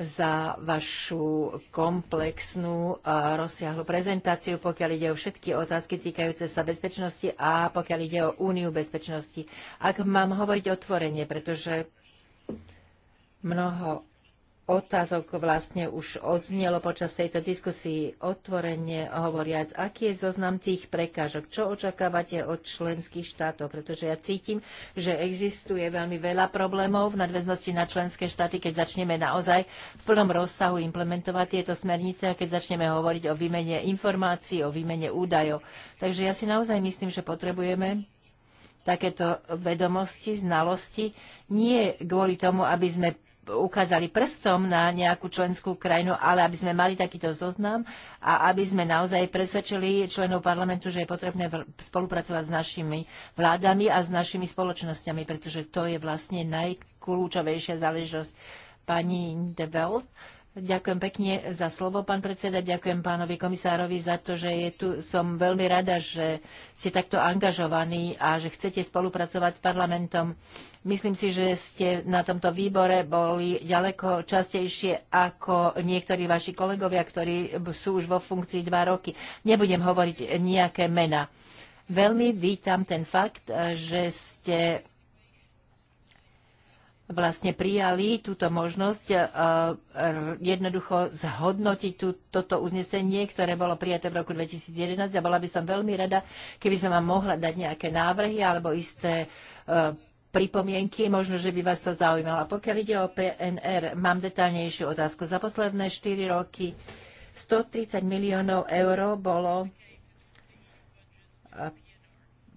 za vašu komplexnú a rozsiahlu prezentáciu, pokiaľ ide o všetky otázky týkajúce sa bezpečnosti a pokiaľ ide o Úniu bezpečnosti. Ak mám hovoriť otvorenie, pretože mnoho otázok vlastne už odznelo počas tejto diskusii otvorene hovoriac, aký je zoznam tých prekážok, čo očakávate od členských štátov, pretože ja cítim, že existuje veľmi veľa problémov v nadväznosti na členské štáty, keď začneme naozaj v plnom rozsahu implementovať tieto smernice a keď začneme hovoriť o výmene informácií, o výmene údajov. Takže ja si naozaj myslím, že potrebujeme takéto vedomosti, znalosti, nie kvôli tomu, aby sme ukázali prstom na nejakú členskú krajinu, ale aby sme mali takýto zoznam a aby sme naozaj presvedčili členov parlamentu, že je potrebné spolupracovať s našimi vládami a s našimi spoločnosťami, pretože to je vlastne najkľúčovejšia záležitosť pani De Veld. Ďakujem pekne za slovo, pán predseda. Ďakujem pánovi komisárovi za to, že je tu. Som veľmi rada, že ste takto angažovaní a že chcete spolupracovať s parlamentom. Myslím si, že ste na tomto výbore boli ďaleko častejšie ako niektorí vaši kolegovia, ktorí sú už vo funkcii dva roky. Nebudem hovoriť nejaké mena. Veľmi vítam ten fakt, že ste vlastne prijali túto možnosť e, jednoducho zhodnotiť tú, toto uznesenie, ktoré bolo prijaté v roku 2011 a bola by som veľmi rada, keby som vám mohla dať nejaké návrhy alebo isté e, pripomienky, možno, že by vás to zaujímalo. Pokiaľ ide o PNR, mám detálnejšiu otázku. Za posledné 4 roky 130 miliónov eur bolo e,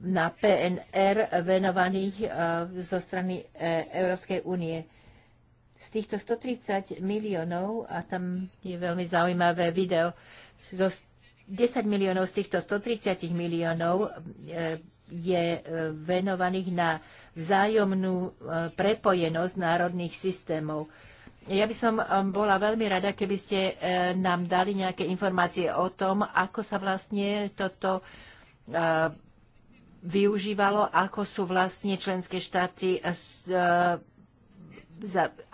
na PNR venovaných e, zo strany e, Európskej únie. Z týchto 130 miliónov, a tam je veľmi zaujímavé video, zo 10 miliónov z týchto 130 miliónov e, je venovaných na vzájomnú prepojenosť národných systémov. Ja by som bola veľmi rada, keby ste nám dali nejaké informácie o tom, ako sa vlastne toto využívalo, ako sú vlastne členské štáty eh, eh,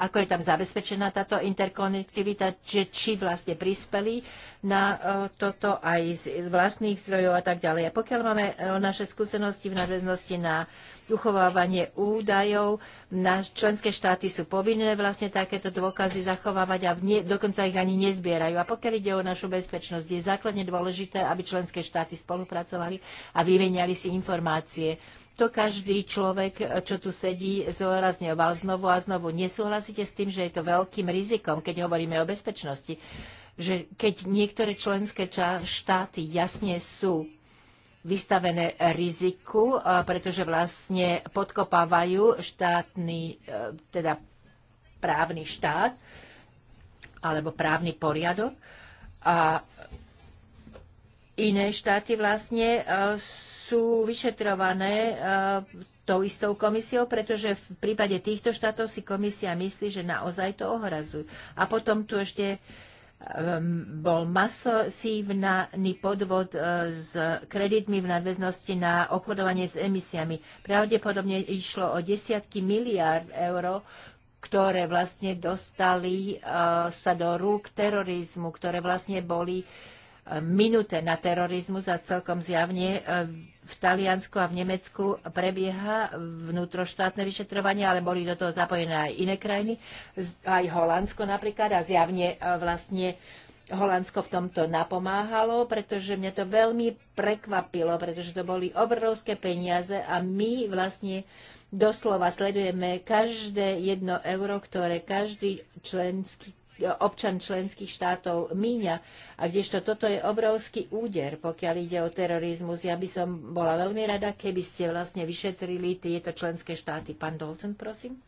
ako je tam zabezpečená táto interkonektivita, že či vlastne prispeli na eh, toto aj z, vlastných zdrojov a tak ďalej. A pokiaľ máme naše skúsenosti v nadväznosti na uchovávanie údajov. Na členské štáty sú povinné vlastne takéto dôkazy zachovávať a nie, dokonca ich ani nezbierajú. A pokiaľ ide o našu bezpečnosť, je základne dôležité, aby členské štáty spolupracovali a vymeniali si informácie. To každý človek, čo tu sedí, zorazňoval znovu a znovu. Nesúhlasíte s tým, že je to veľkým rizikom, keď hovoríme o bezpečnosti že keď niektoré členské štáty jasne sú vystavené riziku, e, pretože vlastne podkopávajú štátny, e, teda právny štát alebo právny poriadok. A iné štáty vlastne e, sú vyšetrované tou istou komisiou, pretože v prípade týchto štátov si komisia myslí, že naozaj to ohrazujú. A potom tu ešte Ehm, bol masosívny podvod e, s kreditmi v nadväznosti na obchodovanie s emisiami. Pravdepodobne išlo o desiatky miliárd eur, ktoré vlastne dostali e, sa do rúk terorizmu, ktoré vlastne boli uh, minúte na terorizmus a celkom zjavne e, v Taliansku a v Nemecku prebieha vnútroštátne vyšetrovanie, ale boli do toho zapojené aj iné krajiny, aj Holandsko napríklad a zjavne e, vlastne Holandsko v tomto napomáhalo, pretože mňa to veľmi prekvapilo, pretože to boli obrovské peniaze a my vlastne doslova sledujeme každé jedno euro, ktoré každý členský občan členských štátov míňa. A kdežto toto je obrovský úder, pokiaľ ide o terorizmus. Ja by som bola veľmi rada, keby ste vlastne vyšetrili tieto členské štáty. Pán Dolcen, prosím.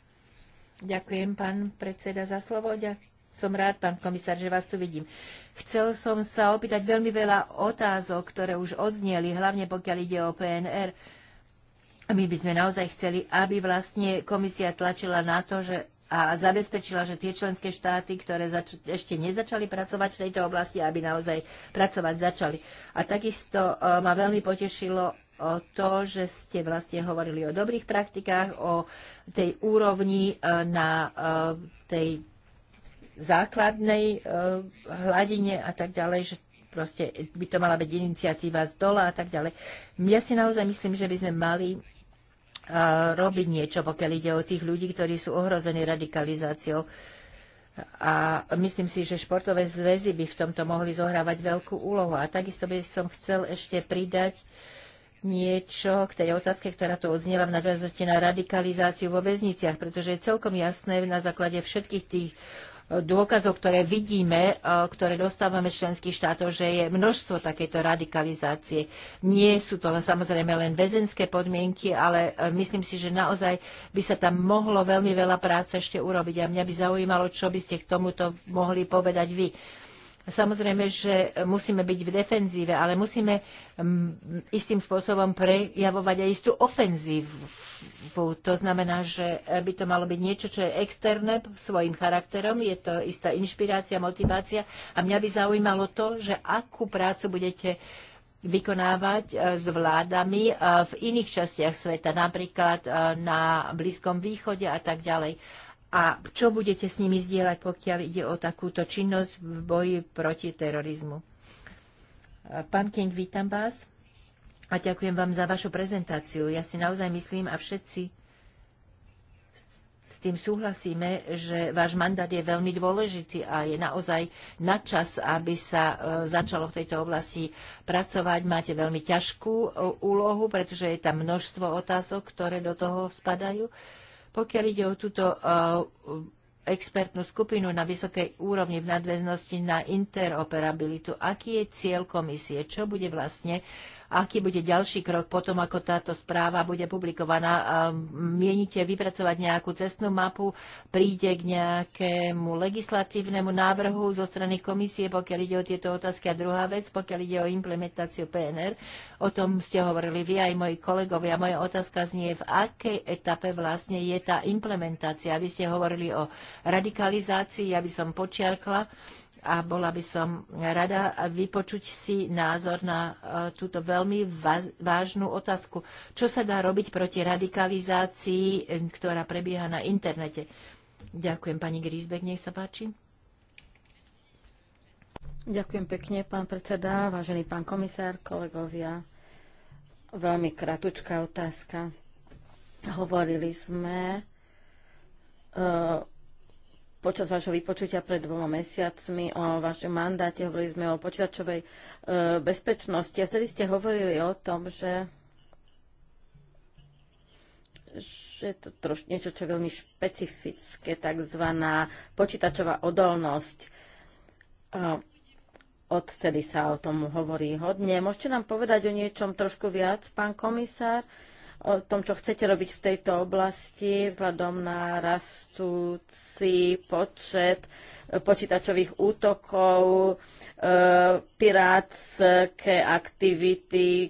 Ďakujem, pán predseda, za slovo. Ďakujem. Som rád, pán komisár, že vás tu vidím. Chcel som sa opýtať veľmi veľa otázok, ktoré už odznieli, hlavne pokiaľ ide o PNR. My by sme naozaj chceli, aby vlastne komisia tlačila na to, že a zabezpečila, že tie členské štáty, ktoré zač- ešte nezačali pracovať v tejto oblasti, aby naozaj pracovať začali. A takisto e, ma veľmi potešilo o e, to, že ste vlastne hovorili o dobrých praktikách, o tej úrovni e, na tej základnej hladine a tak ďalej, že proste by to mala byť iniciatíva z dola a tak ďalej. Ja si naozaj myslím, že by sme mali robiť niečo, pokiaľ ide o tých ľudí, ktorí sú ohrození radikalizáciou. A myslím si, že športové zväzy by v tomto mohli zohrávať veľkú úlohu. A takisto by som chcel ešte pridať niečo k tej otázke, ktorá tu odznela v nadväznosti na radikalizáciu vo väzniciach, pretože je celkom jasné na základe všetkých tých dôkazov, ktoré vidíme, e, ktoré dostávame členských štátov, že je množstvo takejto radikalizácie. Nie sú to len samozrejme len väzenské podmienky, ale e, myslím si, že naozaj by sa tam mohlo veľmi veľa práce ešte urobiť a mňa by zaujímalo, čo by ste k tomuto mohli povedať vy. Samozrejme, že musíme byť v defenzíve, ale musíme mm, istým spôsobom prejavovať aj istú ofenzívu. To znamená, že by to malo byť niečo, čo je externé svojim charakterom, je to istá inšpirácia, motivácia a mňa by zaujímalo to, že akú prácu budete vykonávať e, s vládami e, v iných častiach sveta, napríklad e, na Blízkom východe a tak ďalej a čo budete s nimi zdieľať, pokiaľ ide o takúto činnosť v boji proti terorizmu. Pán King, vítam vás a ďakujem vám za vašu prezentáciu. Ja si naozaj myslím a všetci s tým súhlasíme, že váš mandát je veľmi dôležitý a je naozaj na čas, aby sa e, začalo v tejto oblasti pracovať. Máte veľmi ťažkú e, úlohu, pretože je tam množstvo otázok, ktoré do toho spadajú. Pokiaľ ide o túto eh, expertnú skupinu na vysokej úrovni v nadväznosti na interoperabilitu. Aký je cieľ komisie? Čo bude vlastne aký bude ďalší krok potom, ako táto správa bude publikovaná. Mienite vypracovať nejakú cestnú mapu, príde k nejakému legislatívnemu návrhu zo strany komisie, pokiaľ ide o tieto otázky. A druhá vec, pokiaľ ide o implementáciu PNR, o tom ste hovorili vy aj moji kolegovia. Moja otázka znie, v akej etape vlastne je tá implementácia. Vy ste hovorili o radikalizácii, ja by som počiarkla, a bola by som rada vypočuť si názor na e, túto veľmi vážnu otázku. Čo sa dá robiť proti radikalizácii, e, ktorá prebieha na internete? Ďakujem pani Grisbeck, nech sa páči. Ďakujem pekne, pán predseda, vážený pán komisár, kolegovia. Veľmi kratučká otázka. Hovorili sme e, počas vášho vypočutia pred dvoma mesiacmi o vašom mandáte, hovorili sme o počítačovej e, bezpečnosti a vtedy ste hovorili o tom, že že je to troš, niečo, čo je veľmi špecifické, takzvaná počítačová odolnosť. A odtedy sa o tom hovorí hodne. Môžete nám povedať o niečom trošku viac, pán komisár? E, o tom, čo chcete robiť v tejto oblasti vzhľadom na rastúci počet e, počítačových útokov, e, pirátske aktivity, e,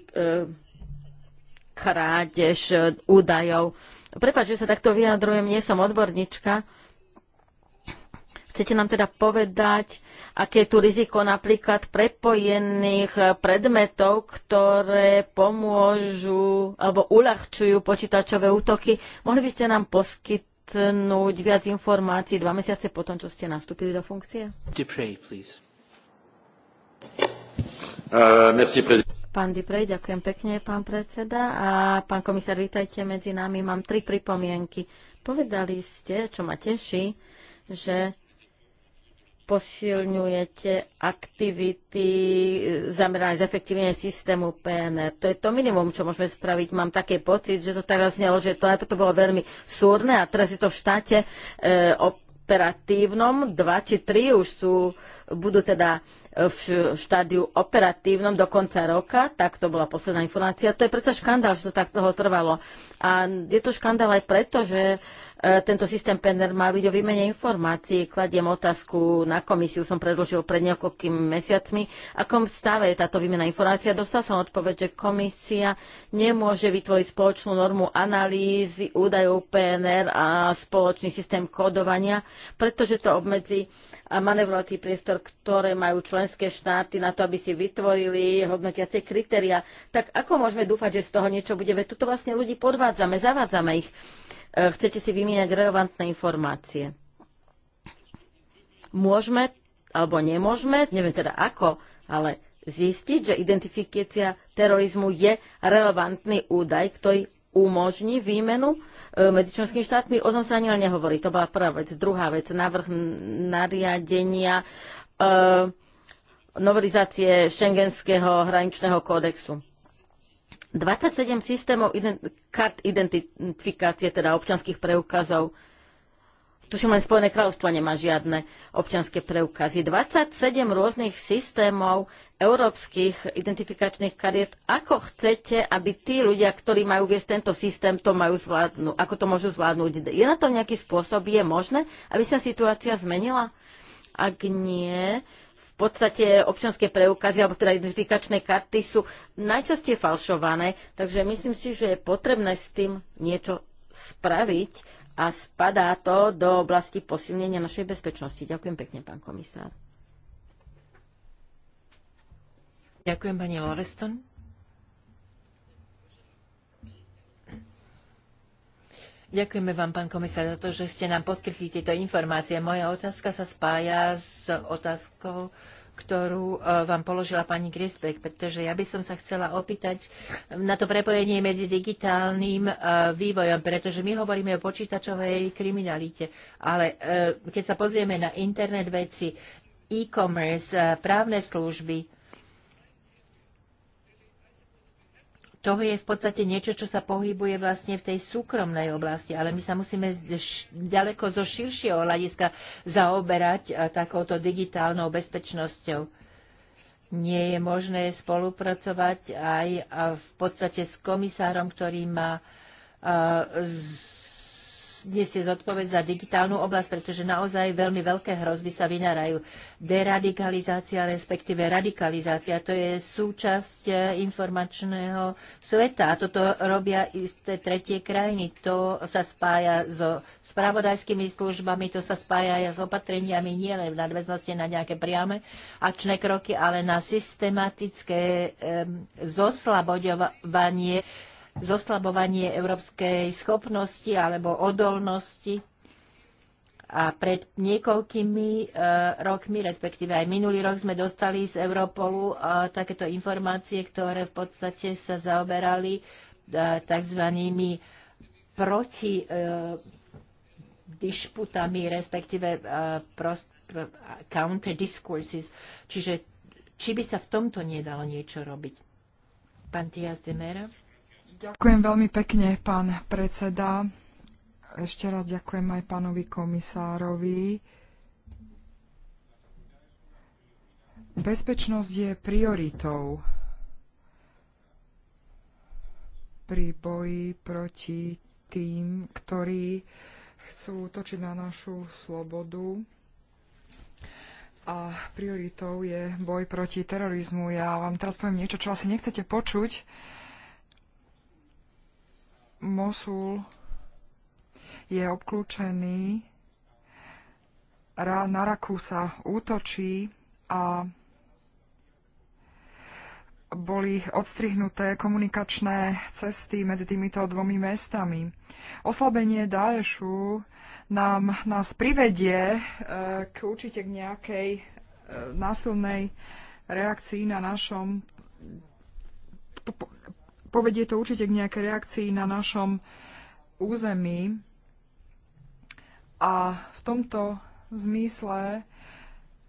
krádež údajov. Prepač, že sa takto vyjadrujem, nie som odborníčka. Chcete nám teda povedať, aké je tu riziko napríklad prepojených eh, predmetov, ktoré pomôžu alebo uľahčujú počítačové útoky. Mohli by ste nám poskytnúť viac informácií dva mesiace po tom, čo ste nastúpili do funkcie? please. Uh, merci, Pán Diprej, ďakujem pekne, pán predseda. A pán komisár, vítajte medzi nami. Mám tri pripomienky. Povedali ste, čo ma teší, že posilňujete aktivity zamerané zefektívne systému PNR. To je to minimum, čo môžeme spraviť. Mám taký pocit, že to teraz znelo, že to najprv to bolo veľmi súrne a teraz je to v štáte e, operatívnom. Dva či tri už sú budú teda e, v štádiu operatívnom do konca roka, tak to bola posledná informácia. To je predsa škandál, že to tak toho trvalo. A je to škandál aj preto, že e, tento systém PNR má byť o výmene informácií. Kladiem otázku na komisiu, som predložil pred niekoľkými mesiacmi, akom stave je táto výmena informácia. Dostal som odpoveď, že komisia nemôže vytvoriť spoločnú normu analýzy údajov PNR a spoločný systém kódovania, pretože to obmedzí manevrovací priestor ktoré majú členské štáty na to, aby si vytvorili hodnotiacie kritéria. Tak ako môžeme dúfať, že z toho niečo bude? Veď tuto vlastne ľudí podvádzame, zavádzame ich. E, chcete si vymieňať relevantné informácie. Môžeme alebo nemôžeme, neviem teda ako, ale zistiť, že identifikácia terorizmu je relevantný údaj, ktorý umožní výmenu e, medzi členskými štátmi. O tom sa ani len nehovorí. To bola prvá vec. Druhá vec, návrh nariadenia E, novelizácie Schengenského hraničného kódexu. 27 systémov ident- kart identifikácie, teda občanských preukazov. Tuším, len Spojené kráľovstvo nemá žiadne občanské preukazy. 27 rôznych systémov európskych identifikačných kariet. Ako chcete, aby tí ľudia, ktorí majú viesť tento systém, to majú zvládnuť? Ako to môžu zvládnuť? Je na to nejaký spôsob? Je možné, aby sa situácia zmenila? Ak nie, v podstate občanské preukazy alebo teda identifikačné karty sú najčastej falšované, takže myslím si, že je potrebné s tým niečo spraviť a spadá to do oblasti posilnenia našej bezpečnosti. Ďakujem pekne, pán komisár. Ďakujem, pani Loreston. Ďakujeme vám, pán komisár, za to, že ste nám poskytli tieto informácie. Moja otázka sa spája s otázkou, ktorú e, vám položila pani Grisbeck, pretože ja by som sa chcela opýtať na to prepojenie medzi digitálnym e, vývojom, pretože my hovoríme o počítačovej kriminalite, ale e, keď sa pozrieme na internet veci, e-commerce, právne služby, to je v podstate niečo, čo sa pohybuje vlastne v tej súkromnej oblasti, ale my sa musíme ďaleko zo širšieho hľadiska zaoberať takouto digitálnou bezpečnosťou. Nie je možné spolupracovať aj v podstate s komisárom, ktorý má z nesie zodpoveď za digitálnu oblasť, pretože naozaj veľmi veľké hrozby sa vynárajú. Deradikalizácia, respektíve radikalizácia, to je súčasť eh, informačného sveta. A toto robia isté tretie krajiny. To sa spája so spravodajskými službami, to sa spája aj s opatreniami nielen v nadväznosti na nejaké priame akčné kroky, ale na systematické um, zoslabodovanie zoslabovanie európskej schopnosti alebo odolnosti. A pred niekoľkými e, rokmi, respektíve aj minulý rok, sme dostali z Europolu e, takéto informácie, ktoré v podstate sa zaoberali e, tzv. proti disputami, respektíve prost, counter discourses. Čiže či by sa v tomto nedalo niečo robiť? Pán Tias de Mera? Ďakujem veľmi pekne, pán predseda. Ešte raz ďakujem aj pánovi komisárovi. Bezpečnosť je prioritou pri boji proti tým, ktorí chcú točiť na našu slobodu. A prioritou je boj proti terorizmu. Ja vám teraz poviem niečo, čo asi nechcete počuť, Mosul je obklúčený, na Raku sa útočí a boli odstrihnuté komunikačné cesty medzi týmito dvomi mestami. Oslabenie Daešu nám nás privedie e, k určite k nejakej e, násilnej reakcii na našom povedie to určite k nejakej reakcii na našom území. A v tomto zmysle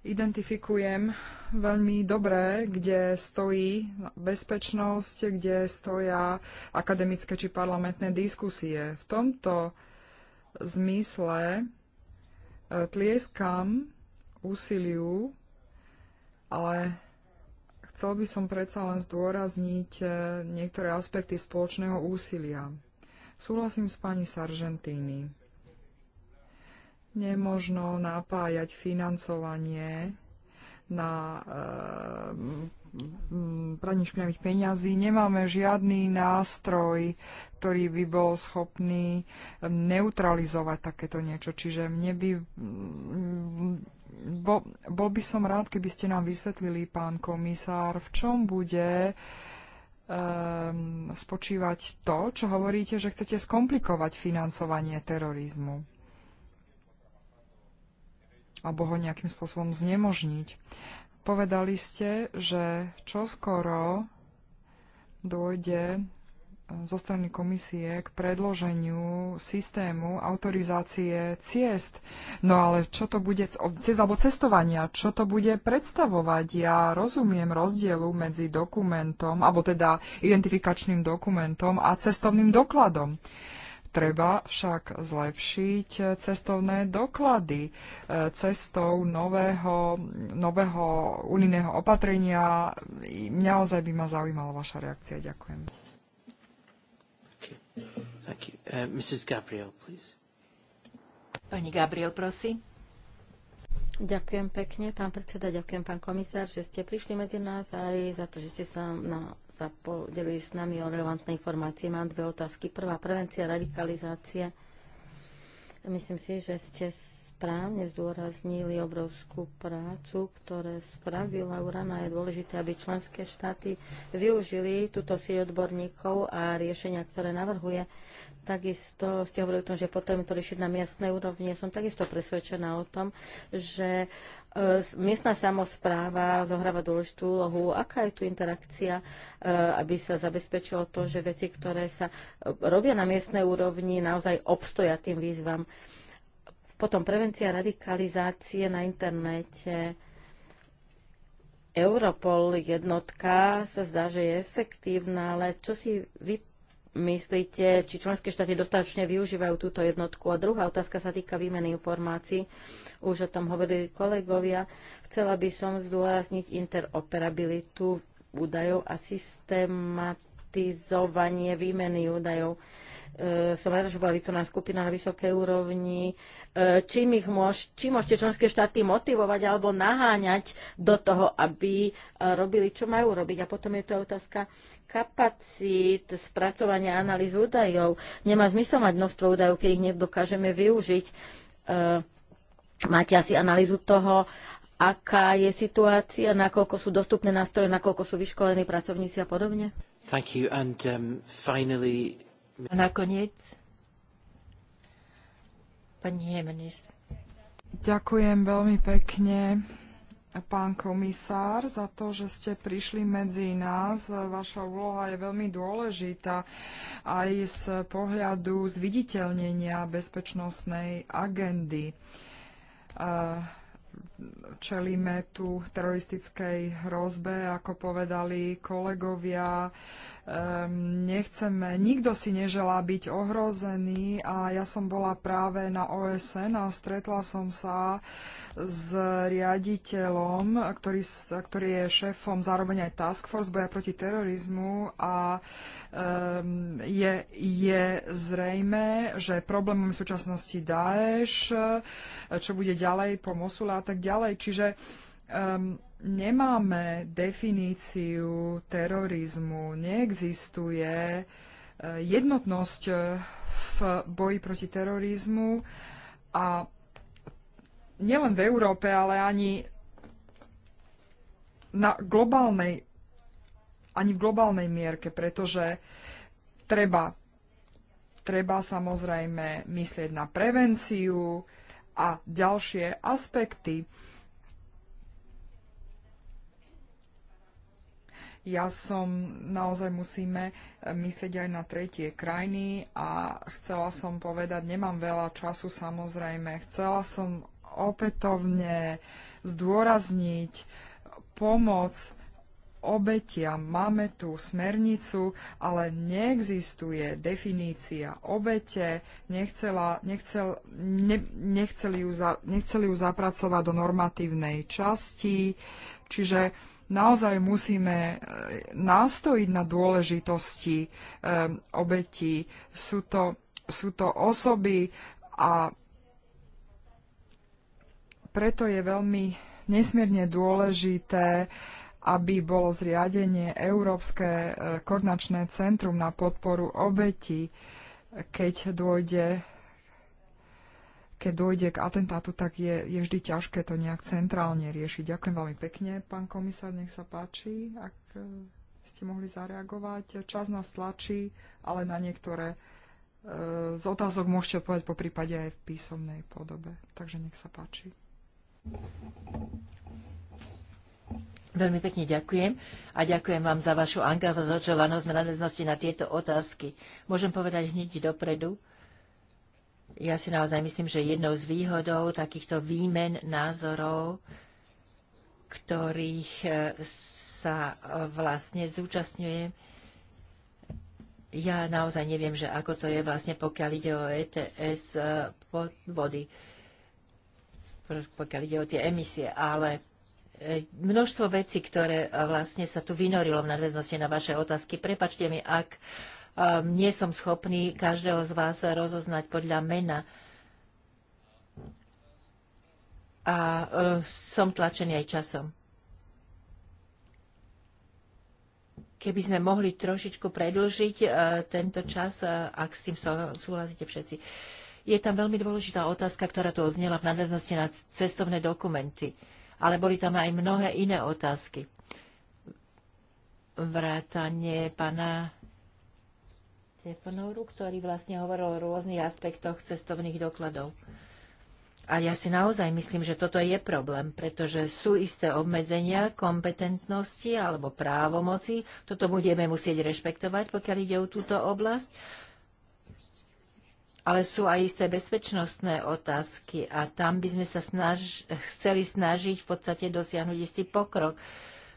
identifikujem veľmi dobre, kde stojí bezpečnosť, kde stoja akademické či parlamentné diskusie. V tomto zmysle e, tlieskam úsiliu, ale Chcel by som predsa len zdôrazniť e, niektoré aspekty spoločného úsilia. Súhlasím s pani Sargentini. Nemožno napájať financovanie na e, praní špinavých peňazí. Nemáme žiadny nástroj, ktorý by bol schopný neutralizovať takéto niečo. Čiže mne by bo, bol by som rád, keby ste nám vysvetlili, pán komisár, v čom bude um, spočívať to, čo hovoríte, že chcete skomplikovať financovanie terorizmu alebo ho nejakým spôsobom znemožniť. Povedali ste, že čoskoro dôjde zo strany komisie k predloženiu systému autorizácie ciest. No ale čo to bude, cez alebo cestovania, čo to bude predstavovať? Ja rozumiem rozdielu medzi dokumentom, alebo teda identifikačným dokumentom a cestovným dokladom. Treba však zlepšiť cestovné doklady e, cestou nového, nového unijného opatrenia. Naozaj by ma zaujímala vaša reakcia. Ďakujem. Thank you. Uh, Mrs. Gabriel, please. Pani Gabriel, prosím. Ďakujem pekne, pán predseda, ďakujem, pán komisár, že ste prišli medzi nás aj za to, že ste sa na, zapodelili s nami o relevantné informácie. Mám dve otázky. Prvá, prevencia radikalizácie. Myslím si, že ste správne zdôraznili obrovskú prácu, ktoré spravila Urana. Je dôležité, aby členské štáty využili túto si odborníkov a riešenia, ktoré navrhuje. Takisto ste hovorili o tom, že potrebujeme to riešiť na miestnej úrovni. Ja som takisto presvedčená o tom, že e, miestna samozpráva zohráva dôležitú úlohu. Aká je tu interakcia, e, aby sa zabezpečilo to, že veci, ktoré sa e, robia na miestnej úrovni, naozaj obstoja tým výzvam? Potom prevencia radikalizácie na internete. Europol jednotka sa zdá, že je efektívna, ale čo si vy myslíte, či členské štáty dostatočne využívajú túto jednotku? A druhá otázka sa týka výmeny informácií. Už o tom hovorili kolegovia. Chcela by som zdôrazniť interoperabilitu údajov a systematizovanie výmeny údajov E, som rada, že bola vytvorená skupina na vysokej úrovni. E, čím, ich môž, čím môžete členské štáty motivovať alebo naháňať do toho, aby e, robili, čo majú robiť. A potom je to otázka kapacít, spracovania analýz údajov. Nemá zmysel mať množstvo údajov, keď ich nedokážeme využiť. Máte asi analýzu toho, aká je situácia, nakoľko sú dostupné nástroje, nakoľko sú vyškolení pracovníci a podobne? Thank you. And um, finally, a nakoniec pani Jemenis. Ďakujem veľmi pekne, pán komisár, za to, že ste prišli medzi nás. Vaša úloha je veľmi dôležitá aj z pohľadu zviditeľnenia bezpečnostnej agendy. Uh, čelíme tu teroristickej hrozbe, ako povedali kolegovia. Ehm, nechceme, nikto si neželá byť ohrozený a ja som bola práve na OSN a stretla som sa s riaditeľom, ktorý, ktorý je šéfom zároveň aj Task Force boja proti terorizmu a um, je, je zrejme, že problémom v súčasnosti Daesh, čo bude ďalej po Mosula a tak ďalej. Čiže um, nemáme definíciu terorizmu, neexistuje eh, jednotnosť eh, v boji proti terorizmu a nielen v Európe, ale ani na globálnej, ani v globálnej mierke, pretože treba, treba samozrejme myslieť na prevenciu, a ďalšie aspekty. ja som naozaj musíme eh, myslieť aj na tretie krajiny a chcela som povedať, nemám veľa času samozrejme, chcela som opätovne zdôrazniť pomoc obetiam. Máme tu smernicu, ale neexistuje definícia obete. Nechcela, nechcel, ne, nechceli, ju za, nechceli ju zapracovať do normatívnej časti, čiže naozaj musíme e, nástojiť na dôležitosti um, e, obetí. Sú to, sú to osoby a preto je veľmi nesmierne dôležité, aby bolo zriadenie Európske e, koordinačné centrum na podporu obeti, keď dôjde, keď dôjde k atentátu, tak je, je vždy ťažké to nejak centrálne riešiť. Ďakujem veľmi pekne, pán komisár, nech sa páči, ak e, ste mohli zareagovať. Čas nás tlačí, ale na niektoré e, z otázok môžete odpovedať po prípade aj v písomnej podobe. Takže nech sa páči. Veľmi pekne ďakujem a ďakujem vám za vašu angažovanosť v neznosti na tieto otázky. Môžem povedať hneď dopredu, ja si naozaj myslím, že jednou z výhodou takýchto výmen názorov, ktorých e, sa e, vlastne zúčastňujem, ja naozaj neviem, že ako to je vlastne, pokiaľ ide o ETS e, vody, pokiaľ ide o tie emisie, ale E, množstvo vecí, ktoré e, vlastne sa tu vynorilo v nadväznosti na vaše otázky. Prepačte mi, ak e, nie som schopný každého z vás rozoznať podľa mena. A som tlačený aj časom. Keby sme mohli trošičku predlžiť tento čas, ak s tým súhlasíte všetci. Je tam veľmi dôležitá otázka, ktorá tu odznela v nadväznosti na cestovné dokumenty. Uh, ale boli tam aj mnohé iné otázky. Vrátanie pana Stefanóru, ktorý vlastne hovoril o rôznych aspektoch cestovných dokladov. A ja si naozaj myslím, že toto je problém, pretože sú isté obmedzenia kompetentnosti alebo právomoci. Toto budeme musieť rešpektovať, pokiaľ ide o túto oblasť ale sú aj isté bezpečnostné otázky a tam by sme sa snaž, chceli snažiť v podstate dosiahnuť istý pokrok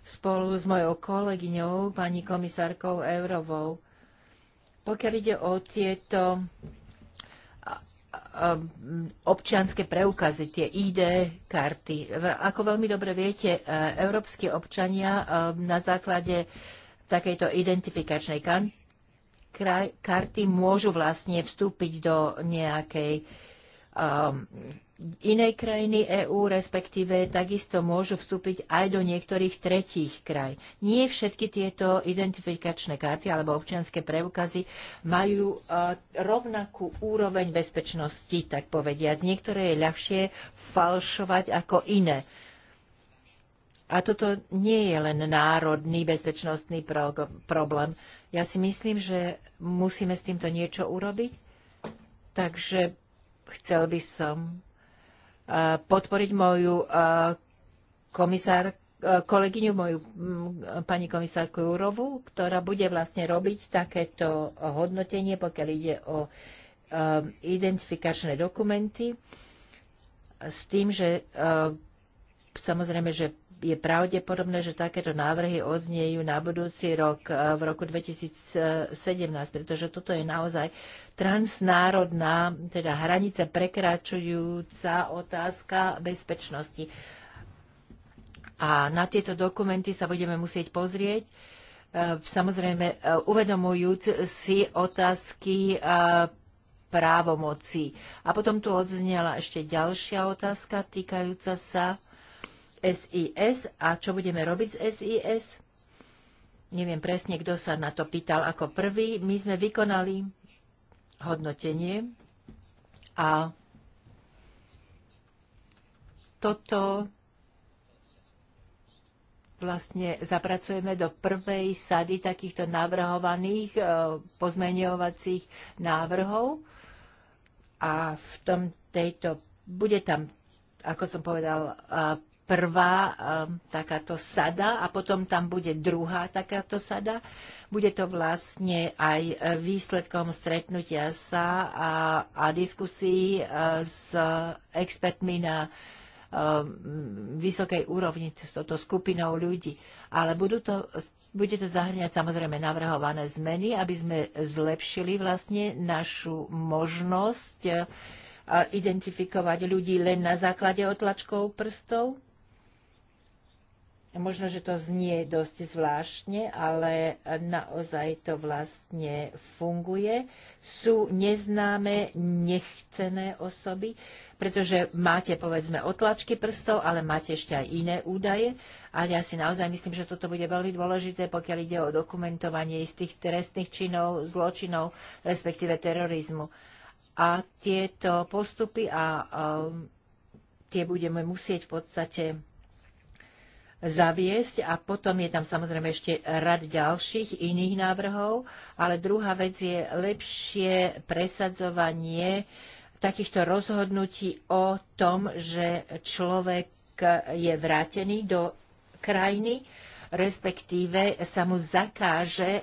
spolu s mojou kolegyňou, pani komisárkou Eurovou. Pokiaľ ide o tieto občianské preukazy, tie ID karty. Ako veľmi dobre viete, e, európsky občania e, na základe takejto identifikačnej karty karty môžu vlastne vstúpiť do nejakej um, inej krajiny EÚ, respektíve takisto môžu vstúpiť aj do niektorých tretích krajín. Nie všetky tieto identifikačné karty alebo občianské preukazy majú uh, rovnakú úroveň bezpečnosti, tak povediať. Niektoré je ľahšie falšovať ako iné. Uh, a toto nie je len národný bezpečnostný pro- problém. Ja si myslím, že musíme s týmto niečo urobiť. Takže chcel by som eh, podporiť moju eh, komisár, eh, kolegyňu, moju mm, pani komisárku Jurovu, ktorá bude vlastne robiť takéto hodnotenie, pokiaľ ide o identifikačné dokumenty, s tým, že samozrejme, že je pravdepodobné, že takéto návrhy odzniejú na budúci rok e, v roku 2017, pretože toto je naozaj transnárodná, teda hranice prekračujúca otázka bezpečnosti. A na tieto dokumenty sa budeme musieť pozrieť e, samozrejme e, uvedomujúc si otázky právomoci. A potom tu odznela ešte ďalšia otázka týkajúca sa SIS a čo budeme robiť s SIS. Neviem presne, kto sa na to pýtal ako prvý. My sme vykonali hodnotenie a toto vlastne zapracujeme do prvej sady takýchto navrhovaných e, pozmeňovacích návrhov a v tom tejto, bude tam, ako som povedal, prvá ehm, takáto sada a potom tam bude druhá takáto sada. Bude to vlastne aj e, výsledkom stretnutia sa a, a diskusí e, s expertmi na ehm, vysokej úrovni s touto skupinou ľudí. Ale budú to, bude to zahrňať samozrejme navrhované zmeny, aby sme zlepšili vlastne našu možnosť e, identifikovať ľudí len na základe otlačkov prstov. Možno, že to znie dosť zvláštne, ale naozaj to vlastne funguje. Sú neznáme, nechcené osoby, pretože máte povedzme otlačky prstov, ale máte ešte aj iné údaje. A ja si naozaj myslím, že toto bude veľmi dôležité, pokiaľ ide o dokumentovanie istých trestných činov, zločinov, respektíve terorizmu. A tieto postupy a, a tie budeme musieť v podstate zaviesť a potom je tam samozrejme ešte rad ďalších iných návrhov, ale druhá vec je lepšie presadzovanie takýchto rozhodnutí o tom, že človek je vrátený do krajiny, respektíve sa mu zakáže e,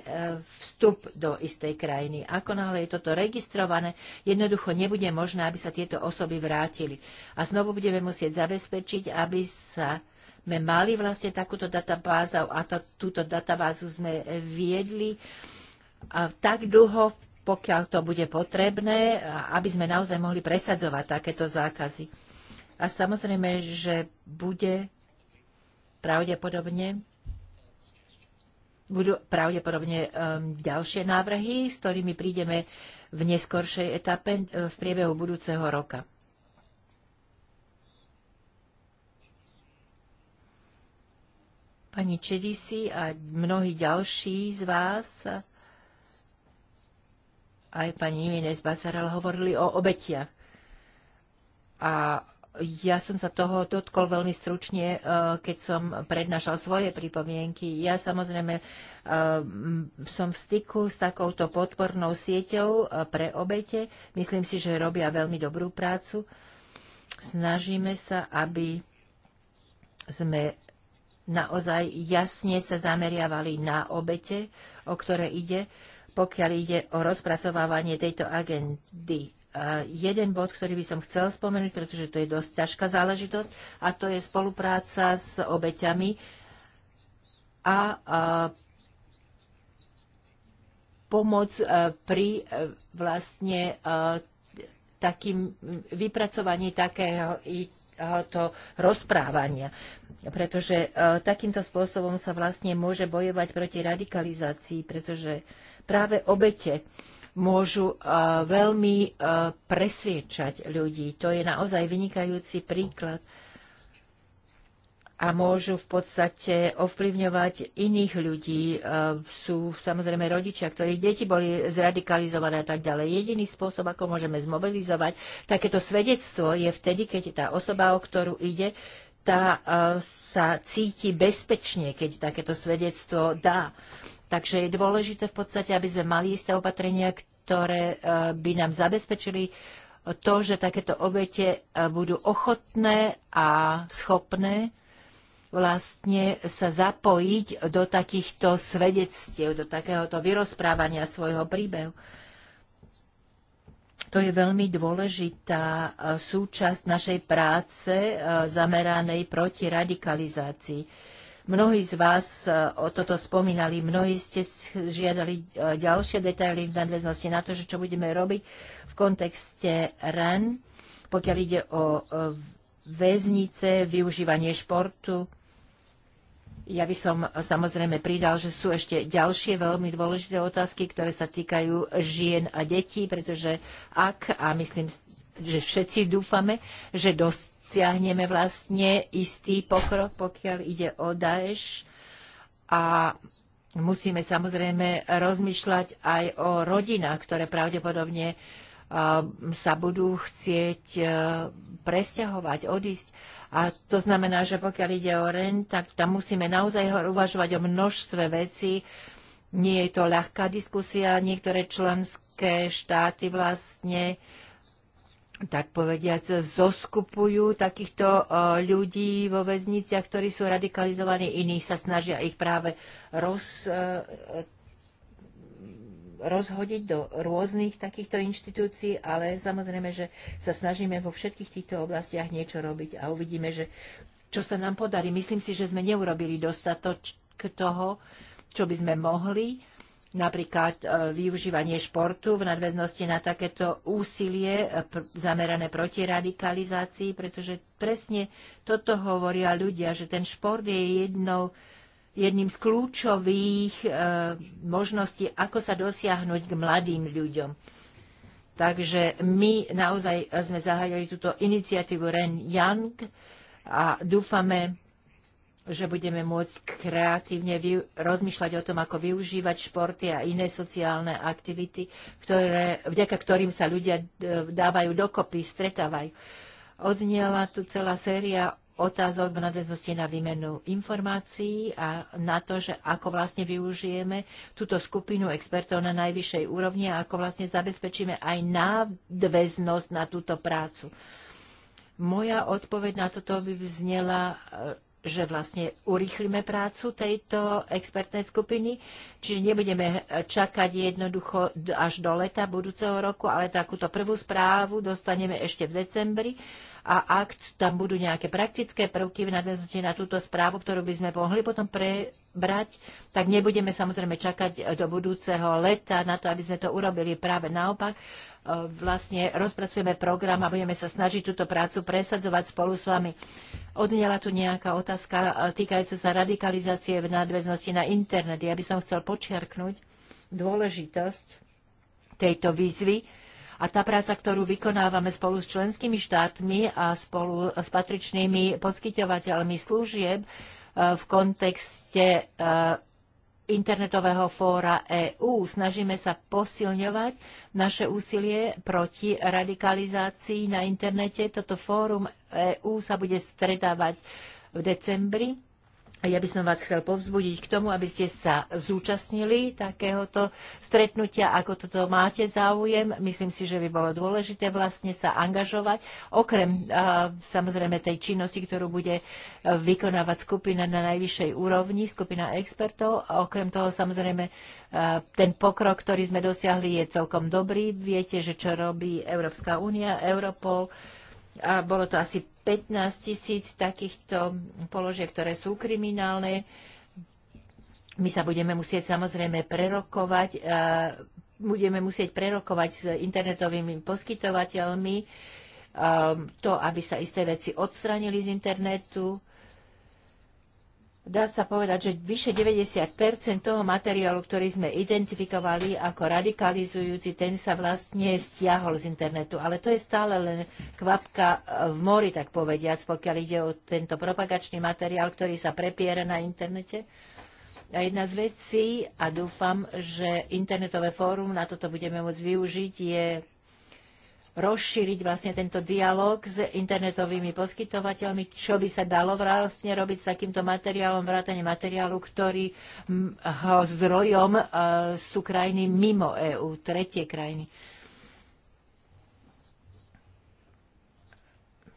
vstup do istej krajiny. Ako náhle je toto registrované, jednoducho nebude možné, aby sa tieto osoby vrátili. A znovu budeme musieť zabezpečiť, aby sa sme mali vlastne takúto databázu a to, túto databázu sme viedli a tak dlho, pokiaľ to bude potrebné, aby sme naozaj mohli presadzovať takéto zákazy. A samozrejme, že bude pravdepodobne budú pravdepodobne um, ďalšie návrhy, s ktorými prídeme v neskoršej etape v priebehu budúceho roka. pani Čedisi a mnohí ďalší z vás, aj pani Jiménez Basaral, hovorili o obetiach. A ja som sa toho dotkol veľmi stručne, e, keď som prednášal svoje pripomienky. Ja samozrejme e, som v styku s takouto podpornou sieťou e, pre obete. Myslím si, že robia veľmi dobrú prácu. Snažíme sa, aby sme naozaj jasne sa zameriavali na obete, o ktoré ide, pokiaľ ide o rozpracovávanie tejto agendy. A jeden bod, ktorý by som chcel spomenúť, pretože to je dosť ťažká záležitosť, a to je spolupráca s obeťami a, a pomoc e, pri e, vlastne e, takým vypracovaní takého to rozprávania. Pretože e, takýmto spôsobom sa vlastne môže bojovať proti radikalizácii, pretože práve obete môžu e, veľmi e, presviečať ľudí. To je naozaj vynikajúci príklad a môžu v podstate ovplyvňovať iných ľudí. E, sú samozrejme rodičia, ktorých deti boli zradikalizované a tak ďalej. Jediný spôsob, ako môžeme zmobilizovať takéto svedectvo, je vtedy, keď tá osoba, o ktorú ide, tá e, sa cíti bezpečne, keď takéto svedectvo dá. Takže je dôležité v podstate, aby sme mali isté opatrenia, ktoré e, by nám zabezpečili to, že takéto obete budú ochotné a schopné vlastne sa zapojiť do takýchto svedectiev, do takéhoto vyrozprávania svojho príbehu. To je veľmi dôležitá e, súčasť našej práce e, zameranej proti radikalizácii. Mnohí z vás e, o toto spomínali, mnohí ste žiadali ďalšie detaily v nadväznosti na to, že čo budeme robiť v kontekste RAN, pokiaľ ide o väznice, využívanie športu, ja by som samozrejme pridal, že sú ešte ďalšie veľmi dôležité otázky, ktoré sa týkajú žien a detí, pretože ak, a myslím, že všetci dúfame, že dosiahneme vlastne istý pokrok, pokiaľ ide o Daesh a musíme samozrejme rozmýšľať aj o rodinách, ktoré pravdepodobne uh, Ehm, sa budú chcieť e, presťahovať, odísť. A to znamená, že pokiaľ ide o REN, tak tam musíme naozaj uvažovať o množstve vecí. Nie je to ľahká diskusia. Niektoré členské štáty vlastne tak povediať, zoskupujú takýchto e, ľudí vo väzniciach, ktorí sú radikalizovaní, iní sa snažia ich práve roz, e, rozhodiť do rôznych takýchto inštitúcií, ale samozrejme, že sa snažíme vo všetkých týchto oblastiach niečo robiť a uvidíme, že čo sa nám podarí. Myslím si, že sme neurobili dostatok toho, čo by sme mohli napríklad e, využívanie športu v nadväznosti na takéto úsilie e, zamerané proti radikalizácii, pretože presne toto hovoria ľudia, že ten šport je jednou jedným z kľúčových e, možností, ako sa dosiahnuť k mladým ľuďom. Takže my naozaj sme zahájili túto iniciatívu Ren Young a dúfame, že budeme môcť kreatívne rozmýšľať o tom, ako využívať športy a iné sociálne aktivity, ktoré, vďaka ktorým sa ľudia e, dávajú dokopy, stretávajú. Odzniela tu celá séria otázok v nadväznosti na výmenu informácií a na to, že ako vlastne využijeme túto skupinu expertov na najvyššej úrovni a ako vlastne zabezpečíme aj nadväznosť na túto prácu. Moja odpoveď na toto by vznela, e, že vlastne urýchlime prácu tejto expertnej skupiny, čiže nebudeme e, čakať jednoducho až do leta budúceho roku, ale takúto prvú správu dostaneme ešte v decembri a ak tam budú nejaké praktické prvky v nadväznosti na túto správu, ktorú by sme mohli potom prebrať, tak nebudeme samozrejme čakať do budúceho leta na to, aby sme to urobili práve naopak e, vlastne rozpracujeme program a budeme sa snažiť túto prácu presadzovať spolu s vami. Odnela tu nejaká otázka e, týkajúca sa radikalizácie v nadväznosti na internet. Ja by som chcel počiarknúť dôležitosť tejto výzvy, a tá práca, ktorú vykonávame spolu s členskými štátmi a spolu s patričnými poskytovateľmi služieb e, v kontekste e, internetového fóra EÚ. Snažíme sa posilňovať naše úsilie proti radikalizácii na internete. Toto fórum EÚ sa bude stredávať v decembri ja by som vás chcel povzbudiť k tomu, aby ste sa zúčastnili takéhoto stretnutia, ako toto máte záujem. Myslím si, že by bolo dôležité vlastne sa angažovať, okrem samozrejme tej činnosti, ktorú bude e, vykonávať skupina na najvyššej úrovni, skupina expertov. Okrem toho samozrejme e, ten pokrok, ktorý sme dosiahli, je celkom dobrý. Viete, že čo robí Európska únia, Europol. A bolo to asi 15 tisíc takýchto položiek, ktoré sú kriminálne. My sa budeme musieť samozrejme prerokovať, budeme musieť prerokovať s internetovými poskytovateľmi to, aby sa isté veci odstranili z internetu dá sa povedať, že vyše 90 toho materiálu, ktorý sme identifikovali ako radikalizujúci, ten sa vlastne stiahol z internetu. Ale to je stále len kvapka v mori, tak povediac, pokiaľ ide o tento propagačný materiál, ktorý sa prepiera na internete. A jedna z vecí, a dúfam, že internetové fórum, na toto budeme môcť využiť, je rozšíriť vlastne tento dialog s internetovými poskytovateľmi, čo by sa dalo vlastne robiť s takýmto materiálom, vrátane materiálu, ktorý ho zdrojom e, sú krajiny mimo EÚ, tretie krajiny.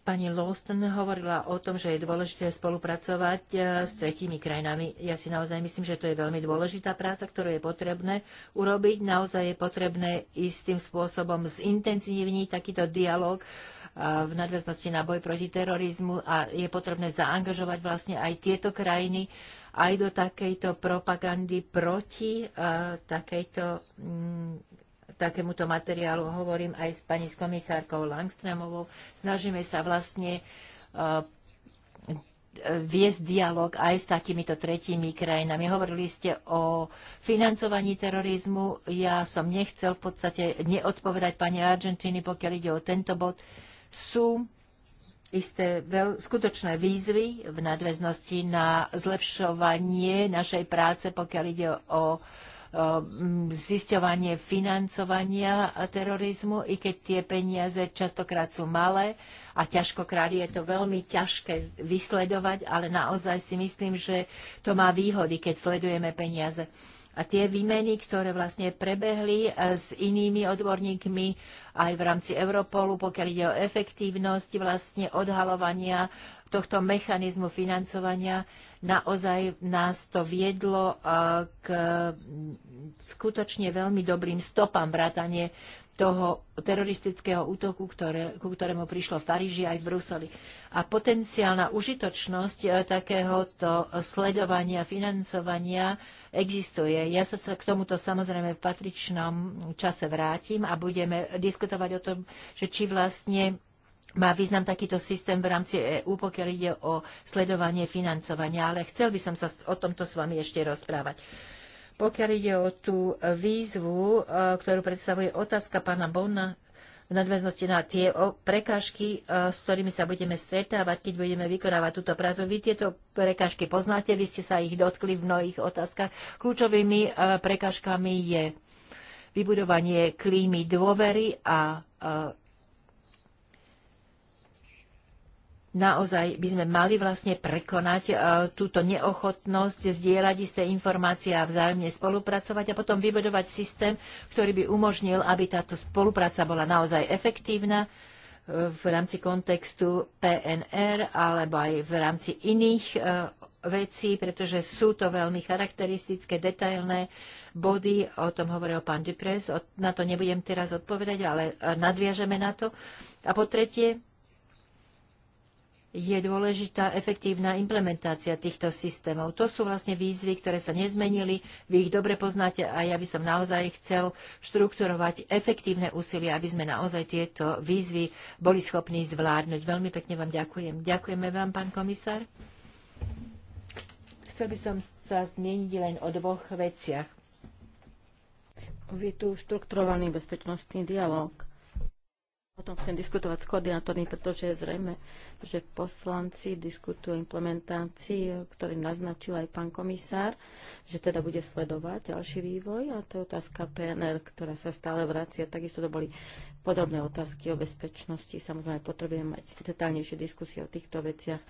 Pani Lawson hovorila o tom, že je dôležité spolupracovať e, s tretími krajinami. Ja si naozaj myslím, že to je veľmi dôležitá práca, ktorú je potrebné urobiť. Naozaj je potrebné istým spôsobom zintenzívniť takýto dialog e, v nadväznosti na boj proti terorizmu a je potrebné zaangažovať vlastne aj tieto krajiny aj do takejto propagandy proti e, takejto mm, takémuto materiálu hovorím aj s pani s komisárkou Langstremovou. Snažíme sa vlastne eh, viesť dialog aj s takýmito tretími krajinami. Hovorili ste o financovaní terorizmu. Ja som nechcel v podstate neodpovedať pani Argentíny, pokiaľ ide o tento bod. Sú isté veľ, skutočné výzvy v nadväznosti na zlepšovanie našej práce, pokiaľ ide o zisťovanie financovania terorizmu, i keď tie peniaze častokrát sú malé a ťažkokrát je to veľmi ťažké vysledovať, ale naozaj si myslím, že to má výhody, keď sledujeme peniaze. A tie výmeny, ktoré vlastne prebehli e, s inými odborníkmi aj v rámci Europolu, pokiaľ ide o efektívnosť vlastne odhalovania tohto mechanizmu financovania naozaj nás to viedlo eh, k skutočne veľmi dobrým stopám vrátane toho teroristického útoku, ktoré, ku ktorému prišlo v Paríži aj v Bruseli. A potenciálna užitočnosť eh, takéhoto sledovania, financovania existuje. Ja sa, sa k tomuto samozrejme v patričnom čase vrátim a budeme diskutovať o tom, že či vlastne má význam takýto systém v rámci EÚ, pokiaľ ide o sledovanie financovania, ale chcel by som sa o tomto s vami ešte rozprávať. Pokiaľ ide o tú výzvu, e, ktorú predstavuje otázka pána Bona v nadväznosti na tie prekážky, e, s ktorými sa budeme stretávať, keď budeme vykonávať túto prácu. Vy tieto prekážky poznáte, vy ste sa ich dotkli v mnohých otázkach. Kľúčovými e, prekážkami je vybudovanie klímy dôvery a naozaj by sme mali vlastne prekonať e, túto neochotnosť, zdieľať isté informácie a vzájomne spolupracovať a potom vybudovať systém, ktorý by umožnil, aby táto spolupráca bola naozaj efektívna e, v rámci kontextu PNR alebo aj v rámci iných e, vecí, pretože sú to veľmi charakteristické, detailné body, o tom hovoril pán Dupres, na to nebudem teraz odpovedať, ale nadviažeme na to. A po tretie, je dôležitá efektívna implementácia týchto systémov. To sú vlastne výzvy, ktoré sa nezmenili, vy ich dobre poznáte a ja by som naozaj chcel štrukturovať efektívne úsilie, aby sme naozaj tieto výzvy boli schopní zvládnuť. Veľmi pekne vám ďakujem. Ďakujeme vám, pán komisár. Chcel by som sa zmieniť len o dvoch veciach. Vy tu štrukturovaný bezpečnostný dialog O tom chcem diskutovať s koordinátormi, pretože je zrejme, že poslanci diskutujú implementácii, ktorý naznačil aj pán komisár, že teda bude sledovať ďalší vývoj a to je otázka PNR, ktorá sa stále vracia. Takisto to boli podobné otázky o bezpečnosti. Samozrejme, potrebujeme mať detálnejšie diskusie o týchto veciach.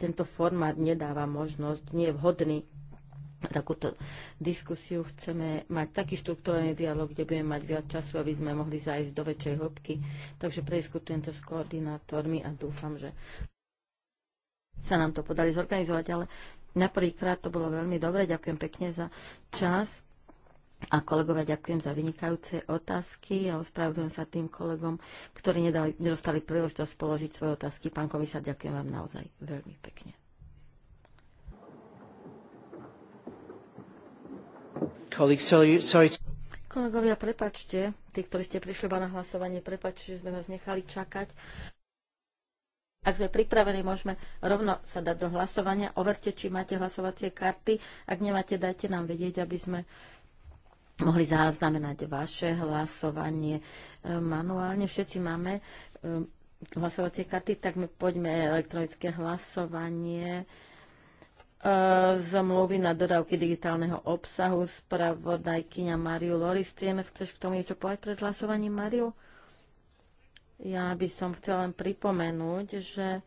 Tento formát nedáva možnosť, nie je vhodný takúto diskusiu chceme mať taký štruktúrny dialog, kde budeme mať viac času, aby sme mohli zájsť do väčšej hĺbky. Takže prediskutujem to s koordinátormi a dúfam, že sa nám to podali zorganizovať, ale na prvýkrát to bolo veľmi dobre. Ďakujem pekne za čas. A kolegovia, ďakujem za vynikajúce otázky a ospravedlňujem sa tým kolegom, ktorí nedali, nedostali príležitosť položiť svoje otázky. Pán komisár, ďakujem vám naozaj veľmi pekne. Kolegovia, prepačte, tí, ktorí ste prišli na hlasovanie, prepačte, že sme vás nechali čakať. Ak sme pripravení, môžeme rovno sa dať do hlasovania. Overte, či máte hlasovacie karty. Ak nemáte, dajte nám vedieť, aby sme mohli zaznamenať vaše hlasovanie e, manuálne. Všetci máme e, hlasovacie karty, tak my poďme elektronické hlasovanie zmluvy na dodávky digitálneho obsahu. Spravodajkyňa Mariu Loristien, chceš k tomu niečo povedať pred hlasovaním, Mariu? Ja by som chcela len pripomenúť, že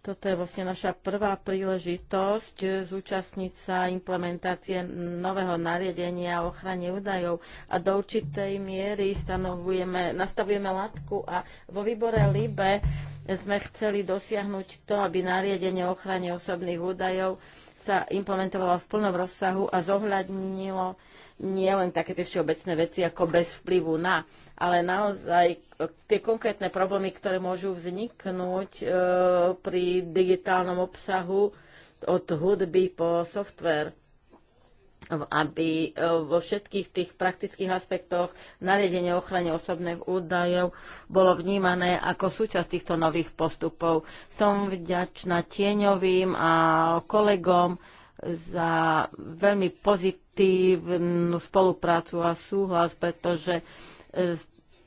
toto je vlastne naša prvá príležitosť zúčastniť sa implementácie nového nariadenia o ochrane údajov a do určitej miery stanovujeme, nastavujeme látku a vo výbore LIBE sme chceli dosiahnuť to, aby nariadenie o ochrane osobných údajov sa implementovalo v plnom rozsahu a zohľadnilo nie len také tie všeobecné veci ako bez vplyvu na, ale naozaj tie konkrétne problémy, ktoré môžu vzniknúť e, pri digitálnom obsahu od hudby po software aby e, vo všetkých tých praktických aspektoch nariadenie ochrane osobných údajov bolo vnímané ako súčasť týchto nových postupov. Som vďačná tieňovým a kolegom za veľmi pozitívnu spoluprácu a súhlas, pretože e,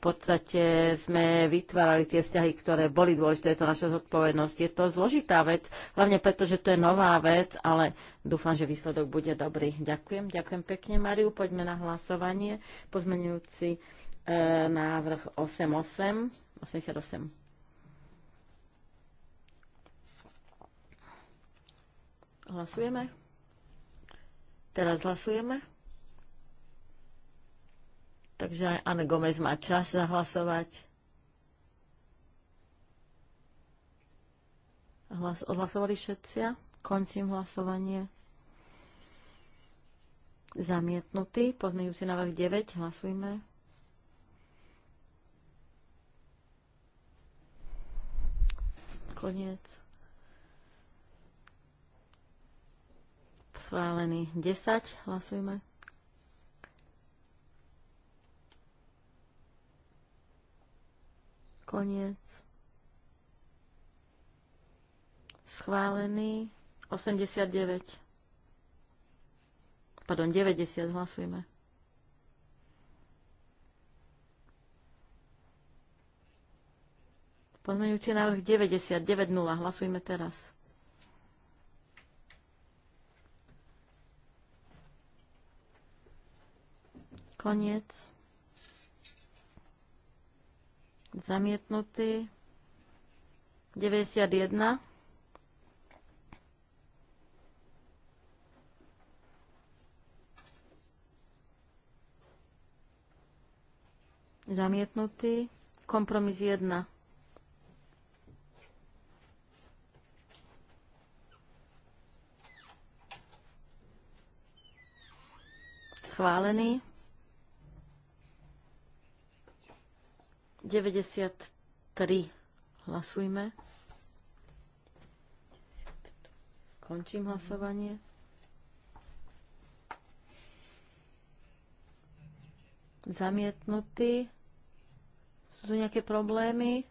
podstate sme vytvárali tie vzťahy, ktoré boli dôležité, je to naša zodpovednosť. Je to zložitá vec, hlavne preto, že to je nová vec, ale dúfam, že výsledok bude dobrý. Ďakujem, ďakujem pekne, Mariu. Poďme na hlasovanie. Pozmenujúci e, návrh 88, 88. Hlasujeme. Teraz hlasujeme. Takže Anne Gomez má čas zahlasovať. Hlas, odhlasovali všetci? Končím hlasovanie. Zamietnutý. Pozmeňujúci návrh 9. Hlasujme. Koniec. Schválený 10. Hlasujme. Koniec. Schválený. 89. Pardon, 90 hlasujeme. Pozmeňujúci návrh 90, 9, 0. Hlasujme teraz. Koniec zamietnutý. 91. Zamietnutý. Kompromis 1. Schválený. 93. Hlasujme. Končím hlasovanie. Zamietnutý. Sú tu nejaké problémy?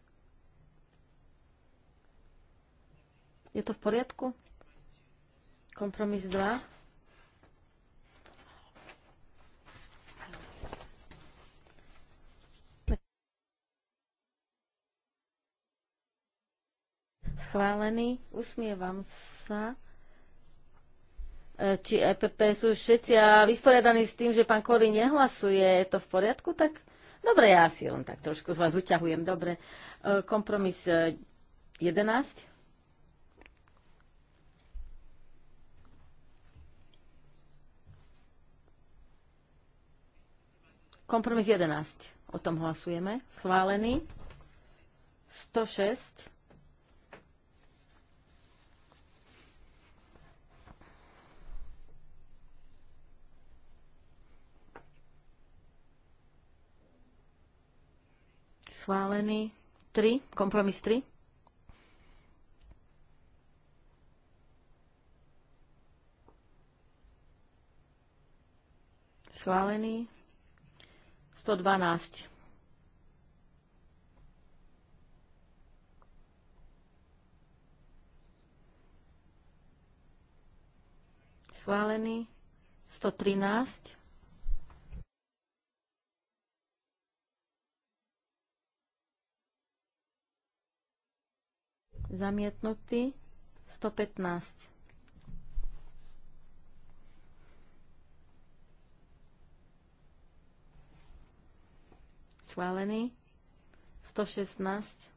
Je to v poriadku? Kompromis 2. schválený. Usmievam sa. E, či EPP sú všetci a vysporiadaní s tým, že pán Kory nehlasuje. Je to v poriadku? Tak dobre, ja si len tak trošku z vás uťahujem. Dobre. E, kompromis 11. E, kompromis 11. O tom hlasujeme. Schválený. 106. schválený. 3, kompromis 3. Schválený. 112. Schválený. 113. zamietnutý, 115. Schválený, 116.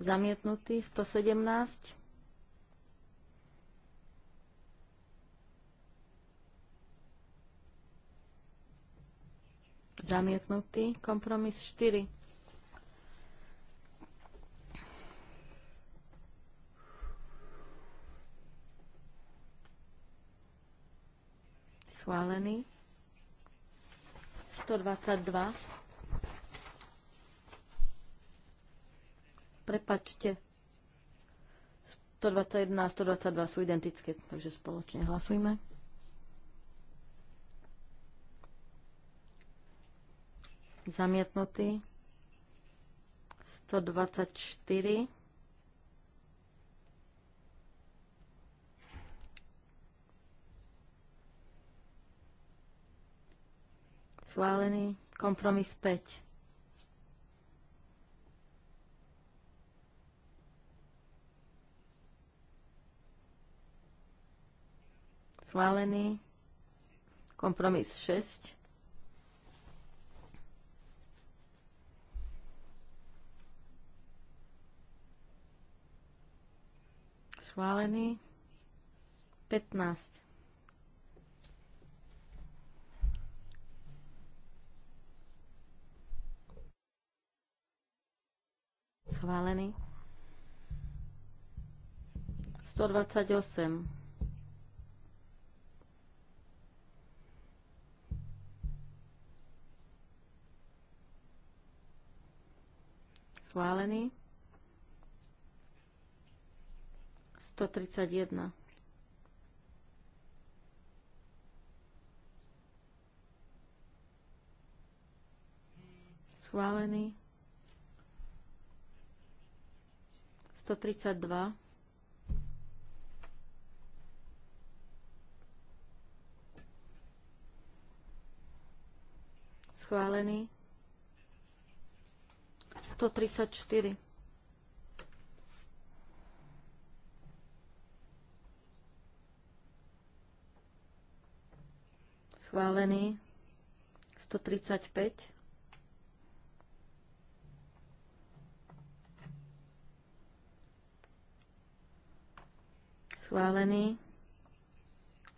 Zamietnutý, 117. Zamietnutý. Kompromis 4. Schválený. 122. Prepačte. 121 a 122 sú identické, takže spoločne hlasujme. zamietnutý. 124. Schválený. Kompromis 5. Schválený. Kompromis 6. schválený. 15. Schválený. 128. Schválený. 131. Schválený. 132. Schválený. 134. schválený. 135. Schválený.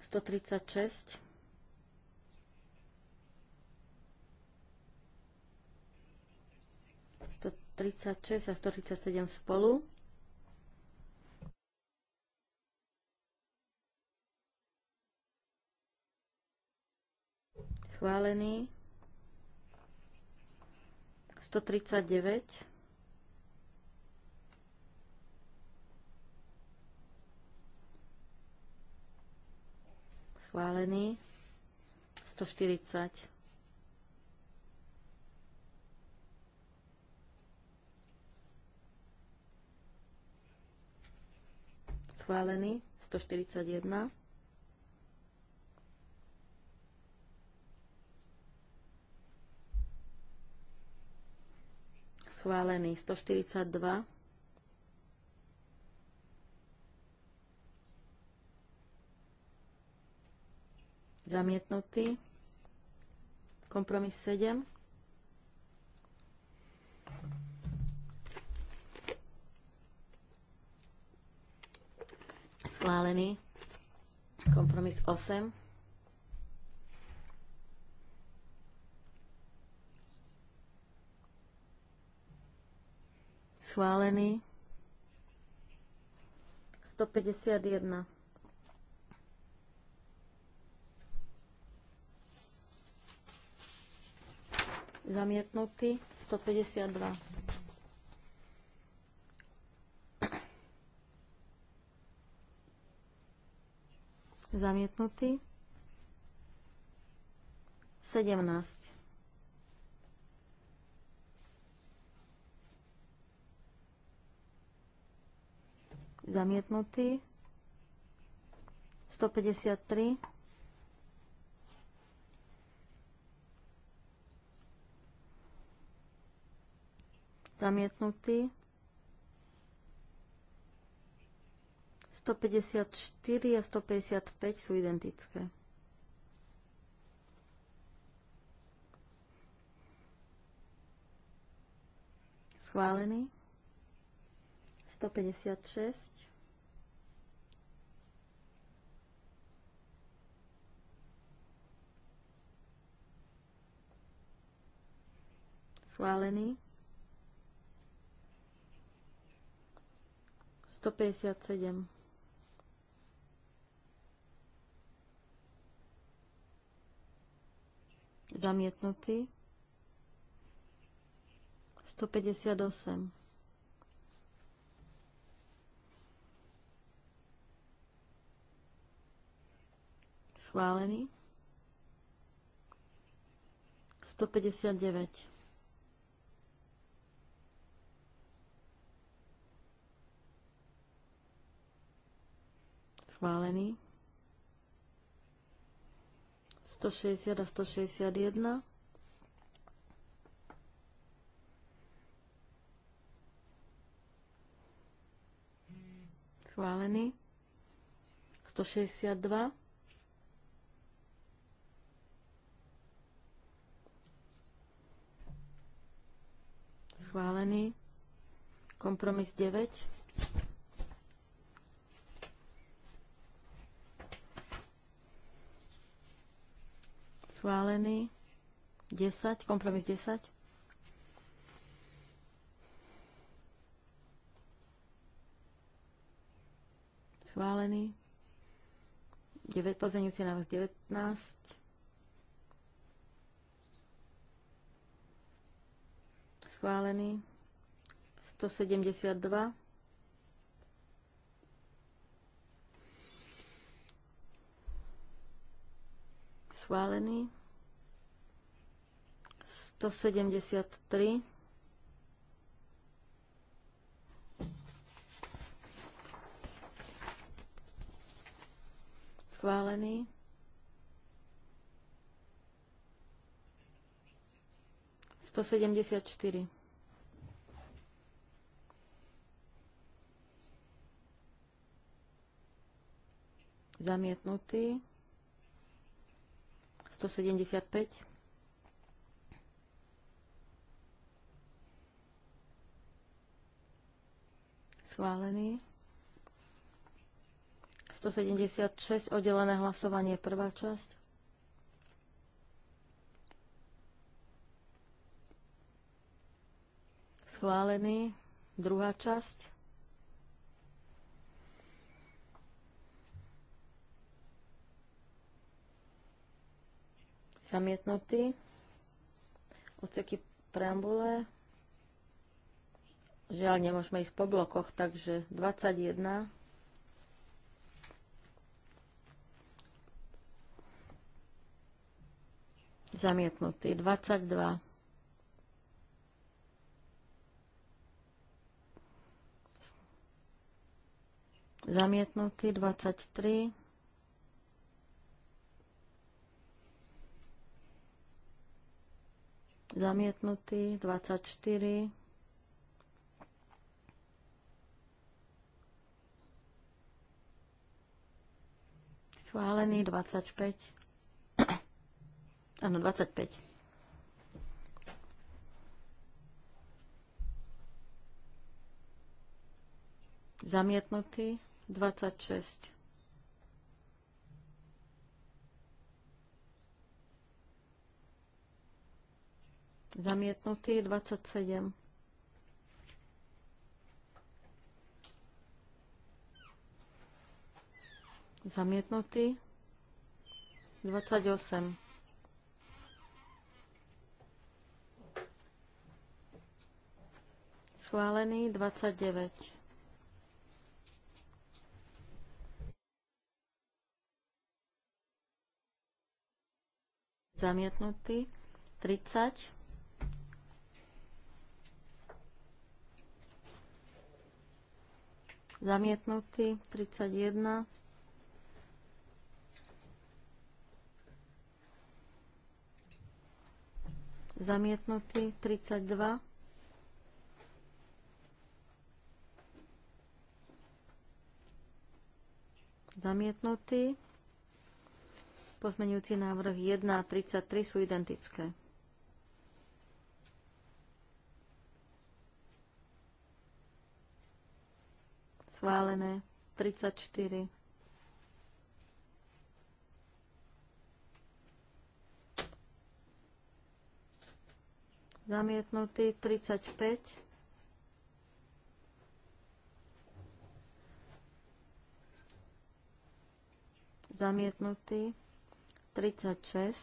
136. Sto 36 a 137 spolu. schválený. 139. Schválený. 140. Schválený. 141. schválený 142. Zamietnutý. Kompromis 7. Schválený. Kompromis 8. schválený. 151. Zamietnutý. 152. Zamietnutý. 17. zamietnutý. 153. Zamietnutý. 154 a 155 sú identické. Schválený. 156. Schválený. 157. Zamietnutý. 158. Schválený. 159. Schválený. 160 a 161. Schválený. 162. schválený. Kompromis 9. Schválený. 10, kompromis 10. Schválený. 9, pozmeňujúci návrh 19. schválený. 172. Schválený. 173. Schválený. 174. Zamietnutý. 175. Schválený. 176. Oddelené hlasovanie. Prvá časť. schválený. Druhá časť. Zamietnutý. Oceky preambule. Žiaľ, nemôžeme ísť po blokoch, takže 21. Zamietnutý. 22. Zamietnutý 23. Zamietnutý 24. Schválený 25. Áno, 25. zamietnutý. 26. Zamietnutý 27. Zamietnutý 28. Schválený 29. Zamietnutý. 30. Zamietnutý. 31. Zamietnutý. 32. Zamietnutý. Pozmenujúci návrh 1 a 33 sú identické. Schválené 34. Zamietnutý 35. zamietnutý. 36.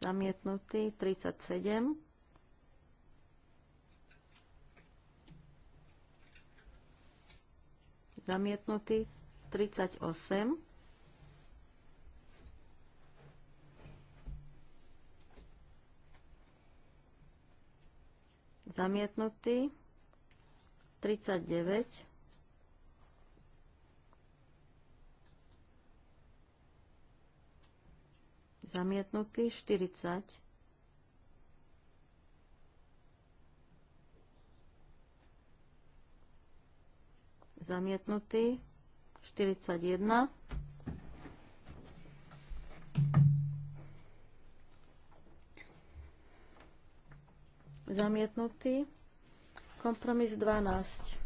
Zamietnutý 37. Zamietnutý 38. Zamietnutý 39. zamietnutý, 40 zamietnutý, 41 zamietnutý, kompromis 12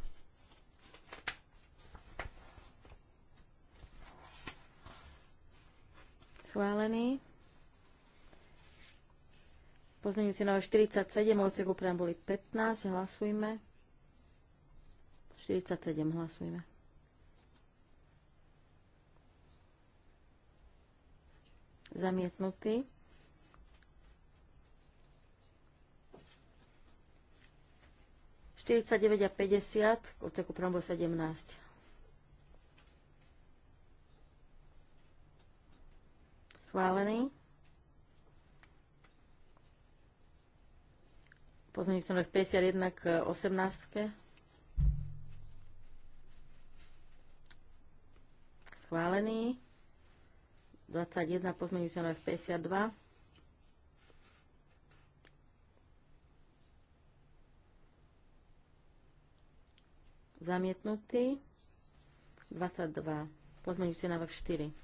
schválený. Pozmeňujúci návrh 47, odseku boli 15, hlasujme. 47 hlasujme. Zamietnutý. Štyridsaťdeväť a 50, odseku bol 17. Schválený. Pozmeňujúci návrh 51 k 18. Schválený. 21 pozmeňujúci návrh 52. Zamietnutý. 22. Pozmeňujúci návrh 4.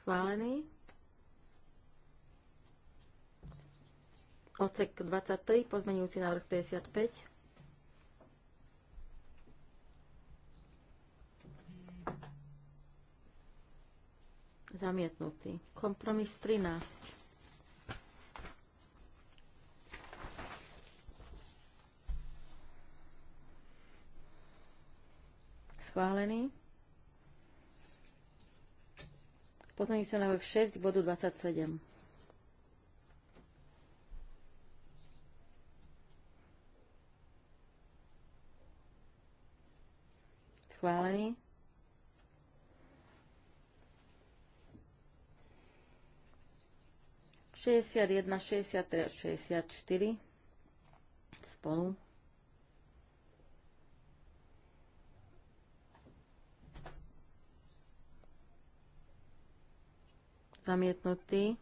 Schválený. Ocek 23, pozmenujúci návrh 55. Zamietnutý. Kompromis 13. Schválený. Pozmením sa návrh 6 k bodu 27. Schválený. Šesťdesiat jedna, šesťdesiat tri, šesťdesiat čtyri spolu. zamietnutý.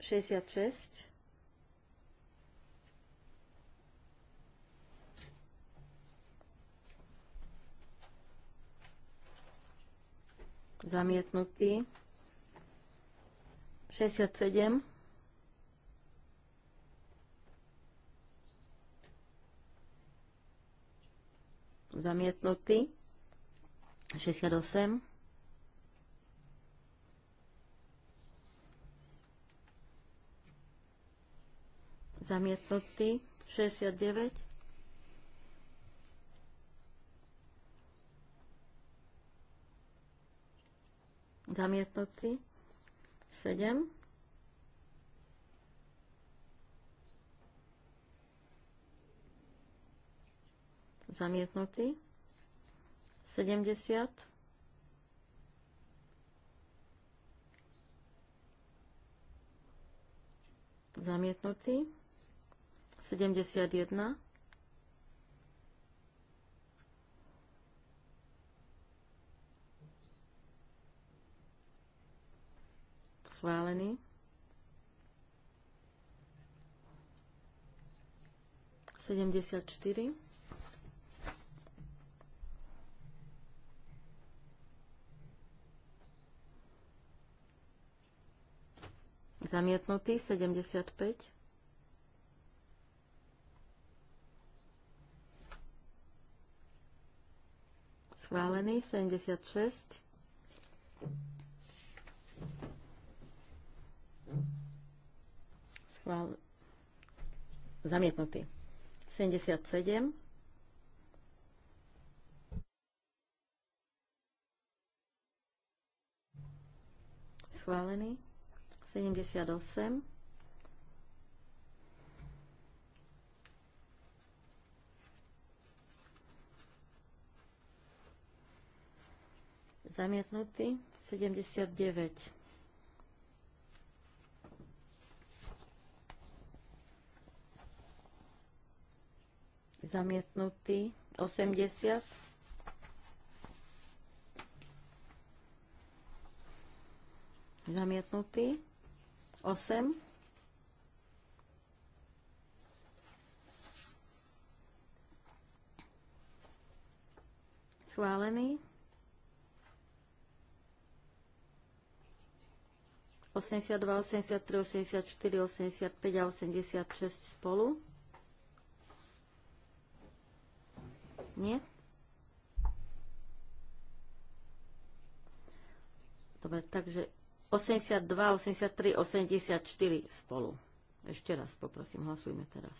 66. Zamietnutý. 67. Zamietnutý. 68. zamietnutý. 69. Zamietnutý. 7. Zamietnutý. 70. Zamietnutý. 71. Schválený. Sedemdesiat čtyri. Zamietnutý Sedemdesiat 75. Schválený 76. Schvál... Zamietnutý. 77. Schválený. 78. zamietnutý. 79. Zamietnutý. 80. Zamietnutý. 8. Schválený. 82, 83, 84, 85 a 86 spolu? Nie? Dobre, takže 82, 83, 84 spolu. Ešte raz poprosím, hlasujme teraz.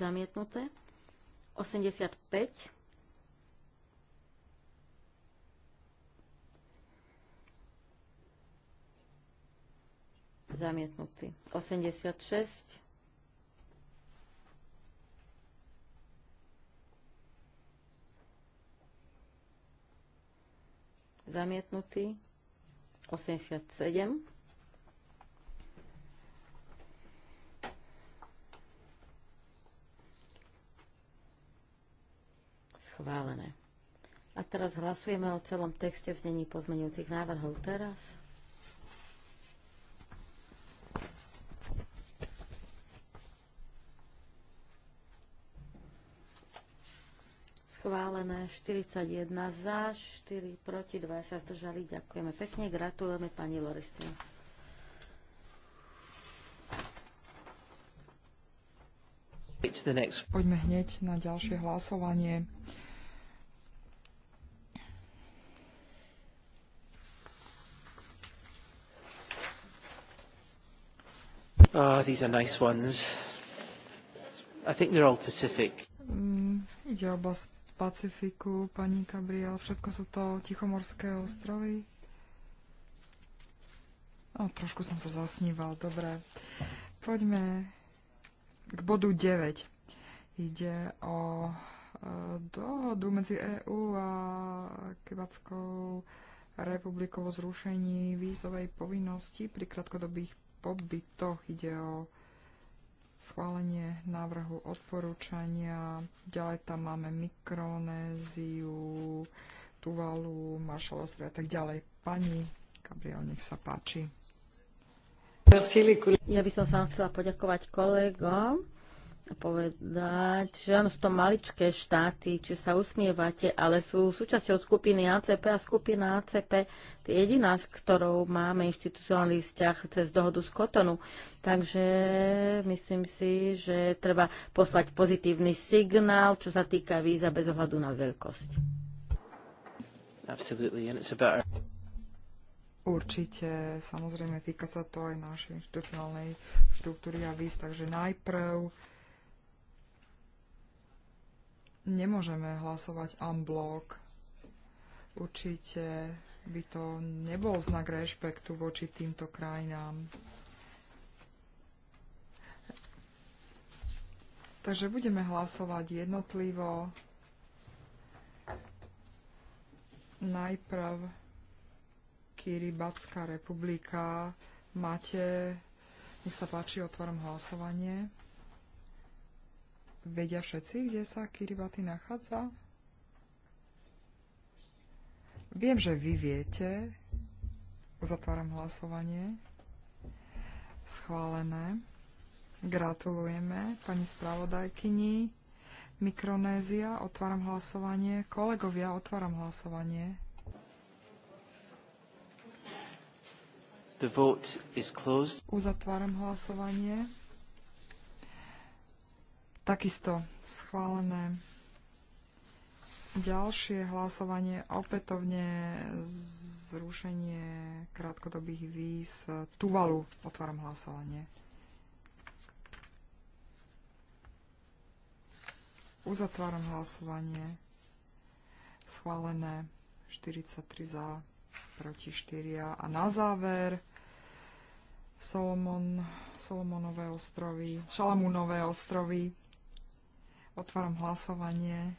Zamietnuté. 85. Zamietnutý. 86. Zamietnutý. 87. Schválené. A teraz hlasujeme o celom texte v znení pozmenujúcich návrhov. Teraz. Schválené 41 za, 4 proti, 2 sa zdržali. Ďakujeme pekne, gratulujeme pani Loristin. Poďme hneď na ďalšie hlasovanie. Ah, these are nice ones. I think they're all Pacific. Mm, ide oblasť Pacifiku, pani Gabriel, všetko sú to Tichomorské ostrovy. No, trošku som sa zasníval, dobre. Poďme k bodu 9. Ide o e, dohodu medzi EÚ a Kebackou republikou o zrušení vízovej povinnosti pri krátkodobých pobytoch. Ide o schválenie návrhu odporúčania. Ďalej tam máme Mikronéziu, Tuvalu, Marshall a tak ďalej. Pani Gabriel, nech sa páči. Ja by som sa chcela poďakovať kolegom povedať, že áno, sú to maličké štáty, či sa usmievate, ale sú súčasťou skupiny ACP a skupina ACP je jediná, s ktorou máme inštitucionálny vzťah cez dohodu z Kotonu. Takže myslím si, že treba poslať pozitívny signál, čo sa týka víza bez ohľadu na veľkosť. Určite, samozrejme, týka sa to aj našej inštitucionálnej štruktúry a víz, takže najprv nemôžeme hlasovať unblock. Určite by to nebol znak rešpektu voči týmto krajinám. Takže budeme hlasovať jednotlivo. Najprv Kiribatská republika. Máte, nech sa páči, otvorím hlasovanie. Vedia všetci, kde sa Kiribati nachádza? Viem, že vy viete. Uzatváram hlasovanie. Schválené. Gratulujeme pani spravodajkyni. Mikronézia, otváram hlasovanie. Kolegovia, otváram hlasovanie. The vote is closed. Uzatváram hlasovanie. Takisto schválené ďalšie hlasovanie, opätovne zrušenie krátkodobých víz Tuvalu. Otváram hlasovanie. Uzatváram hlasovanie. Schválené 43 za, proti 4. A na záver Solomon, Solomonové ostrovy, Šalamúnové ostrovy. Otváram hlasovanie.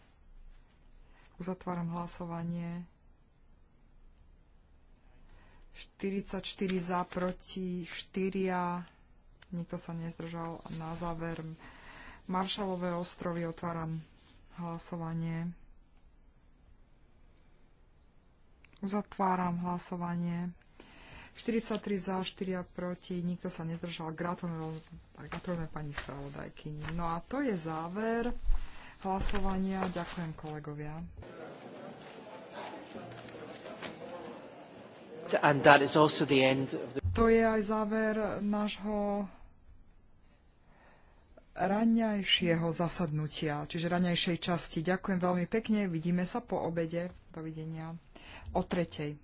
Uzatváram hlasovanie. 44 za, proti 4. Nikto sa nezdržal. Na záver Maršalové ostrovy otváram hlasovanie. Uzatváram hlasovanie. 43 za, 4 proti, nikto sa nezdržal. Gratulujeme pani spravodajkyni. No a to je záver hlasovania. Ďakujem kolegovia. The... To je aj záver nášho raňajšieho zasadnutia, čiže raňajšej časti. Ďakujem veľmi pekne, vidíme sa po obede. Dovidenia o tretej.